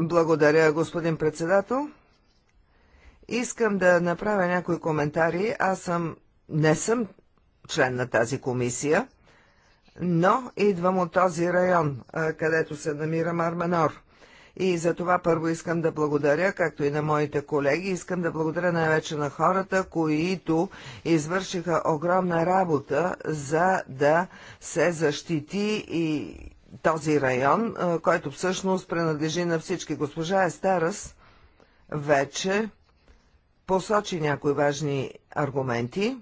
Speaker 4: Благодаря, господин председател. Искам да направя някои коментари. Аз съм, не съм член на тази комисия, но идвам от този район, където се намира Марманор. И за това първо искам да благодаря, както и на моите колеги. Искам да благодаря най-вече на хората, които извършиха огромна работа, за да се защити и този район, който всъщност принадлежи на всички. Госпожа Естерас вече посочи някои важни аргументи.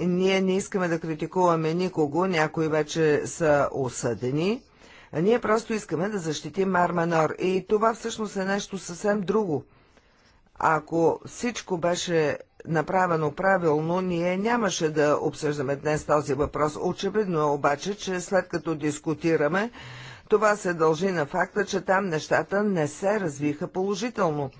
Speaker 4: Ние не искаме да критикуваме никого, някои вече са осъдени. Ние просто искаме да защитим Марманор. И това всъщност е нещо съвсем друго. Ако всичко беше направено правилно, ние нямаше да обсъждаме днес този въпрос. Очевидно е обаче, че след като дискутираме, това се дължи на факта, че там нещата не се развиха положително.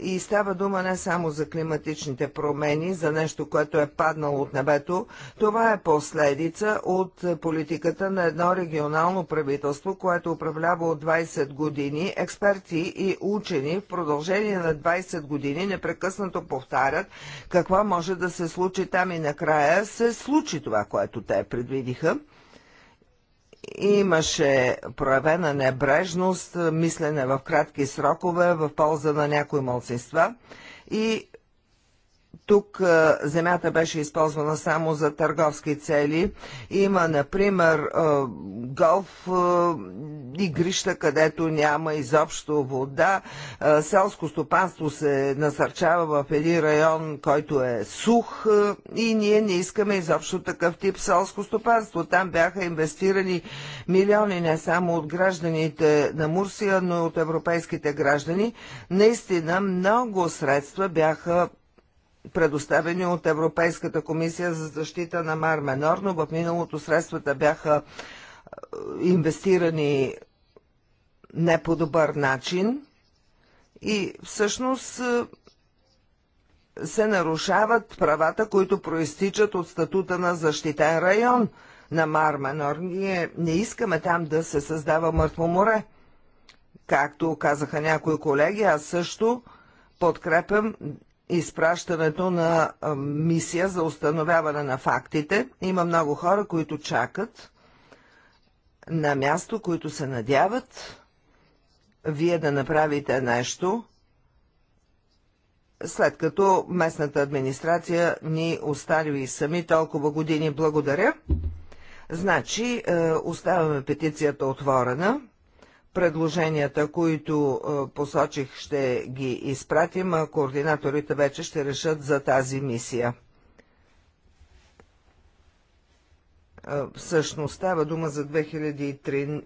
Speaker 4: И става дума не само за климатичните промени, за нещо, което е паднало от небето. Това е последица от политиката на едно регионално правителство, което управлява от 20 години. Експерти и учени в продължение на 20 години непрекъснато повтарят какво може да се случи там и накрая се случи това, което те предвидиха имаше проявена небрежност, мислене в кратки срокове в полза на някои малцинства и тук земята беше използвана само за търговски цели. Има, например, голф игрища, където няма изобщо вода. Селско стопанство се насърчава в един район, който е сух и ние не искаме изобщо такъв тип селско стопанство. Там бяха инвестирани милиони не само от гражданите на Мурсия, но и от европейските граждани. Наистина много средства бяха предоставени от Европейската комисия за защита на Мар Менор, но в миналото средствата бяха е, инвестирани не по добър начин и всъщност е, се нарушават правата, които проистичат от статута на защитен район на Мар Менор. Ние не искаме там да се създава мъртво море. Както казаха някои колеги, аз също подкрепям изпращането на мисия за установяване на фактите. Има много хора, които чакат на място, които се надяват вие да направите нещо, след като местната администрация ни остави и сами толкова години. Благодаря. Значи, е, оставяме петицията отворена. Предложенията, които е, посочих, ще ги изпратим, а координаторите вече ще решат за тази мисия. Е, всъщност става дума за 2003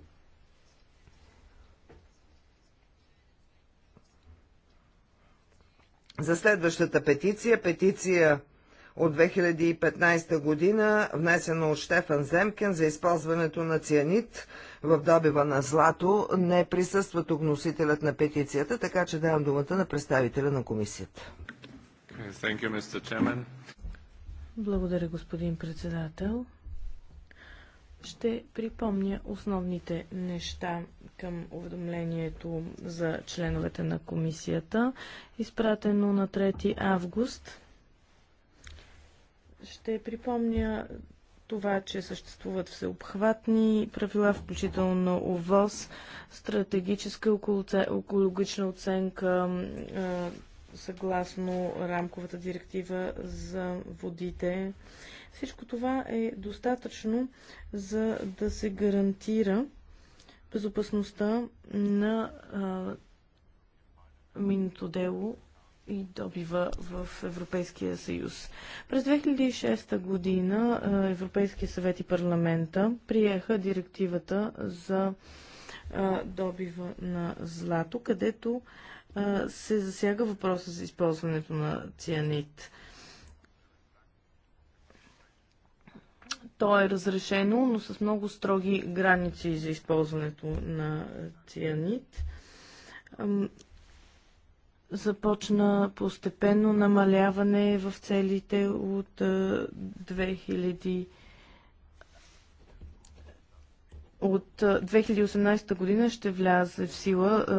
Speaker 4: За следващата петиция, петиция от 2015 година, внесено от Штефан Земкен за използването на цианит в добива на злато, не присъства тук носителят на петицията, така че давам думата на представителя на комисията.
Speaker 7: You,
Speaker 1: Благодаря, господин председател. Ще припомня основните неща към уведомлението за членовете на комисията, изпратено на 3 август ще припомня това, че съществуват всеобхватни правила, включително ОВОз, стратегическа екологична оценка, съгласно рамковата директива за водите. Всичко това е достатъчно, за да се гарантира безопасността на миното дело и добива в Европейския съюз. През 2006 година Европейския съвет и парламента приеха директивата за добива на злато, където се засяга въпроса за използването на цианит. То е разрешено, но с много строги граници за използването на цианит започна постепенно намаляване в целите от 2000 от 2018 година ще влязе в сила е,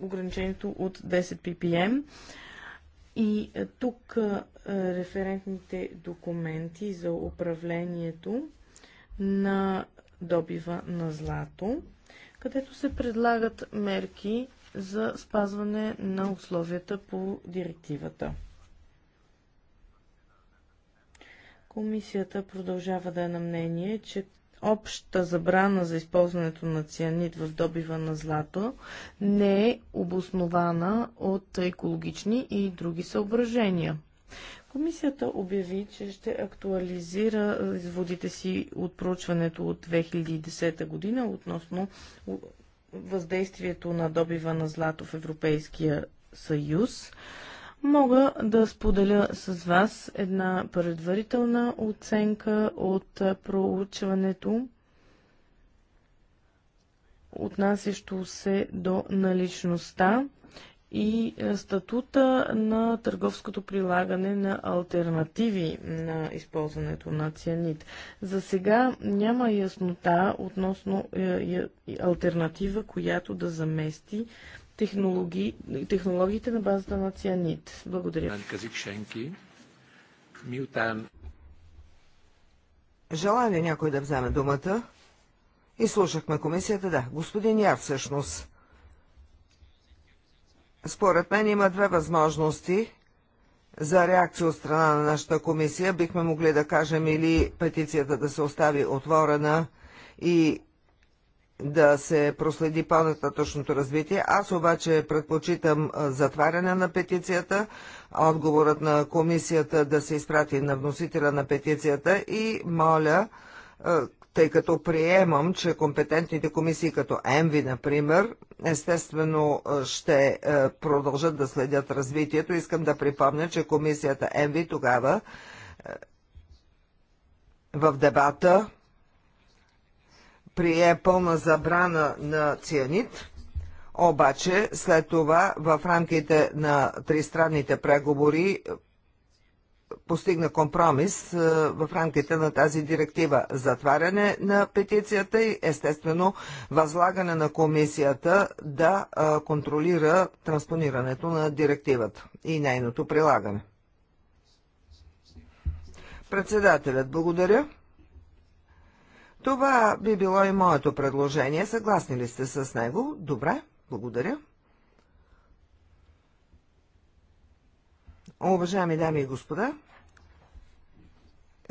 Speaker 1: ограничението от 10 ppm. И е, тук е, референтните документи за управлението на добива на злато, където се предлагат мерки за спазване на условията по директивата. Комисията продължава да е на мнение, че общата забрана за използването на цианид в добива на злато не е обоснована от екологични и други съображения. Комисията обяви, че ще актуализира изводите си от проучването от 2010 година относно въздействието на добива на злато в Европейския съюз, мога да споделя с вас една предварителна оценка от проучването, отнасящо се до наличността и е, статута на търговското прилагане на альтернативи на използването на цианид. За сега няма яснота относно е, е, альтернатива, която да замести
Speaker 4: технологии, технологиите на базата на цианид. Благодаря. Желая ли някой да вземе думата? И слушахме комисията, да. Господин Яр всъщност. Според мен има две възможности за реакция от страна на нашата комисия. Бихме могли да кажем или петицията да се остави отворена и да се проследи по-нататъчното развитие. Аз обаче предпочитам затваряне на петицията, отговорът на комисията да се изпрати на вносителя на петицията и моля тъй като приемам, че компетентните комисии като ЕМВИ, например, естествено ще продължат да следят развитието. Искам да припомня, че комисията ЕМВИ тогава в дебата прие пълна забрана на Цианит, обаче след това в рамките на тристранните преговори постигна компромис е, в рамките на тази директива. Затваряне на петицията и естествено възлагане на комисията да е, контролира транспонирането на директивата и нейното прилагане. Председателят, благодаря. Това би било и моето предложение. Съгласни ли сте с него? Добре, благодаря. Уважаеми дами и господа,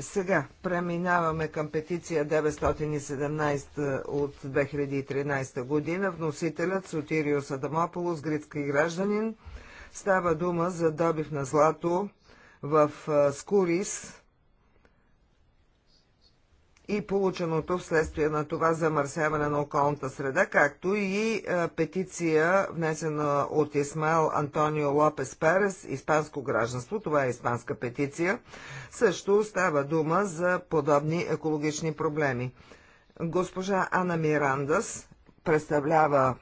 Speaker 4: сега преминаваме към петиция 917 от 2013 година. Вносителят Сотириус Адамополос, гридски гражданин. Става дума за добив на злато в Скурис, и полученото вследствие на това замърсяване на околната среда, както и е, петиция, внесена от Исмаел Антонио Лопес Перес, испанско гражданство, това е испанска петиция, също става дума за подобни екологични проблеми. Госпожа Ана Мирандас представлява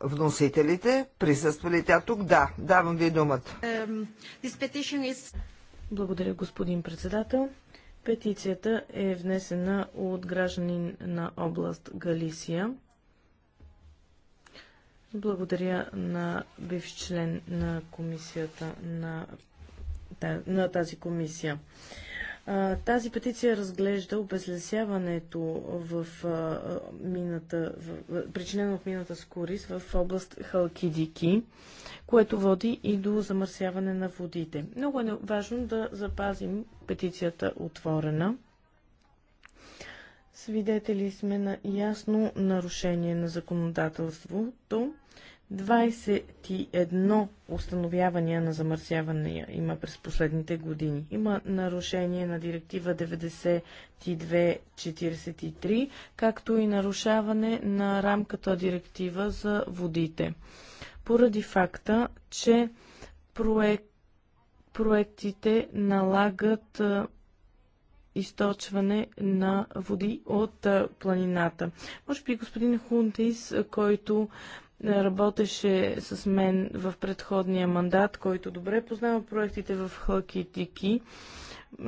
Speaker 4: вносителите. Присъства ли тя тук? Да, давам ви думата.
Speaker 1: Благодаря, господин председател. Петицията е внесена от гражданин на област Галисия. Благодаря на бивш член на комисията на, на тази комисия. Тази петиция разглежда обезлесяването в мината, причинено от мината с корис в област Халкидики, което води и до замърсяване на водите. Много е важно да запазим петицията отворена. Свидетели сме на ясно нарушение на законодателството 21 установявания на замърсявания има през последните години. Има нарушение на директива 9243, както и нарушаване на рамката директива за водите. Поради факта, че проект, проектите налагат източване на води от планината. Може би господин Хунтис, който работеше с мен в предходния мандат, който добре познава проектите в Хоки и Тики,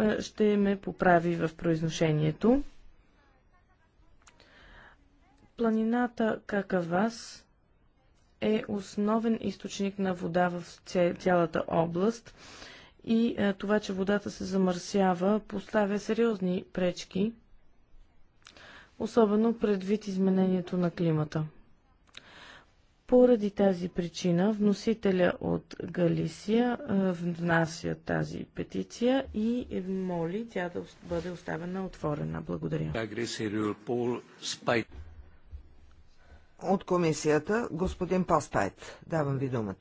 Speaker 1: е, ще ме поправи в произношението. Планината Какавас е основен източник на вода в цялата област и е, това, че водата се замърсява, поставя сериозни пречки, особено предвид изменението на климата. Поради тази причина вносителя от Галисия внася тази петиция и моли тя да бъде оставена отворена. Благодаря.
Speaker 4: От комисията, господин Паспайт, давам ви думата.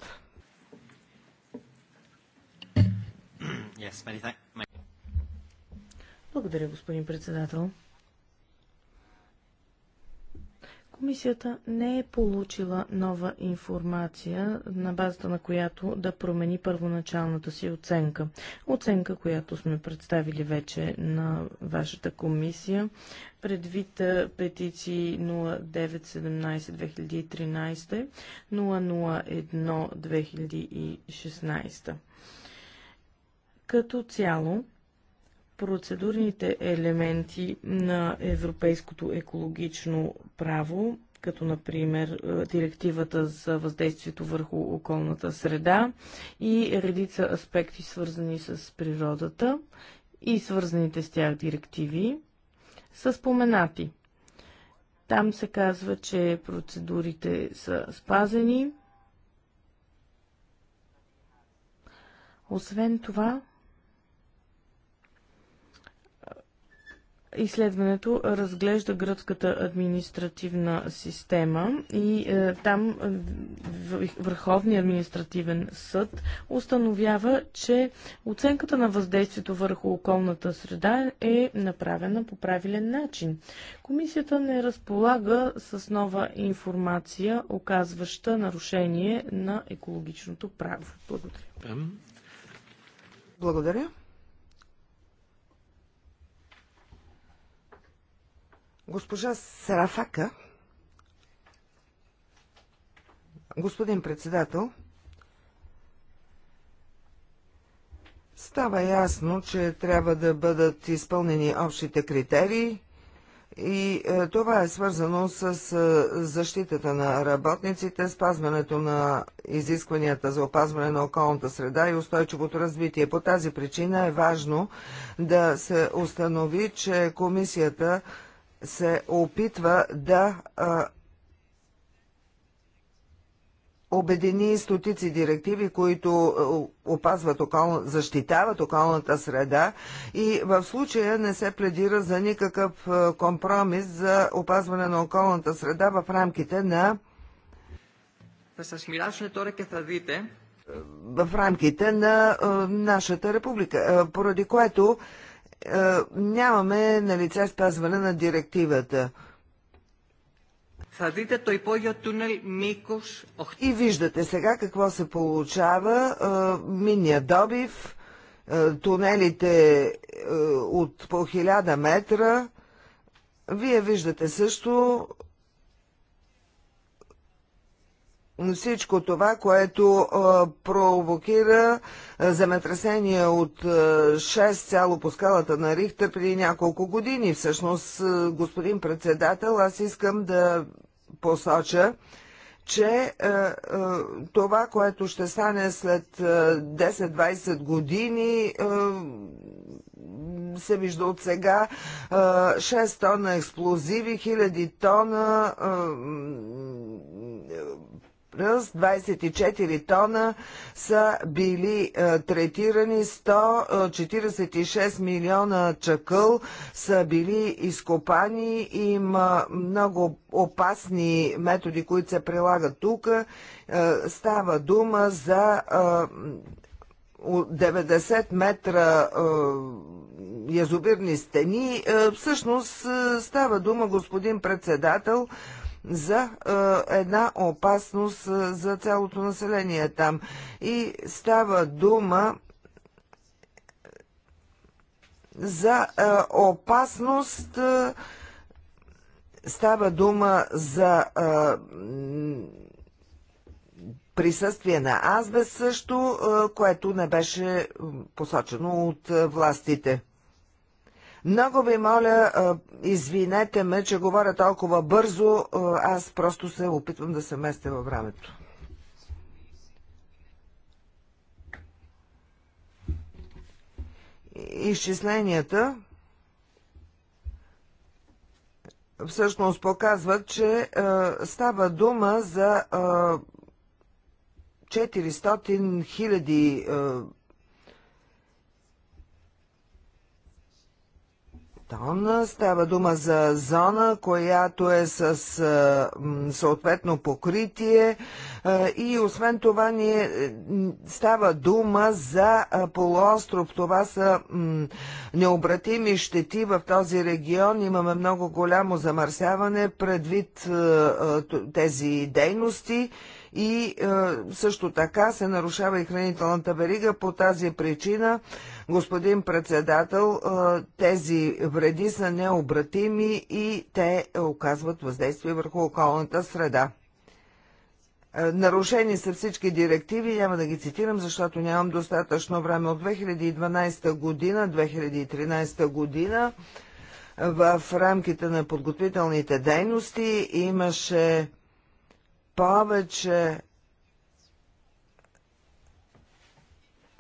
Speaker 1: Благодаря, господин председател. Комисията не е получила нова информация, на базата на която да промени първоначалната си оценка. Оценка, която сме представили вече на вашата комисия, предвид петиции 0917-2013, 001-2016. Като цяло, процедурните елементи на европейското екологично право, като например е, директивата за въздействието върху околната среда и редица аспекти свързани с природата и свързаните с тях директиви, са споменати. Там се казва, че процедурите са спазени. Освен това, Изследването разглежда гръцката административна система и е, там е, Върховният административен съд установява, че оценката на въздействието върху околната среда е направена по правилен начин. Комисията не разполага с нова информация, оказваща нарушение на екологичното право. Благодаря.
Speaker 4: Благодаря. Госпожа Сарафака, господин председател, става ясно, че трябва да бъдат изпълнени общите критерии и е, това е свързано с е, защитата на работниците, спазването на изискванията за опазване на околната среда и устойчивото развитие. По тази причина е важно да се установи, че комисията се опитва да а, обедини стотици директиви, които опазват окол... защитават околната среда и в случая не се пледира за никакъв компромис за опазване на околната среда в рамките на в рамките на нашата република, поради което е, нямаме на лице спазване на директивата. И виждате сега какво се получава. Е, Миния добив, е, тунелите от по 1000 метра. Вие виждате също всичко това, което а, провокира а, земетресение от а, 6 цяло по скалата на Рихтер при няколко години. Всъщност, а, господин председател, аз искам да посоча, че а, а, това, което ще стане след 10-20 години, се вижда от сега 6 тона експлозиви, хиляди тона плюс 24 тона са били е, третирани, 146 милиона чакъл са били изкопани, има много опасни методи, които се прилагат тук. Е, става дума за 90 е, метра язобирни стени. Всъщност става дума, господин председател, за е, една опасност е, за цялото население там. И става дума за е, опасност. Е, става дума за е, присъствие на Азбес също, е, което не беше посочено от властите. Много ви моля, извинете ме, че говоря толкова бързо. Аз просто се опитвам да се местя във времето. Изчисленията всъщност показват, че става дума за 400 хиляди 000 тона. Става дума за зона, която е с съответно покритие и освен това ни е, става дума за полуостров. Това са необратими щети в този регион. Имаме много голямо замърсяване предвид е, е, тези дейности и е, също така се нарушава и хранителната верига. По тази причина, господин председател, е, тези вреди са необратими и те оказват въздействие върху околната среда. Е, нарушени са всички директиви, няма да ги цитирам, защото нямам достатъчно време. От 2012 година, 2013 година, в рамките на подготвителните дейности имаше повече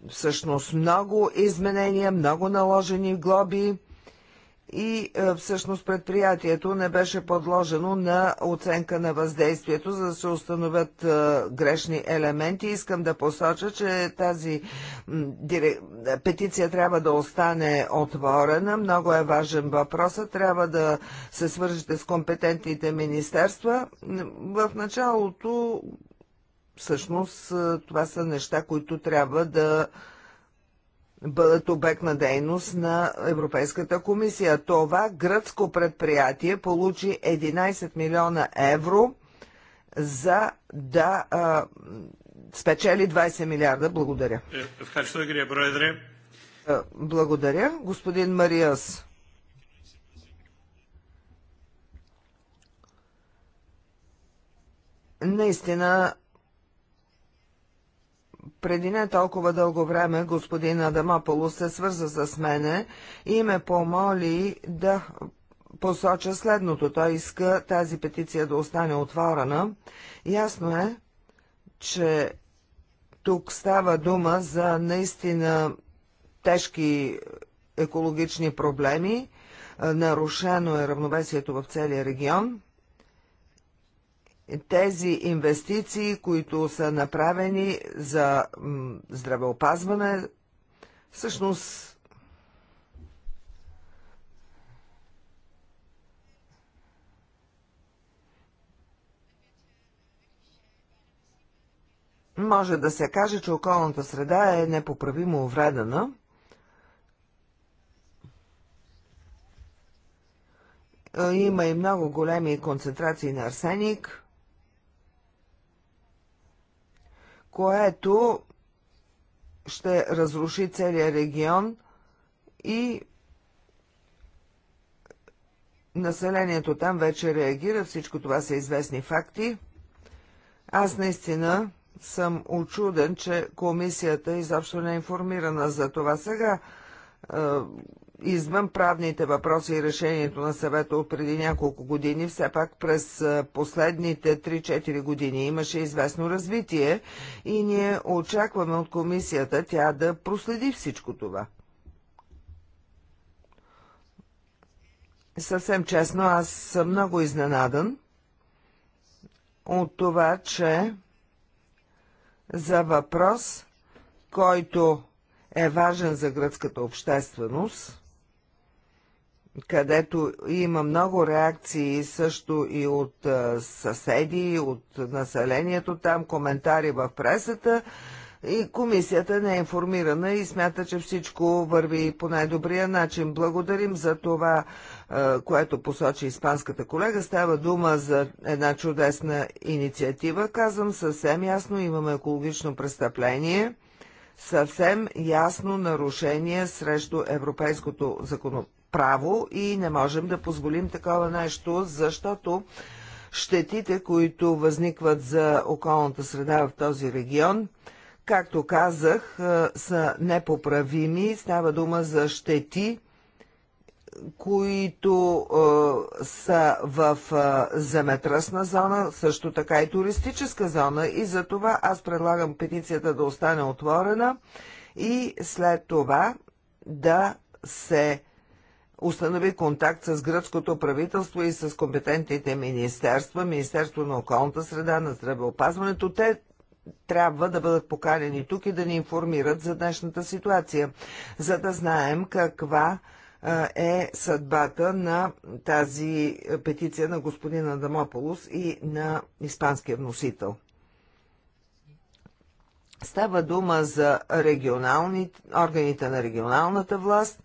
Speaker 4: всъщност много изменения, много наложени глоби и е, всъщност предприятието не беше подложено на оценка на въздействието, за да се установят е, грешни елементи. Искам да посоча, че тази петиция трябва да остане отворена. Много е важен въпрос. Трябва да се свържете с компетентните министерства. В началото, всъщност, е, това са неща, които трябва да бъдат обект на дейност на Европейската комисия. Това гръцко предприятие получи 11 милиона евро за да а, спечели 20 милиарда. Благодаря.
Speaker 6: Е,
Speaker 4: благодаря. Господин Мариас. Наистина преди не толкова дълго време господин Адамополо се свърза с мене и ме помоли да посоча следното. Той иска тази петиция да остане отворена. Ясно е, че тук става дума за наистина тежки екологични проблеми. Нарушено е равновесието в целия регион тези инвестиции, които са направени за здравеопазване, всъщност може да се каже, че околната среда е непоправимо увредена. Има и много големи концентрации на арсеник – което ще разруши целия регион и населението там вече реагира. Всичко това са известни факти. Аз наистина съм очуден, че комисията изобщо не е информирана за това сега. Е, извън правните въпроси и решението на съвета от преди няколко години, все пак през последните 3-4 години имаше известно развитие и ние очакваме от комисията тя да проследи всичко това. Съвсем честно, аз съм много изненадан от това, че за въпрос, който е важен за гръцката общественост, където има много реакции също и от съседи, от населението там, коментари в пресата и комисията не е информирана и смята, че всичко върви по най-добрия начин. Благодарим за това, което посочи испанската колега. Става дума за една чудесна инициатива. Казвам съвсем ясно, имаме екологично престъпление, съвсем ясно нарушение срещу европейското законодателство право и не можем да позволим такова нещо, защото щетите, които възникват за околната среда в този регион, както казах, е, са непоправими. Става дума за щети, които е, са в е, земетръсна зона, също така и туристическа зона. И за това аз предлагам петицията да остане отворена и след това да се установи контакт с гръцкото правителство и с компетентните министерства, Министерство на околната среда, на здравеопазването. Те трябва да бъдат поканени тук и да ни информират за днешната ситуация, за да знаем каква е съдбата на тази петиция на господина Дамополос и на испанския вносител. Става дума за регионални, органите на регионалната власт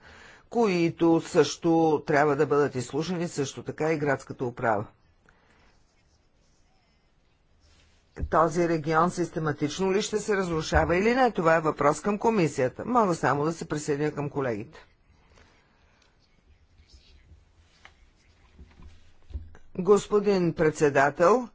Speaker 4: които също трябва да бъдат изслушани, също така и градската управа. Този регион систематично ли ще се разрушава или не, това е въпрос към комисията. Мога само да се присъединя към колегите. Господин председател,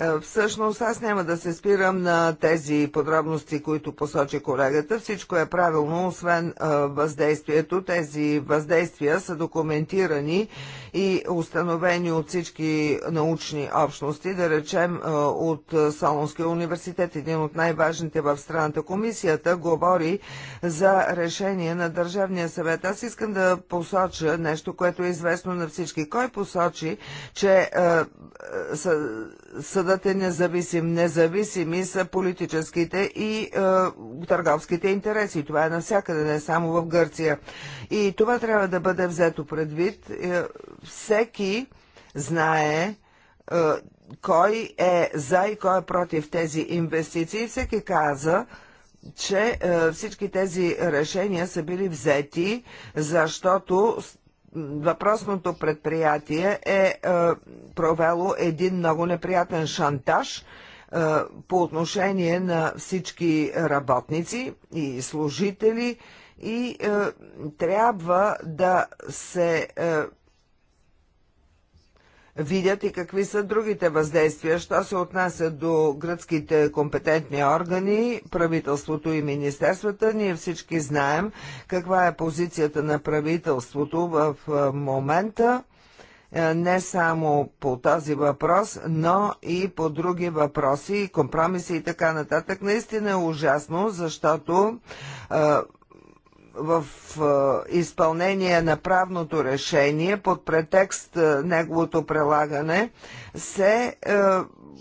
Speaker 4: е, всъщност аз няма да се спирам на тези подробности, които посочи колегата. Всичко е правилно, освен е, въздействието. Тези въздействия са документирани и установени от всички научни общности, да речем е, от Солонския университет, един от най-важните в страната. Комисията говори за решение на Държавния съвет. Аз искам да посоча нещо, което е известно на всички. Кой посочи, че съдът е независим. Независими са политическите и е, търговските интереси. Това е навсякъде, не само в Гърция. И това трябва да бъде взето предвид. Е, всеки знае е, кой е за и кой е против тези инвестиции. Всеки каза, че е, всички тези решения са били взети, защото въпросното предприятие е, е провело един много неприятен шантаж е, по отношение на всички работници и служители и е, трябва да се видят и какви са другите въздействия, що се отнася до гръцките компетентни органи, правителството и министерствата. Ние всички знаем каква е позицията на правителството в момента е, не само по този въпрос, но и по други въпроси, компромиси и така нататък. Наистина е ужасно, защото в изпълнение на правното решение под претекст неговото прилагане се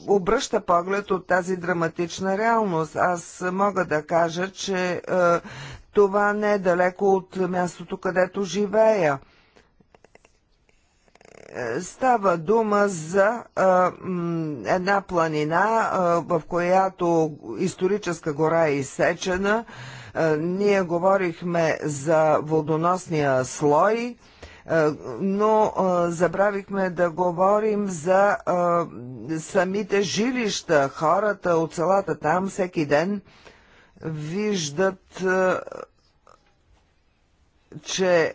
Speaker 4: обръща поглед от тази драматична реалност. Аз мога да кажа, че това не е далеко от мястото, където живея става дума за а, една планина, а, в която историческа гора е изсечена. Ние говорихме за водоносния слой, но забравихме да говорим за самите жилища. Хората от селата там всеки ден виждат че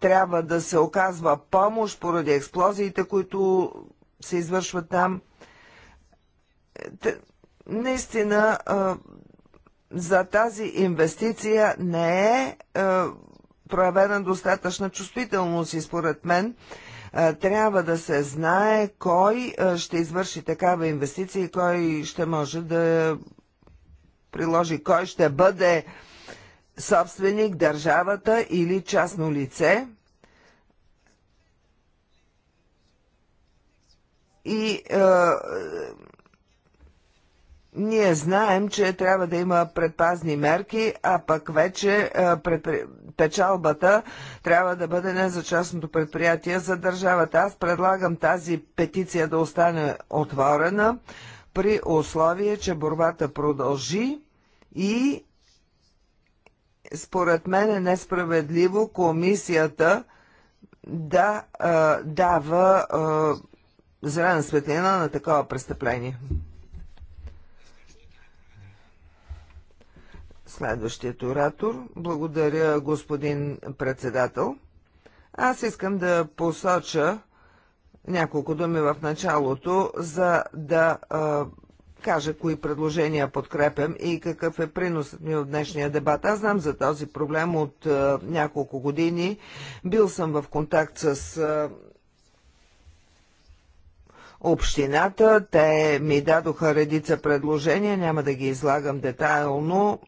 Speaker 4: трябва да се оказва помощ поради експлозиите, които се извършват там. наистина, за тази инвестиция не е, е проявена достатъчна чувствителност и според мен е, трябва да се знае кой е, ще извърши такава инвестиция и кой ще може да приложи, кой ще бъде собственик, държавата или частно лице. И е, ние знаем, че трябва да има предпазни мерки, а пък вече е, печалбата трябва да бъде не за частното предприятие, за държавата. Аз предлагам тази петиция да остане отворена при условие, че борбата продължи и според мен е несправедливо комисията да а, е, дава а, е, зелена светлина на такова престъпление. Следващият оратор. Благодаря, господин председател. Аз искам да посоча няколко думи в началото, за да а, кажа кои предложения подкрепям и какъв е приносът ми от днешния дебат. Аз знам за този проблем от а, няколко години. Бил съм в контакт с а, общината. Те ми дадоха редица предложения, няма да ги излагам детайлно.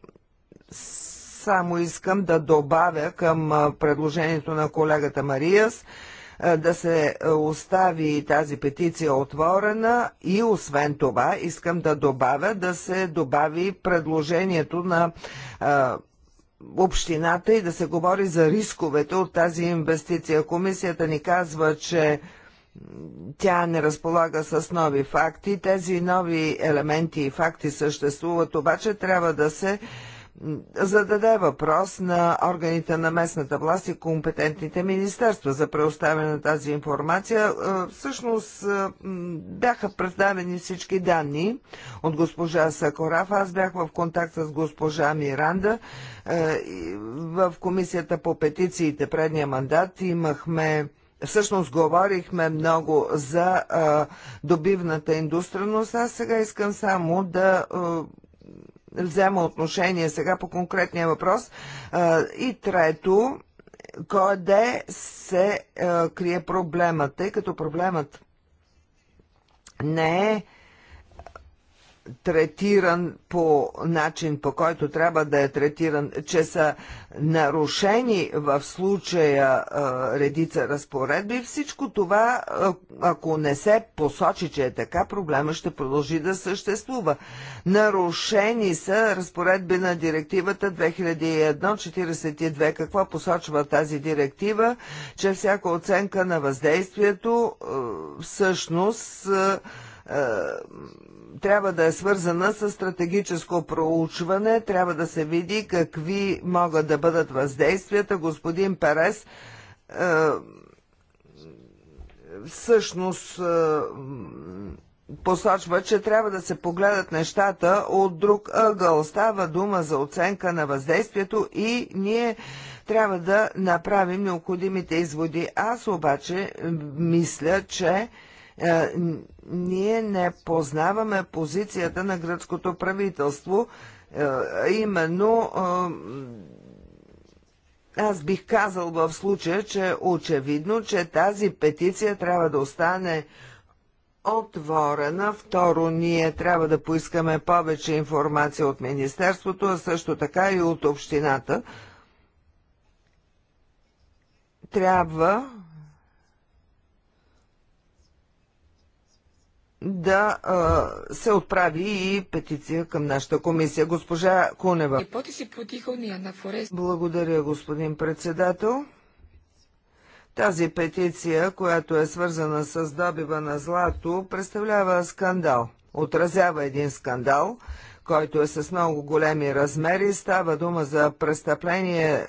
Speaker 4: Само искам да добавя към предложението на колегата Мариас да се остави тази петиция отворена и освен това искам да добавя да се добави предложението на общината и да се говори за рисковете от тази инвестиция. Комисията ни казва, че тя не разполага с нови факти. Тези нови елементи и факти съществуват, обаче трябва да се зададе въпрос на органите на местната власт и компетентните министерства за предоставяне на тази информация. Е, всъщност е, бяха представени всички данни от госпожа Сакораф. Аз бях в контакт с госпожа Миранда е, в комисията по петициите предния мандат. Имахме Всъщност говорихме много за а, добивната индустрия, но аз сега искам само да а, взема отношение сега по конкретния въпрос. И трето, къде се крие проблемът, тъй като проблемът не е третиран по начин, по който трябва да е третиран, че са нарушени в случая редица разпоредби, всичко това, ако не се посочи, че е така, проблема ще продължи да съществува. Нарушени са разпоредби на директивата 2001-42. Какво посочва тази директива? Че всяка оценка на въздействието всъщност трябва да е свързана с стратегическо проучване, трябва да се види какви могат да бъдат въздействията. Господин Перес е, всъщност е, посочва, че трябва да се погледат нещата от друг ъгъл. Става дума за оценка на въздействието и ние трябва да направим необходимите изводи. Аз обаче мисля, че е, ние не познаваме позицията на гръцкото правителство, е, именно е, аз бих казал в случая, че очевидно, че тази петиция трябва да остане отворена. Второ, ние трябва да поискаме повече информация от Министерството, а също така и от Общината. Трябва да а, се отправи и петиция към нашата комисия. Госпожа Кунева. Благодаря, господин председател. Тази петиция, която е свързана с добива на злато, представлява скандал. Отразява един скандал, който е с много големи размери. Става дума за престъпление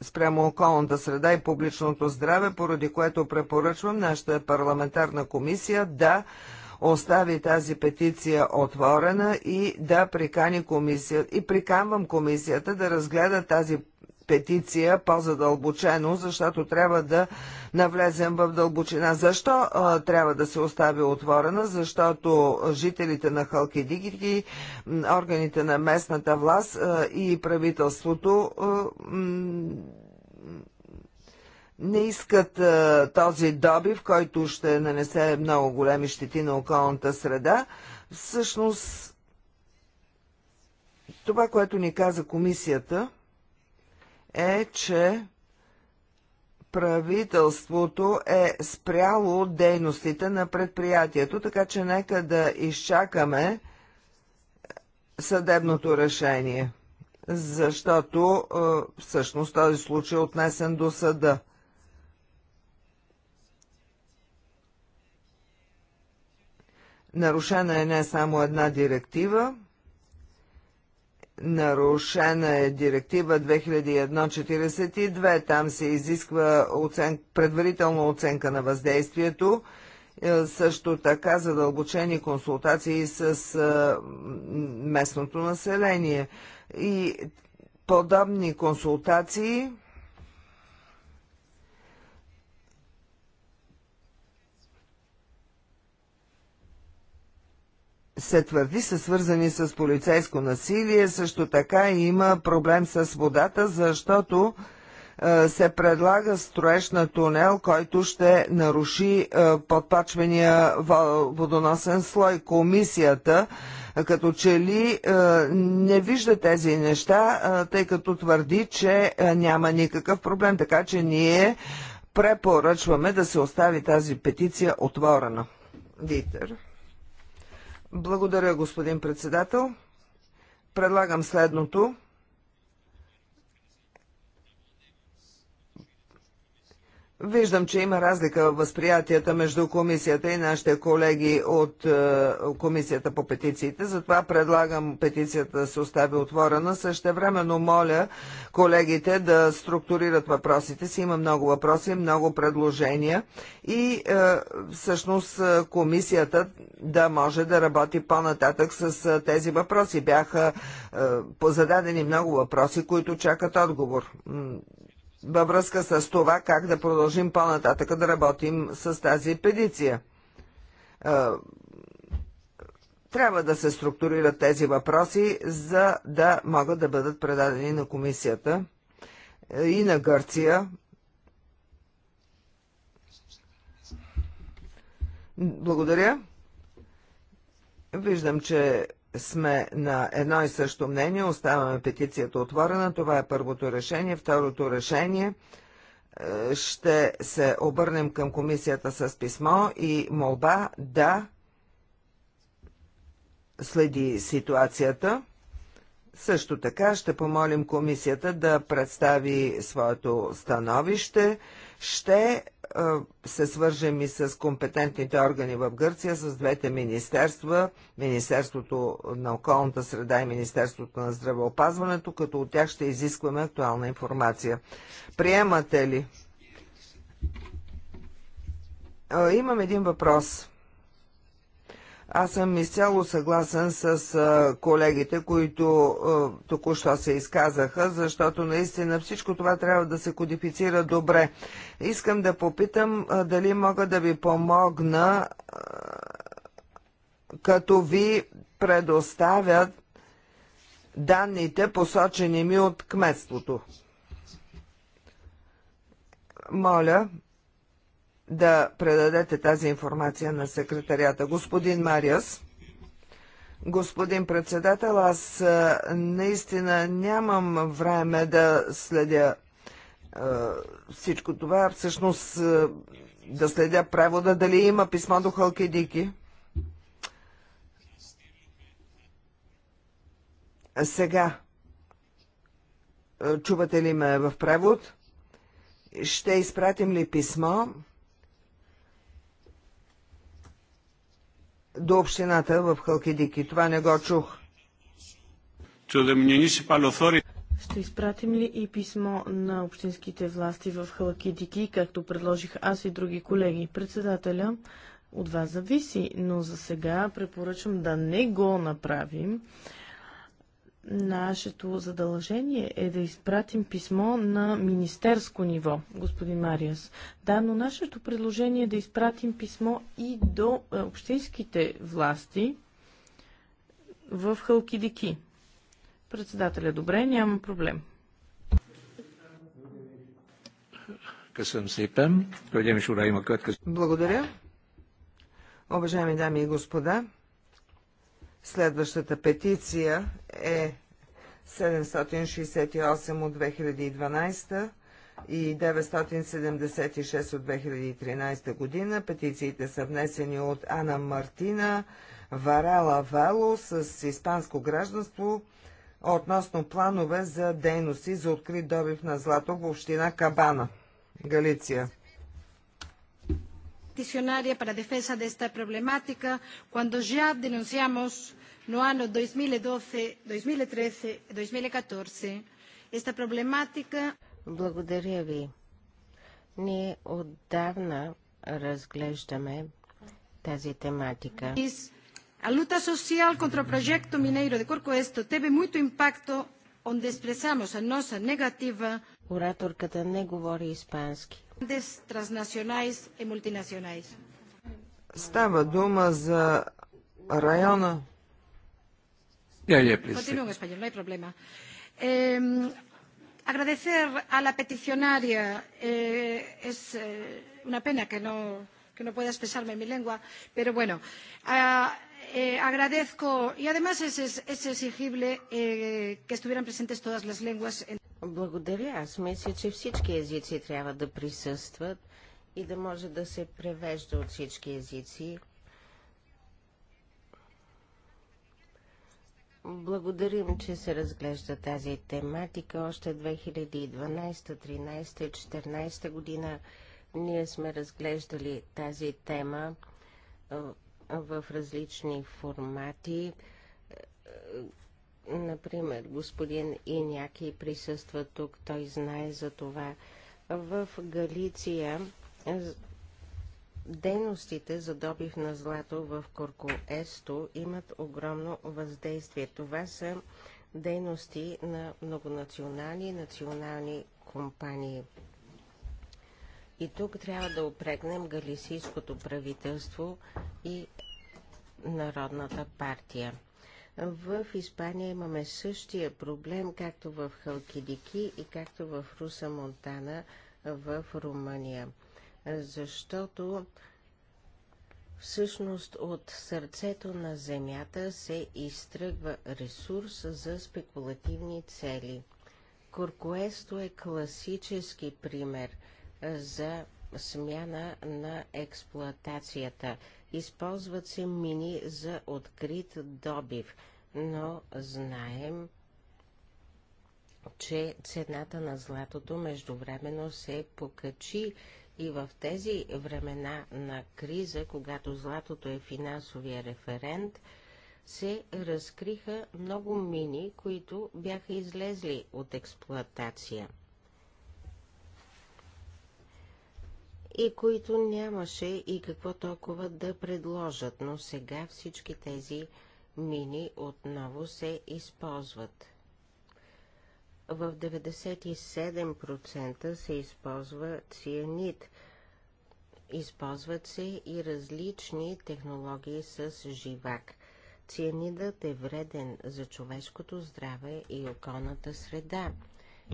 Speaker 4: спрямо околната среда и публичното здраве, поради което препоръчвам нашата парламентарна комисия да остави тази петиция отворена и да прикани комисията и приканвам комисията да разгледа тази петиция по-задълбочено, защото трябва да навлезем в дълбочина. Защо а, трябва да се остави отворена? Защото жителите на Халкидики, органите на местната власт а, и правителството а, не искат а, този добив, който ще нанесе много големи щети на околната среда. Всъщност, това, което ни каза комисията, е, че правителството е спряло дейностите на предприятието, така че нека да изчакаме съдебното решение, защото е, всъщност този случай е отнесен до съда. Нарушена е не само една директива, Нарушена е директива 2001-42. Там се изисква оцен... предварителна оценка на въздействието е, също така задълбочени консултации с е, местното население. И подобни консултации се твърди, са свързани с полицейско насилие. Също така има проблем с водата, защото е, се предлага строеж на тунел, който ще наруши е, подпачвания водоносен слой. Комисията е, като че ли не вижда тези неща, тъй като твърди, че няма никакъв проблем. Така че ние препоръчваме да се остави тази петиция отворена. Дитър. Благодаря, господин председател. Предлагам следното. Виждам, че има разлика в възприятията между комисията и нашите колеги от е, комисията по петициите, затова предлагам петицията да се остави отворена. Същевременно моля колегите да структурират въпросите си. Има много въпроси, много предложения и е, всъщност е, комисията да може да работи по-нататък с е, тези въпроси. Бяха е, зададени много въпроси, които чакат отговор във връзка с това как да продължим по-нататък да работим с тази петиция. Е, трябва да се структурират тези въпроси, за да могат да бъдат предадени на комисията е, и на Гърция. Благодаря. Виждам, че сме на едно и също мнение, оставаме петицията отворена. Това е първото решение. Второто решение е, ще се обърнем към комисията с писмо и молба да следи ситуацията. Също така ще помолим комисията да представи своето становище. Ще се свържем и с компетентните органи в Гърция, с двете министерства, Министерството на околната среда и Министерството на здравеопазването, като от тях ще изискваме актуална информация. Приемате ли? Имам един въпрос. Аз съм изцяло съгласен с колегите, които току-що се изказаха, защото наистина всичко това трябва да се кодифицира добре. Искам да попитам дали мога да ви помогна, като ви предоставят данните, посочени ми от кметството. Моля, да предадете тази информация на секретарията. Господин Мариас. Господин председател, аз наистина нямам време да следя е, всичко това. Всъщност е, да следя превода. Дали има писмо до Халкидики? Сега. Чувате ли ме в превод? Ще изпратим ли писмо? до общината в Халкидики. Това не го чух. Е Ще изпратим ли и
Speaker 1: писмо на общинските власти в Халкидики, както предложих аз и други колеги? Председателя, от вас зависи, но за сега препоръчвам да не го направим Нашето задължение е да изпратим писмо на министерско ниво, господин Мариас. Да, но нашето предложение е да изпратим писмо и до е, общинските власти в Халкидики. Председателя, добре, няма проблем.
Speaker 4: Благодаря. Уважаеми дами и господа, Следващата петиция е 768 от 2012 и 976 от 2013 година. Петициите са внесени от Ана Мартина Варала Вало с испанско гражданство относно планове за дейности за открит добив на злато в община Кабана, Галиция
Speaker 3: peticionaria para a defensa desta problemática cando já denunciamos no ano 2012, 2013 e 2014 esta проблематика. Благодаря ви. Ние отдавна разглеждаме тази тематика. A luta social contra o proxecto mineiro de Corcoesto teve moito impacto onde expresamos a nosa negativa Ораторката не говори испански.
Speaker 4: Става дума за района. Yeah, yeah, Continúo
Speaker 3: en español, no hay problema. Eh, agradecer a la peticionaria. Eh, es eh, una pena que no, que no pueda expresarme en mi lengua, pero bueno. Eh, Eh, agradezco y además es, exigible eh, que estuvieran presentes todas las lenguas. Благодаря. Аз мисля, че всички езици трябва да присъстват и да може да се превежда от всички езици. Благодарим, че се разглежда тази тематика. Още 2012, 2013, 2014 година ние сме разглеждали тази тема в различни формати. Например, господин Иняки присъства тук, той знае за това. В Галиция дейностите за добив на злато в Коркоесто имат огромно въздействие. Това са дейности на многонационални и национални компании. И тук трябва да опрегнем галисийското правителство и Народната партия. В Испания имаме същия проблем, както в Халкидики и както в Руса Монтана в Румъния. Защото всъщност от сърцето на земята се изтръгва ресурс за спекулативни цели. Куркуесто е класически пример – за смяна на експлоатацията. Използват се мини за открит добив, но знаем, че цената на златото междувременно се покачи и в тези времена на криза, когато златото е финансовия референт, се разкриха много мини, които бяха излезли от експлоатация. и които нямаше и какво толкова да предложат, но сега всички тези мини отново се използват. В 97% се използва цианид. Използват се и различни технологии с живак. Цианидът е вреден за човешкото здраве и околната среда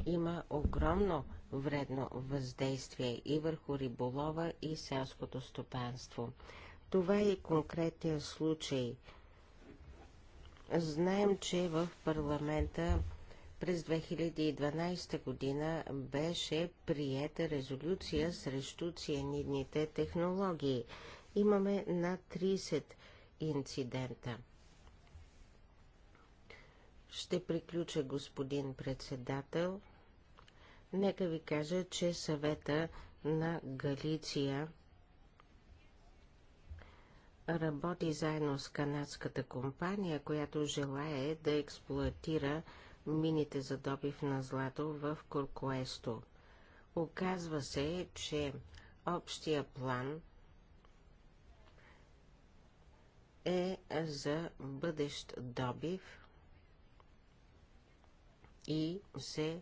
Speaker 3: има огромно вредно въздействие и върху риболова и селското стопанство. Това е конкретния случай. Знаем, че в парламента през 2012 година беше приета резолюция срещу цианидните технологии. Имаме над 30 инцидента. Ще приключа, господин председател. Нека ви кажа, че съвета на Галиция работи заедно с канадската компания, която желае да експлуатира мините за добив на злато в Куркуесто. Оказва се, че общия план е за бъдещ добив и се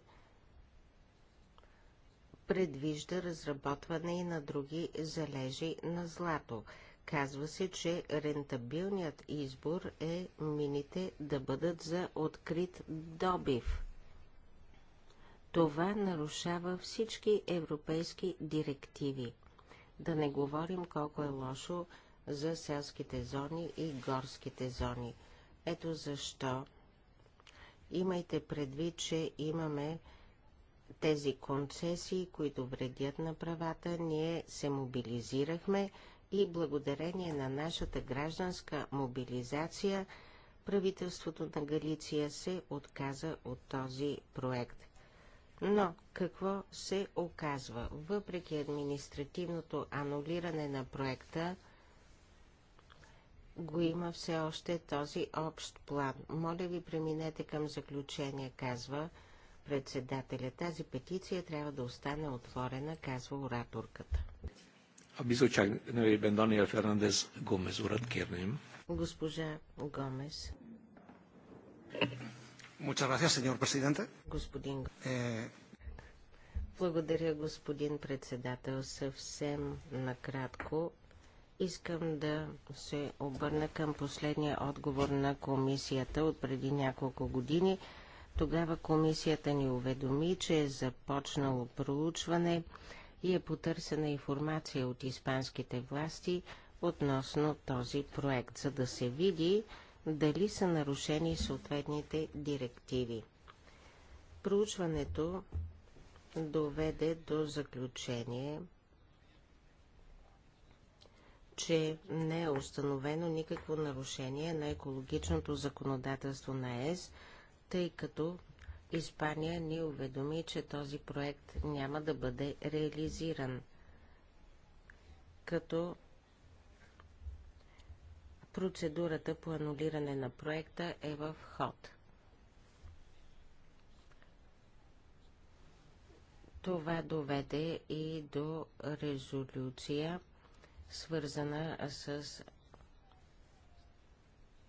Speaker 3: предвижда разработване и на други залежи на злато. Казва се, че рентабилният избор е мините да бъдат за открит добив. Това нарушава всички европейски директиви. Да не говорим колко е лошо за селските зони и горските зони. Ето защо Имайте предвид, че имаме тези концесии, които вредят на правата. Ние се мобилизирахме и благодарение на нашата гражданска мобилизация правителството на Галиция се отказа от този проект. Но какво се оказва? Въпреки административното анулиране на проекта, го има все още този общ план. Моля ви, преминете към заключение, казва председателя. Тази петиция трябва да остане отворена, казва ораторката. Госпожа Гомес.
Speaker 2: Muchas gracias, señor
Speaker 3: presidente. Господин eh, Благодаря, господин председател. Съвсем накратко Искам да се обърна към последния отговор на комисията от преди няколко години. Тогава комисията ни уведоми, че е започнало проучване и е потърсена информация от испанските власти относно този проект, за да се види дали са нарушени съответните директиви. Проучването доведе до заключение, че не е установено никакво нарушение на екологичното законодателство на ЕС, тъй като Испания ни уведоми, че този проект няма да бъде реализиран. Като процедурата по анулиране на проекта е в ход. Това доведе и до резолюция – свързана с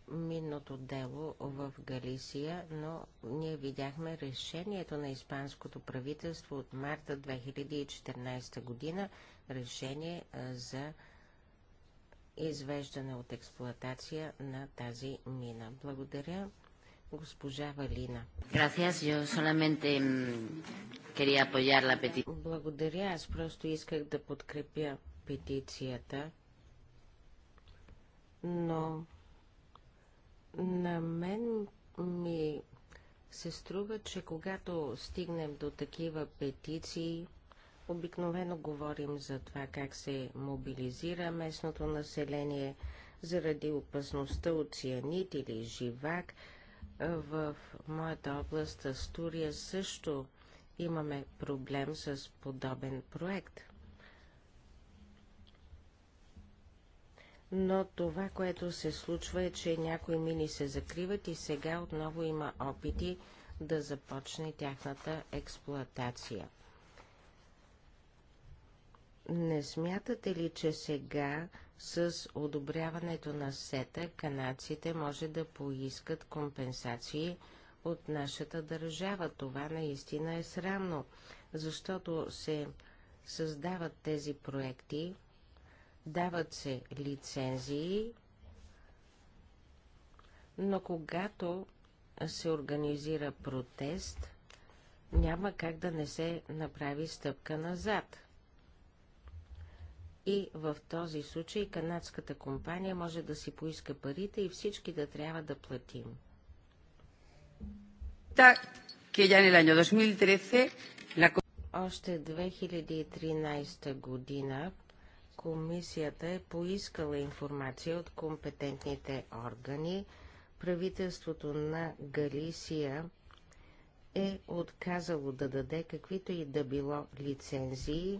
Speaker 3: минното дело в Галисия, но ние видяхме решението на испанското правителство от марта 2014 година, решение за извеждане от експлоатация на тази мина. Благодаря, госпожа Валина. Благодаря, аз просто исках да подкрепя петицията, но на мен ми се струва, че когато стигнем до такива петиции, обикновено говорим за това как се мобилизира местното население заради опасността от цианит или живак. В моята област Астурия също имаме проблем с подобен проект – но това, което се случва е, че някои мини се закриват и сега отново има опити да започне тяхната експлоатация. Не смятате ли, че сега с одобряването на сета канадците може да поискат компенсации от нашата държава? Това наистина е срамно, защото се създават тези проекти, Дават се лицензии, но когато се организира протест, няма как да не се направи стъпка назад. И в този случай канадската компания може да си поиска парите и всички да трябва да платим. Още 2013 година Комисията е поискала информация от компетентните органи. Правителството на Галисия е отказало да даде каквито и да било лицензии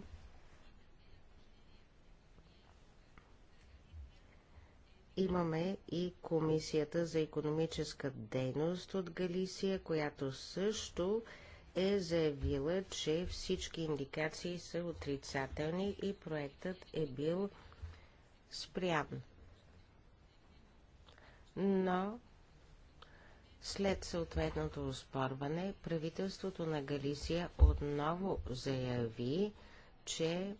Speaker 3: Имаме и Комисията за економическа дейност от Галисия, която също е заявила, че всички индикации са отрицателни и проектът е бил спрян. Но след съответното оспорване, правителството на Галисия отново заяви, че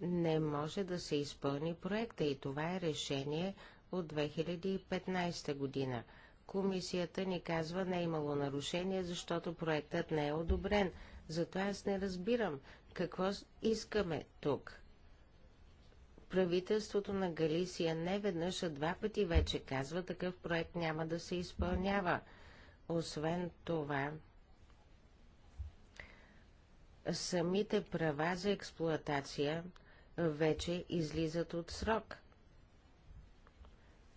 Speaker 3: не може да се изпълни проекта и това е решение от 2015 година – комисията ни казва не е имало нарушение, защото проектът не е одобрен. Затова аз не разбирам какво искаме тук. Правителството на Галисия не веднъж, а два пъти вече казва, такъв проект няма да се изпълнява. Освен това, самите права за експлоатация вече излизат от срок.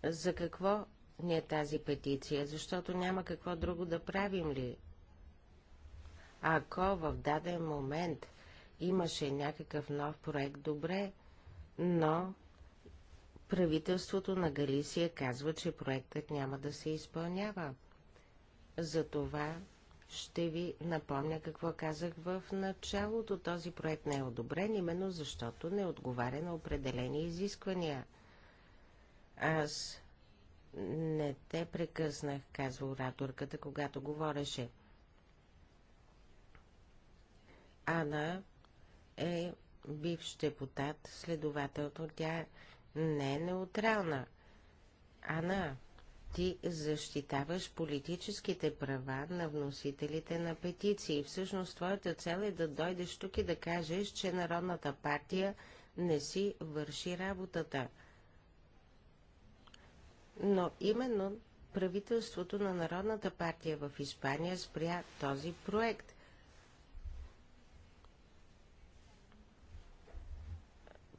Speaker 3: За какво не тази петиция, защото няма какво друго да правим ли. Ако в даден момент имаше някакъв нов проект, добре, но правителството на Галисия казва, че проектът няма да се изпълнява. Затова ще ви напомня какво казах в началото. Този проект не е одобрен, именно защото не отговаря на определени изисквания. Аз не те прекъснах, казва ораторката, когато говореше. Ана е бивш депутат, следователно тя не е неутрална. Ана, ти защитаваш политическите права на вносителите на петиции. Всъщност твоята цел е да дойдеш тук и да кажеш, че Народната партия не си върши работата – но именно правителството на Народната партия в Испания спря този проект.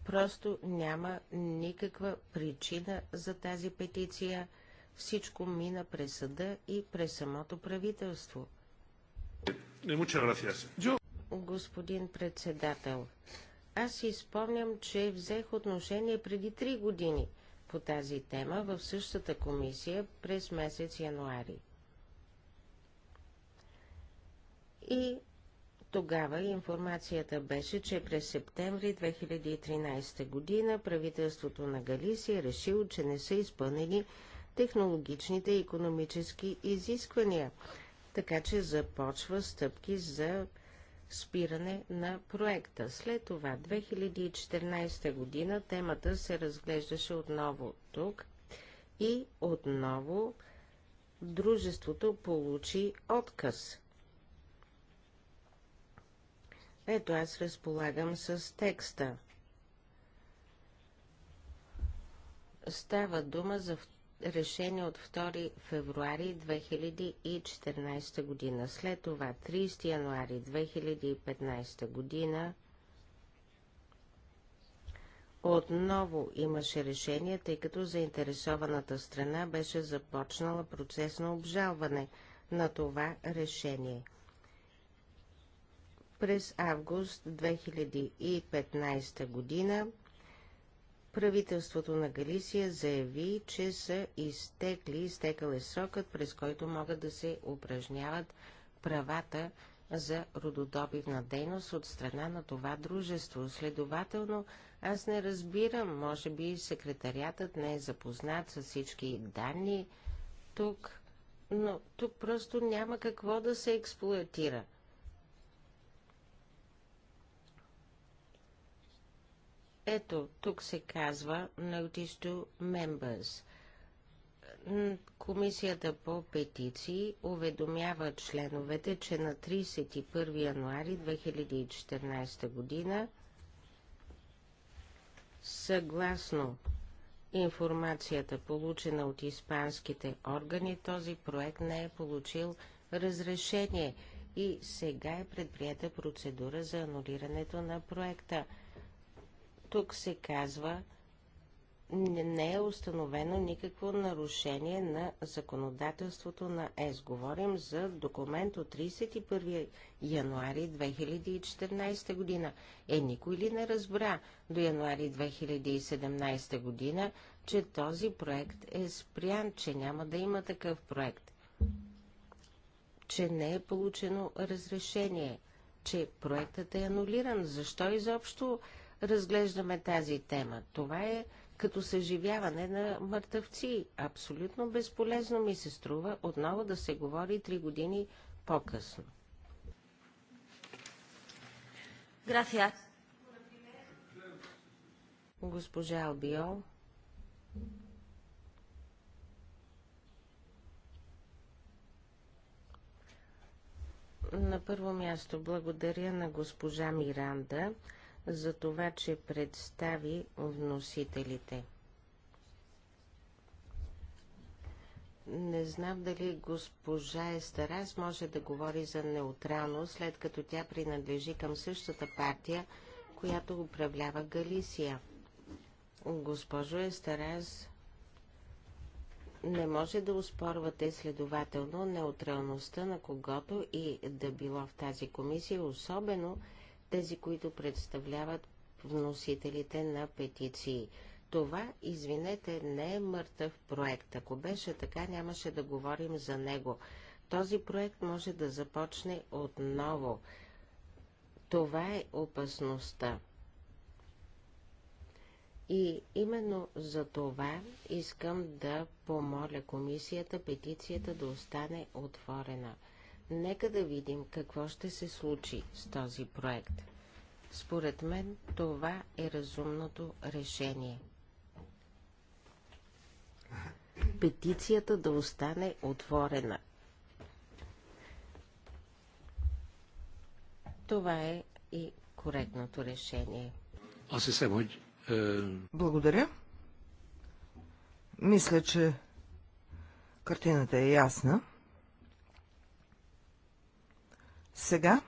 Speaker 3: Просто няма никаква причина за тази петиция. Всичко мина през съда и през самото правителство. Господин председател, аз си спомням, че взех отношение преди три години – по тази тема в същата комисия през месец януари. И тогава информацията беше, че през септември 2013 година правителството на Галисия решило, че не са изпълнени технологичните и економически изисквания, така че започва стъпки за спиране на проекта. След това, 2014 година, темата се разглеждаше отново тук и отново дружеството получи отказ. Ето аз разполагам с текста. Става дума за решение от 2 февруари 2014 година. След това 30 януари 2015 година отново имаше решение, тъй като заинтересованата страна беше започнала процес на обжалване на това решение. През август 2015 година Правителството на Галисия заяви, че са изтекли, изтекал е срокът, през който могат да се упражняват правата за рододобивна дейност от страна на това дружество. Следователно, аз не разбирам, може би секретариатът не е запознат с всички данни тук, но тук просто няма какво да се експлуатира. Ето, тук се казва Notice to Members. Комисията по петиции уведомява членовете, че на 31 януари 2014 година съгласно информацията получена от испанските органи, този проект не е получил разрешение и сега е предприята процедура за анулирането на проекта. Тук се казва, не е установено никакво нарушение на законодателството на ЕС. Говорим за документ от 31 януари 2014 година. Е, никой ли не разбра до януари 2017 година, че този проект е спрян, че няма да има такъв проект, че не е получено разрешение, че проектът е анулиран. Защо изобщо разглеждаме тази тема. Това е като съживяване на мъртъвци. Абсолютно безполезно ми се струва отново да се говори три години по-късно. Грация. Госпожа Албиол. На първо място благодаря на госпожа Миранда за това, че представи вносителите. Не знам дали госпожа Естерас може да говори за неутрално, след като тя принадлежи към същата партия, която управлява Галисия. Госпожо Естерас, не може да успорвате следователно неутралността на когото и да било в тази комисия, особено тези, които представляват вносителите на петиции. Това, извинете, не е мъртъв проект. Ако беше така, нямаше да говорим за него. Този проект може да започне отново. Това е опасността. И именно за това искам да помоля комисията петицията да остане отворена – Нека да видим какво ще се случи с този проект. Според мен това е разумното решение. Петицията да остане отворена. Това е и коректното решение.
Speaker 4: Аз се е, Благодаря. Мисля, че картината е ясна. Сега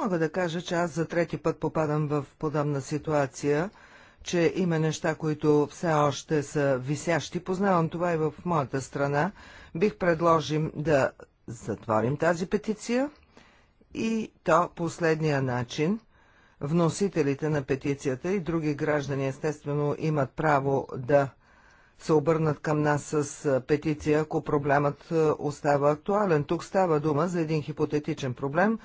Speaker 4: мога да кажа, че аз за трети път попадам в подобна ситуация, че има неща, които все още са висящи. Познавам това и в моята страна. Бих предложим да затворим тази петиция и то последния начин. Вносителите на петицията и други граждани естествено имат право да се обърнат към нас с петиция, ако проблемът остава актуален. Тук става дума за един хипотетичен проблем,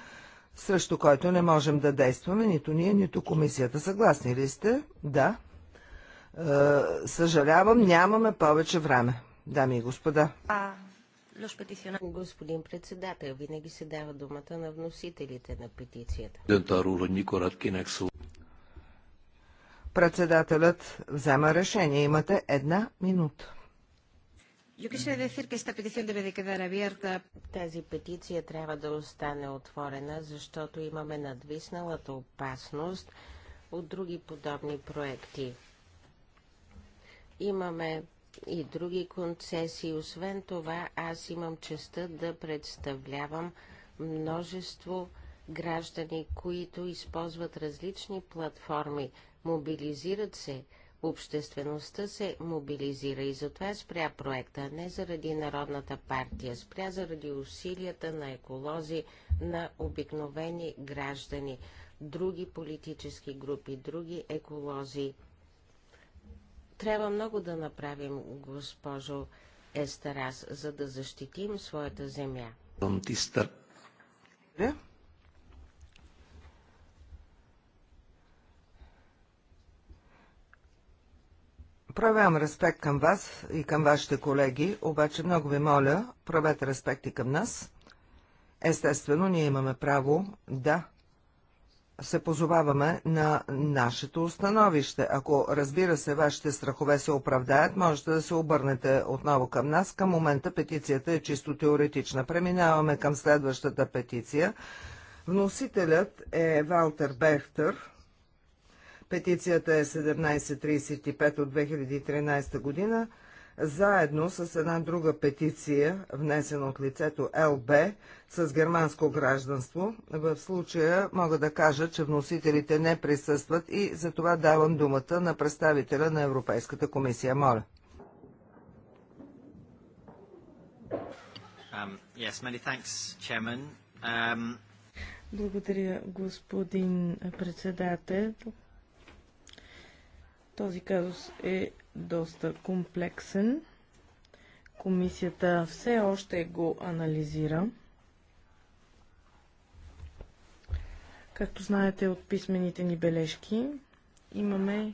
Speaker 4: срещу който не можем да действаме нито ние, нито комисията. Съгласни ли сте? Да. Е, съжалявам, нямаме повече време. Дами и господа.
Speaker 3: Господин председател, винаги се дава думата на вносителите на петицията.
Speaker 4: Председателят взема решение. Имате една минута.
Speaker 3: Тази петиция трябва да остане отворена, защото имаме надвисналата опасност от други подобни проекти. Имаме и други концесии. Освен това, аз имам честа да представлявам множество граждани, които използват различни платформи мобилизират се, обществеността се мобилизира и затова спря проекта, не заради Народната партия, спря заради усилията на еколози, на обикновени граждани, други политически групи, други еколози. Трябва много да направим, госпожо Естарас, за да защитим своята земя.
Speaker 4: Проявявам респект към вас и към вашите колеги, обаче много ви моля, правете респект и към нас. Естествено, ние имаме право да се позоваваме на нашето установище. Ако, разбира се, вашите страхове се оправдаят, можете да се обърнете отново към нас. Към момента петицията е чисто теоретична. Преминаваме към следващата петиция. Вносителят е Валтер Бехтер Петицията е 1735 от 2013 година, заедно с една друга петиция, внесена от лицето ЛБ с германско гражданство. В случая мога да кажа, че вносителите не присъстват и за това давам думата на представителя на Европейската комисия. Моля.
Speaker 7: Um, um,
Speaker 1: Благодаря, господин председател. Този казус е доста комплексен. Комисията все още го анализира. Както знаете от писмените ни бележки, имаме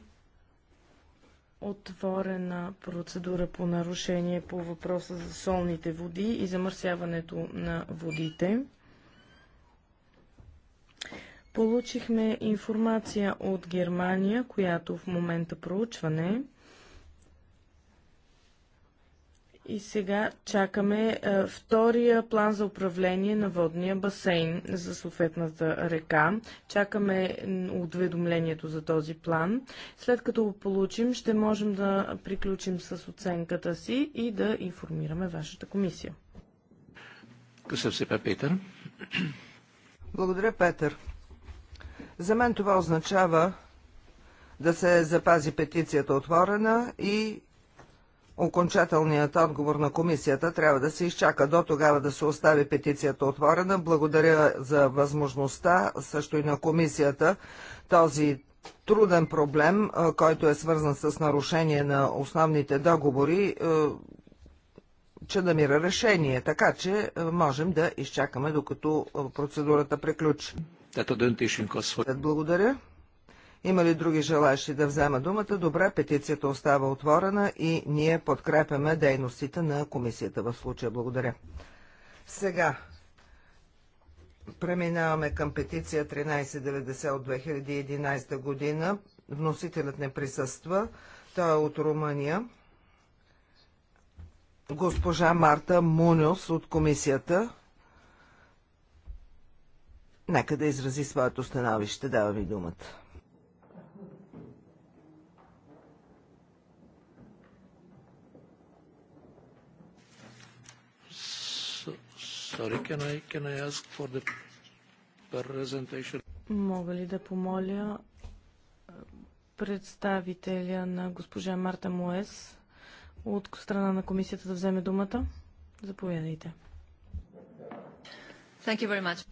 Speaker 1: отворена процедура по нарушение по въпроса за солните води и замърсяването на водите. Получихме информация от Германия, която в момента проучване. И сега чакаме е, втория план за управление на водния басейн за съответната река. Чакаме уведомлението за този план. След като го получим, ще можем да приключим с оценката си и да
Speaker 4: информираме вашата комисия.
Speaker 5: Късъв се, Петър.
Speaker 4: Благодаря, Петър. За мен това означава да се запази петицията отворена и окончателният отговор на комисията трябва да се изчака до тогава да се остави петицията отворена. Благодаря за възможността, също и на комисията, този труден проблем, който е свързан с нарушение на основните договори, че намира решение, така че можем да изчакаме докато процедурата приключи. Tehát a döntésünk az, hogy... Благодаря. Има ли други желащи да взема думата? Добре, петицията остава отворена и ние подкрепяме дейностите на комисията в случая. Благодаря. Сега преминаваме към петиция 1390 от 2011 година. Вносителят не присъства. Той е от Румъния. Госпожа Марта Мунюс от комисията нека да изрази своето становище. Дава ви думата.
Speaker 5: Sorry, can I, can I ask for the presentation?
Speaker 1: Мога ли да помоля представителя на госпожа Марта Моес от страна на комисията да вземе думата? Заповядайте. Thank you very much.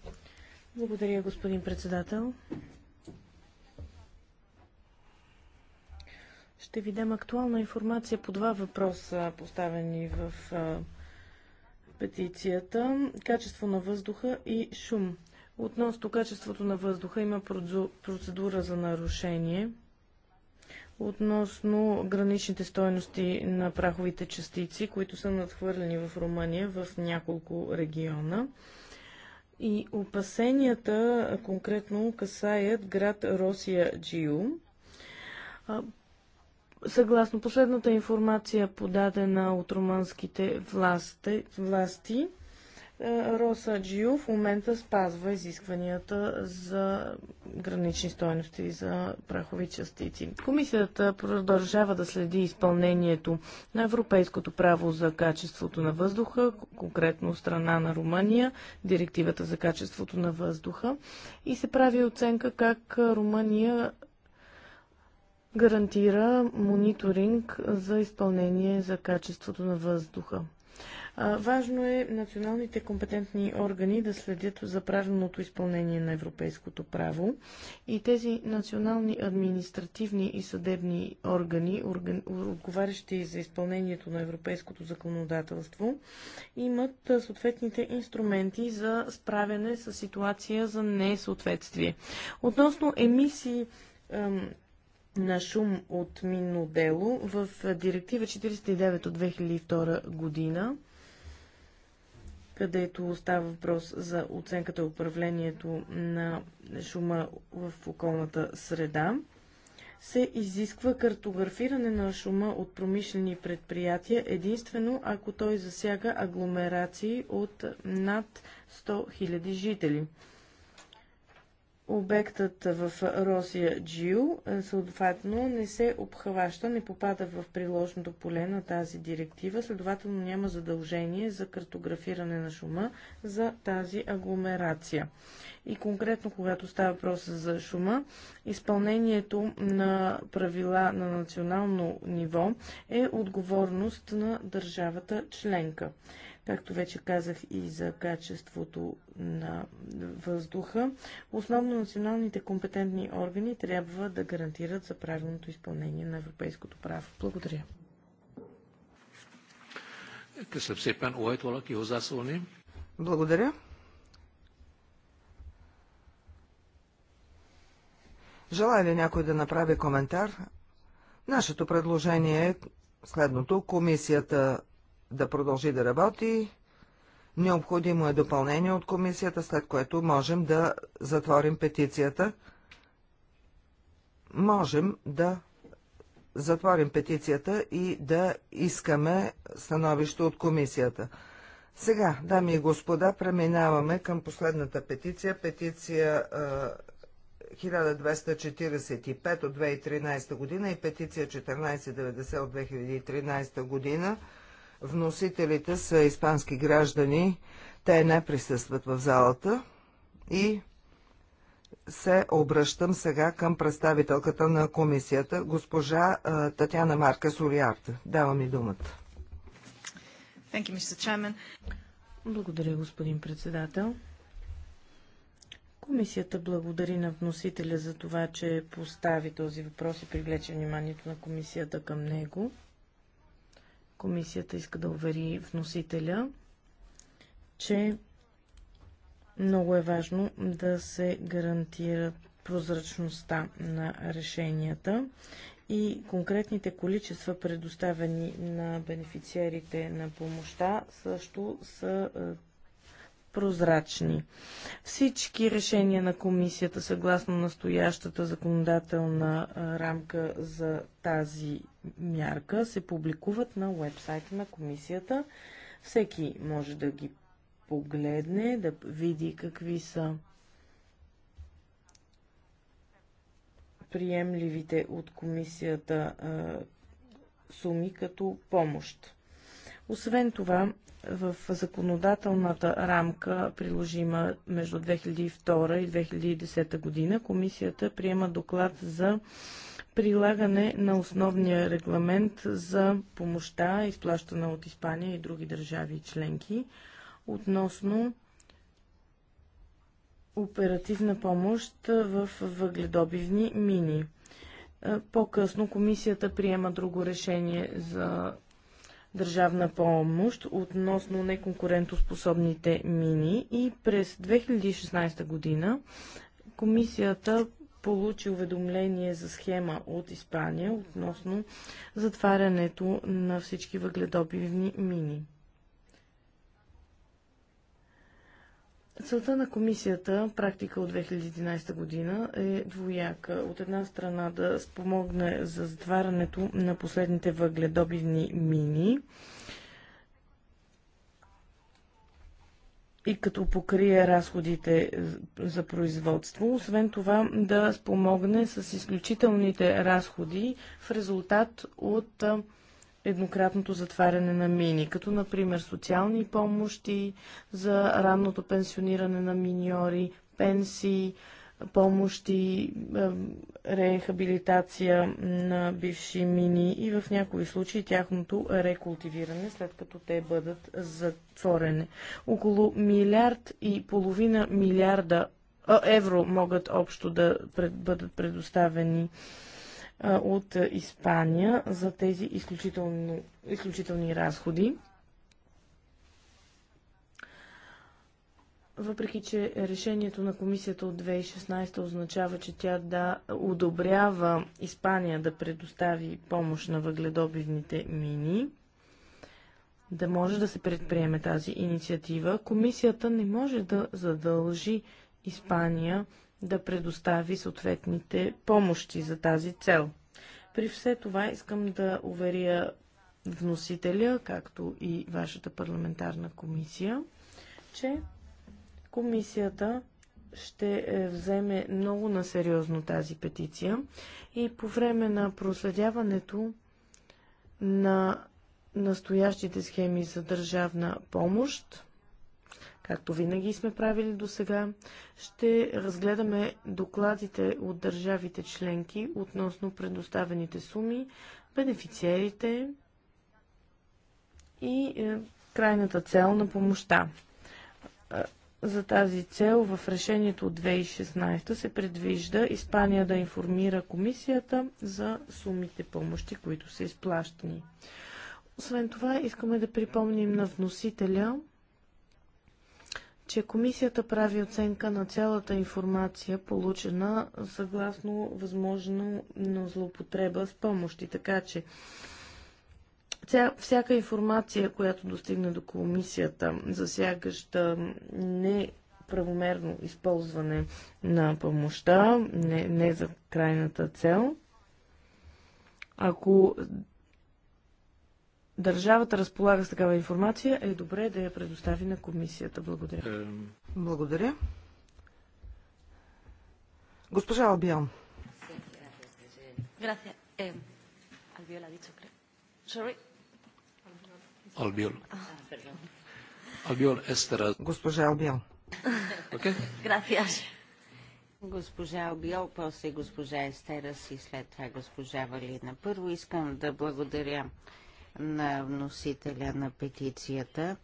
Speaker 1: Благодаря, господин председател. Ще ви дам актуална информация по два въпроса, поставени в петицията. Качество на въздуха и шум. Относно качеството на въздуха има процедура за нарушение относно граничните стойности на праховите частици, които са надхвърлени в Румъния в няколко региона. И опасенията конкретно касаят град Росия Джиу. Съгласно последната информация, подадена от румънските власти, власти е, Роса Джио в момента спазва изискванията за гранични стоености за прахови частици. Комисията продължава да следи изпълнението на европейското право за качеството на въздуха, конкретно страна на Румъния, директивата за качеството на въздуха и се прави оценка как Румъния гарантира мониторинг за изпълнение за качеството на въздуха. Важно е националните компетентни органи да следят за правилното изпълнение на европейското право и тези национални административни и съдебни органи, отговарящи за изпълнението на европейското законодателство, имат съответните инструменти за справяне с ситуация за несъответствие. Относно емисии на шум от минно дело в директива 49 от 2002 година където става въпрос за оценката и управлението на шума в околната среда, се изисква картографиране на шума от промишлени предприятия единствено ако той засяга агломерации от над 100 000 жители обектът в Росия Джил е, съответно не се обхваща, не попада в приложното поле на тази директива, следователно няма задължение за картографиране на шума за тази агломерация. И конкретно, когато става въпрос за шума, изпълнението на правила на национално ниво е отговорност на държавата членка както вече казах и за качеството на въздуха. Основно националните компетентни органи трябва да гарантират за правилното изпълнение на европейското право. Благодаря.
Speaker 4: Благодаря. Желая ли някой да направи коментар? Нашето предложение е следното. Комисията да продължи да работи. Необходимо е допълнение от комисията, след което можем да затворим петицията. Можем да затворим петицията и да искаме становище от комисията. Сега, дами и господа, преминаваме към последната петиция. Петиция 1245 от 2013 година и петиция 1490 от 2013 година Вносителите са испански граждани. Те не присъстват в залата и се обръщам сега към представителката на комисията, госпожа Татяна Марка Солиарта. Давам ми думата.
Speaker 1: You, Благодаря, господин председател. Комисията благодари на вносителя за това, че постави този въпрос и привлече вниманието на комисията към него. Комисията иска да увери вносителя, че много е важно да се гарантират прозрачността на решенията и конкретните количества, предоставени на бенефициарите на помощта, също са е, прозрачни. Всички решения на комисията съгласно настоящата законодателна е, рамка за тази мярка се публикуват на уебсайта на комисията. Всеки може да ги погледне, да види какви са приемливите от комисията суми като помощ. Освен това, в законодателната рамка, приложима между 2002 и 2010 година, комисията приема доклад за прилагане на основния регламент за помощта, изплащана от Испания и други държави и членки, относно оперативна помощ в въгледобивни мини. Е, по-късно комисията приема друго решение за държавна помощ относно неконкурентоспособните мини и през 2016 година комисията получи уведомление за схема от Испания относно затварянето на всички въгледобивни мини. Целта на комисията, практика от 2011 година, е двояка. От една страна да спомогне за затварянето на последните въгледобивни мини – и като покрие разходите за производство. Освен това да спомогне с изключителните разходи в резултат от еднократното затваряне на мини, като например социални помощи за ранното пенсиониране на миньори, пенсии, помощи, рехабилитация на бивши мини и в някои случаи тяхното рекултивиране, след като те бъдат затворене. Около милиард и половина милиарда евро могат общо да бъдат предоставени от Испания за тези изключителни, изключителни разходи. въпреки че решението на комисията от 2016 означава, че тя да одобрява Испания да предостави помощ на въгледобивните мини, да може да се предприеме тази инициатива, комисията не може да задължи Испания да предостави съответните помощи за тази цел. При все това искам да уверя вносителя, както и вашата парламентарна комисия, че Комисията ще е, вземе много на сериозно тази петиция и по време на проследяването на настоящите схеми за държавна помощ, както винаги сме правили до сега, ще разгледаме докладите от държавите членки относно предоставените суми, бенефициерите и е, крайната цел на помощта е, за тази цел в решението от 2016 се предвижда Испания да информира комисията за сумите помощи, които са изплащани. Освен това, искаме да припомним на вносителя, че комисията прави оценка на цялата информация, получена съгласно възможно на злоупотреба с помощи. Така че всяка информация, която достигне до комисията, засягаща не правомерно използване на помощта, не, не за крайната цел. Ако държавата разполага с такава информация, е добре да я предостави на комисията. Благодаря. Благодаря.
Speaker 4: Госпожа Албион.
Speaker 3: Благодаря. Sorry.
Speaker 4: Албиол.
Speaker 5: Албиол Естераз. Госпожа Албиол. Okay?
Speaker 3: Gracias. Госпожа Албиол, после госпожа Естера и след това госпожа Валина. Първо искам да благодаря на вносителя на петицията.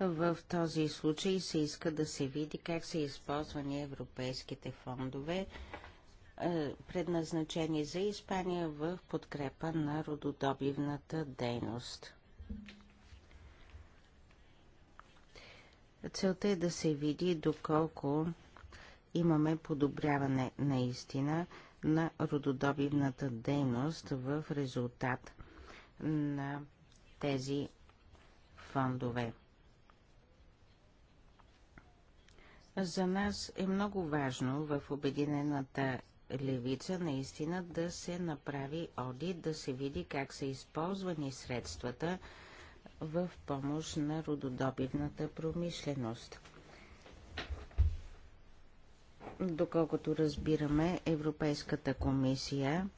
Speaker 3: В този случай се иска да се види как са използвани европейските фондове е, предназначени за Испания в подкрепа на рододобивната дейност. Целта е да се види доколко имаме подобряване наистина на рододобивната дейност в резултат на тези фондове. За нас е много важно в Обединената левица наистина да се направи одит, да се види как са използвани средствата в помощ на рододобивната промишленост. Доколкото разбираме, Европейската комисия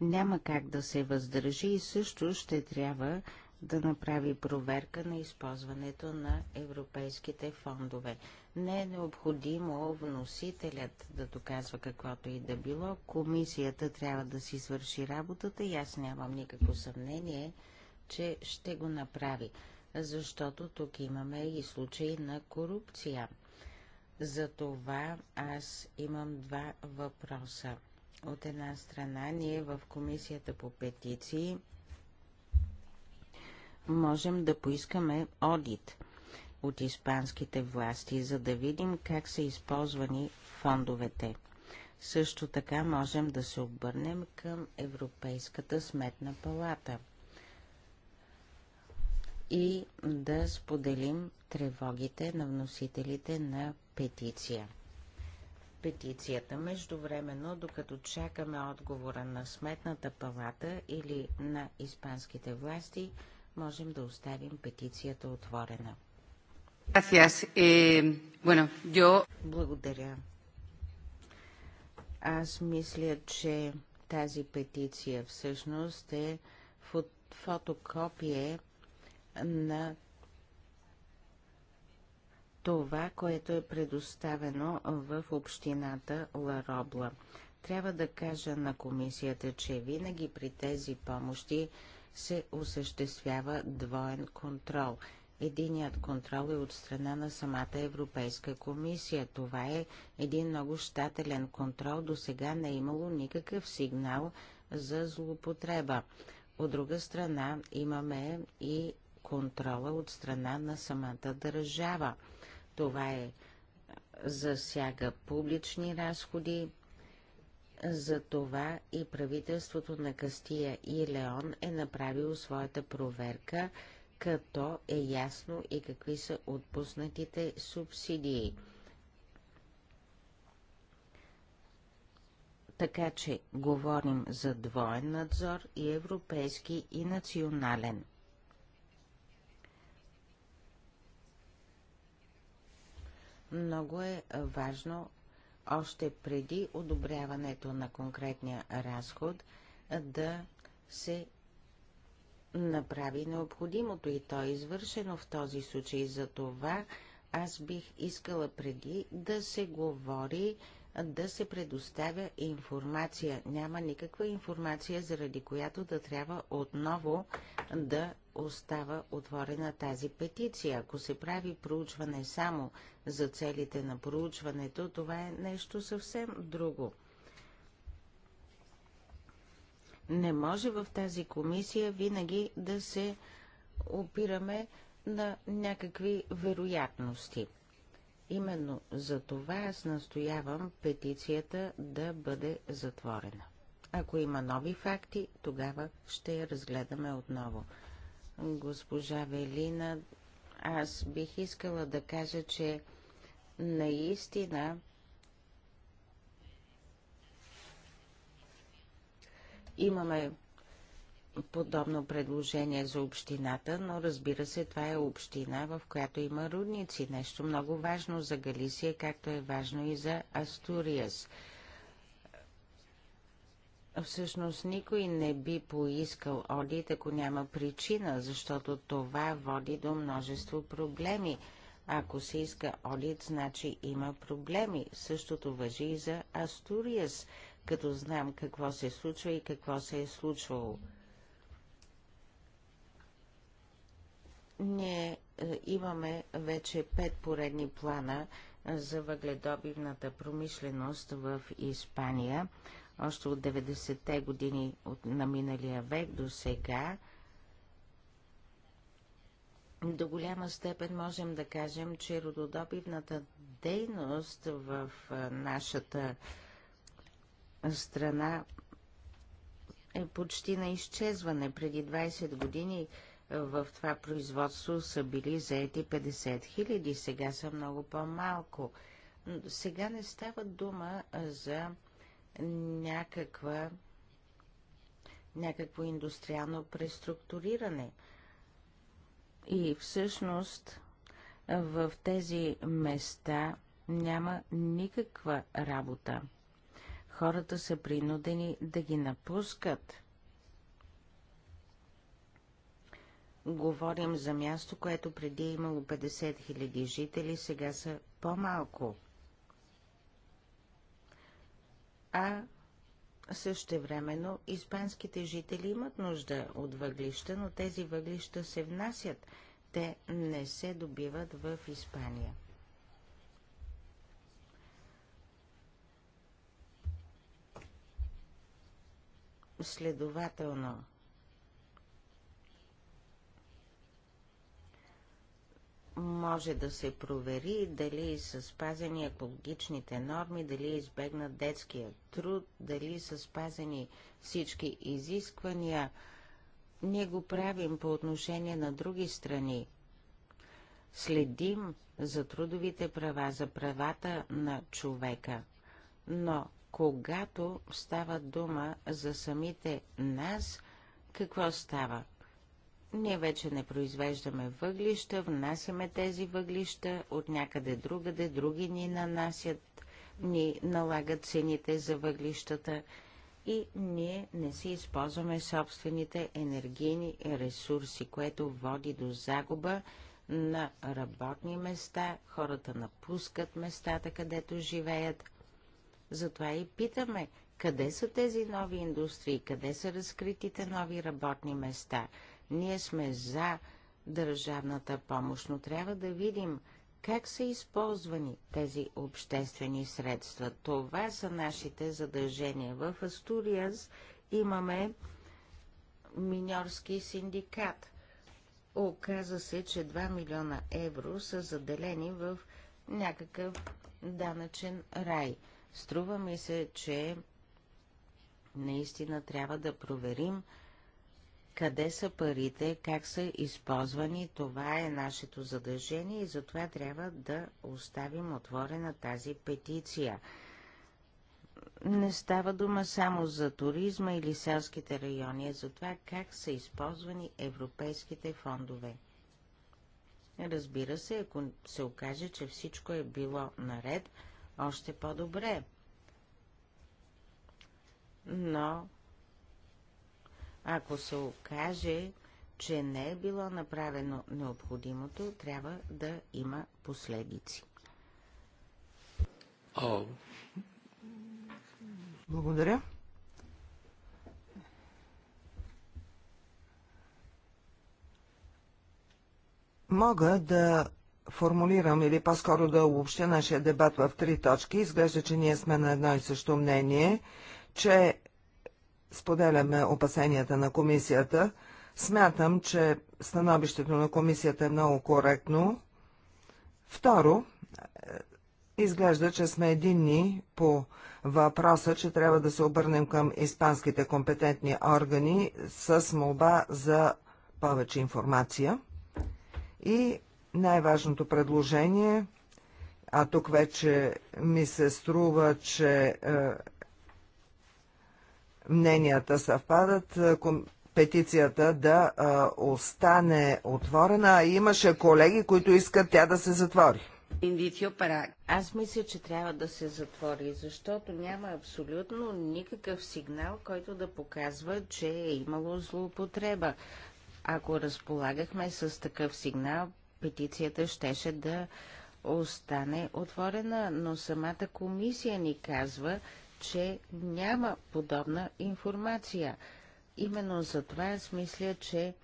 Speaker 3: няма как да се въздържи и също ще трябва да направи проверка на използването на европейските фондове. Не е необходимо вносителят да доказва каквото и да било. Комисията трябва да си свърши работата и аз нямам никакво съмнение, че ще го направи, защото тук имаме и случаи на корупция. Затова аз имам два въпроса. От една страна, ние в Комисията по петиции можем да поискаме одит от испанските власти, за да видим как са използвани фондовете. Също така можем да се обърнем към Европейската сметна палата и да споделим тревогите на вносителите на петиция. Петицията междувременно, докато чакаме отговора на Сметната палата или на испанските власти, можем да оставим петицията отворена. Eh, Благодаря. Аз мисля, че тази петиция всъщност е фотокопие на това, което е предоставено в общината Ларобла. Трябва да кажа на комисията, че винаги при тези помощи се осъществява двоен контрол. Единият контрол е от страна на самата Европейска комисия. Това е един много щателен контрол. До сега не е имало никакъв сигнал за злоупотреба. От друга страна имаме и контрола от страна на самата държава. Това е засяга публични разходи, за това и правителството на Кастия и Леон е направило своята проверка, като е ясно и какви са отпуснатите субсидии. Така че говорим за двоен надзор и европейски и национален. Много е важно още преди одобряването на конкретния разход да се направи необходимото и то е извършено в този случай. За това аз бих искала преди да се говори да се предоставя информация. Няма никаква информация, заради която да трябва отново да остава отворена тази петиция. Ако се прави проучване само за целите на проучването, това е нещо съвсем друго. Не може в тази комисия винаги да се опираме на някакви вероятности. Именно за това аз настоявам петицията да бъде затворена. Ако има нови факти, тогава ще я разгледаме отново. Госпожа Велина, аз бих искала да кажа, че наистина имаме подобно предложение за общината, но разбира се, това е община, в която има рудници. Нещо много важно за Галисия, както е важно и за Астуриас. Всъщност никой не би поискал одит, ако няма причина, защото това води до множество проблеми. Ако се иска одит, значи има проблеми. Същото въжи и за Астуриас, като знам какво се случва и какво се е случвало. Ние е, имаме вече пет поредни плана за въгледобивната промишленост в Испания. Още от 90-те години от, на миналия век до сега до голяма степен можем да кажем, че рододобивната дейност в е, нашата страна е почти на изчезване. Преди 20 години в това производство са били заети 50 хиляди, сега са много по-малко. Сега не става дума за някаква, някакво индустриално преструктуриране. И всъщност в тези места няма никаква работа. Хората са принудени да ги напускат – Говорим за място, което преди е имало 50 000 жители, сега са по-малко. А същевременно испанските жители имат нужда от въглища, но тези въглища се внасят. Те не се добиват в Испания. Следователно, може да се провери дали са спазени екологичните норми, дали е избегнат детския труд, дали са спазени всички изисквания. Ние го правим по отношение на други страни. Следим за трудовите права, за правата на човека. Но когато става дума за самите нас, какво става? Ние вече не произвеждаме въглища, внасяме тези въглища от някъде другаде, други ни нанасят, ни налагат цените за въглищата и ние не си използваме собствените енергийни ресурси, което води до загуба на работни места, хората напускат местата, където живеят. Затова и питаме, къде са тези нови индустрии, къде са разкритите нови работни места – ние сме за държавната помощ, но трябва да видим как са използвани тези обществени средства. Това са нашите задължения. В Астуриас имаме миньорски синдикат. Оказа се, че 2 милиона евро са заделени в някакъв данъчен рай. Струва ми се, че наистина трябва да проверим къде са парите, как са използвани, това е нашето задължение и затова трябва да оставим отворена тази петиция. Не става дума само за туризма или селските райони, а за това как са използвани европейските фондове. Разбира се, ако се окаже, че всичко е било наред, още по-добре. Но ако се окаже, че не е било направено необходимото, трябва да има последици. О. Благодаря.
Speaker 4: Мога да формулирам или по-скоро да обобща нашия дебат в три точки. Изглежда, че ние сме на едно и също мнение, че споделяме опасенията на комисията. Смятам, че становището на комисията е много коректно. Второ, е, изглежда, че сме единни по въпроса, че трябва да се обърнем към испанските компетентни органи с молба за повече информация. И най-важното предложение, а тук вече ми се струва, че е, мненията съвпадат, петицията да а, остане отворена, а имаше колеги, които искат тя да се затвори.
Speaker 3: Аз мисля, че трябва да се затвори, защото няма абсолютно никакъв сигнал, който да показва, че е имало злоупотреба. Ако разполагахме с такъв сигнал, петицията щеше да остане отворена, но самата комисия ни казва, че няма подобна информация. Именно за това аз мисля, че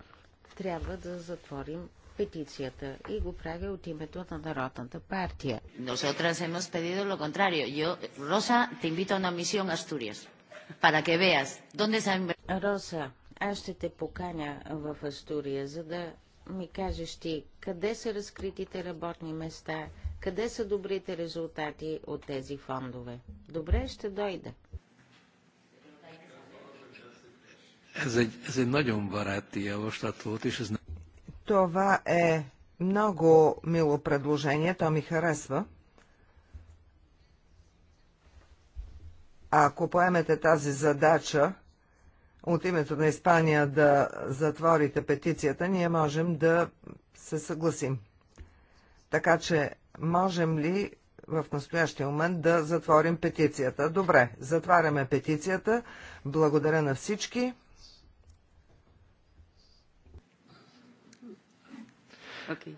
Speaker 3: трябва да затворим петицията и го правя от името на Народната партия. Nosotras hemos pedido lo contrario. Yo, Rosa, te invito a una misión a Asturias, para que veas dónde se Роса, аз ще те поканя в Астурия, за да ми кажеш ти къде са разкритите работни места, къде са добрите резултати от тези фондове? Добре, ще дойда. Това е
Speaker 4: много мило предложение, то ми харесва. Ако поемете тази задача от името на Испания да затворите петицията, ние можем да се съгласим. Така че можем ли в настоящия момент да затворим петицията. Добре, затваряме петицията. Благодаря на всички. Uh, okay.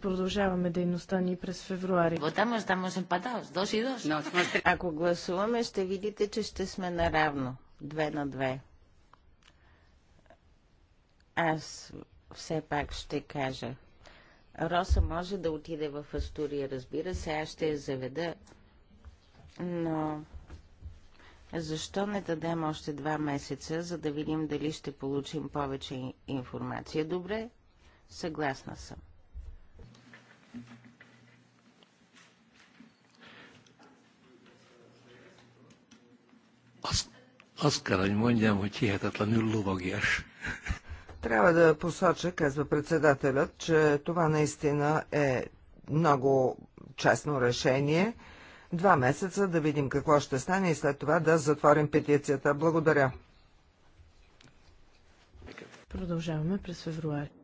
Speaker 1: Продължаваме, дейността ни през
Speaker 3: февруари. Ако гласуваме, ще видите, че ще сме наравно. Две на две. Аз все пак ще кажа. Роса може да отиде в Астурия, разбира се, аз ще я заведа. Но защо не дадем още два месеца, за да видим дали ще получим повече информация? Добре, съгласна съм.
Speaker 5: Аз, аз kell, hogy mondjam, hogy hihetetlenül lovagias.
Speaker 4: Трябва да посоча, казва председателят, че това наистина е много честно решение. Два месеца да видим какво ще стане и след това да затворим петицията. Благодаря.
Speaker 1: Продължаваме през февруари.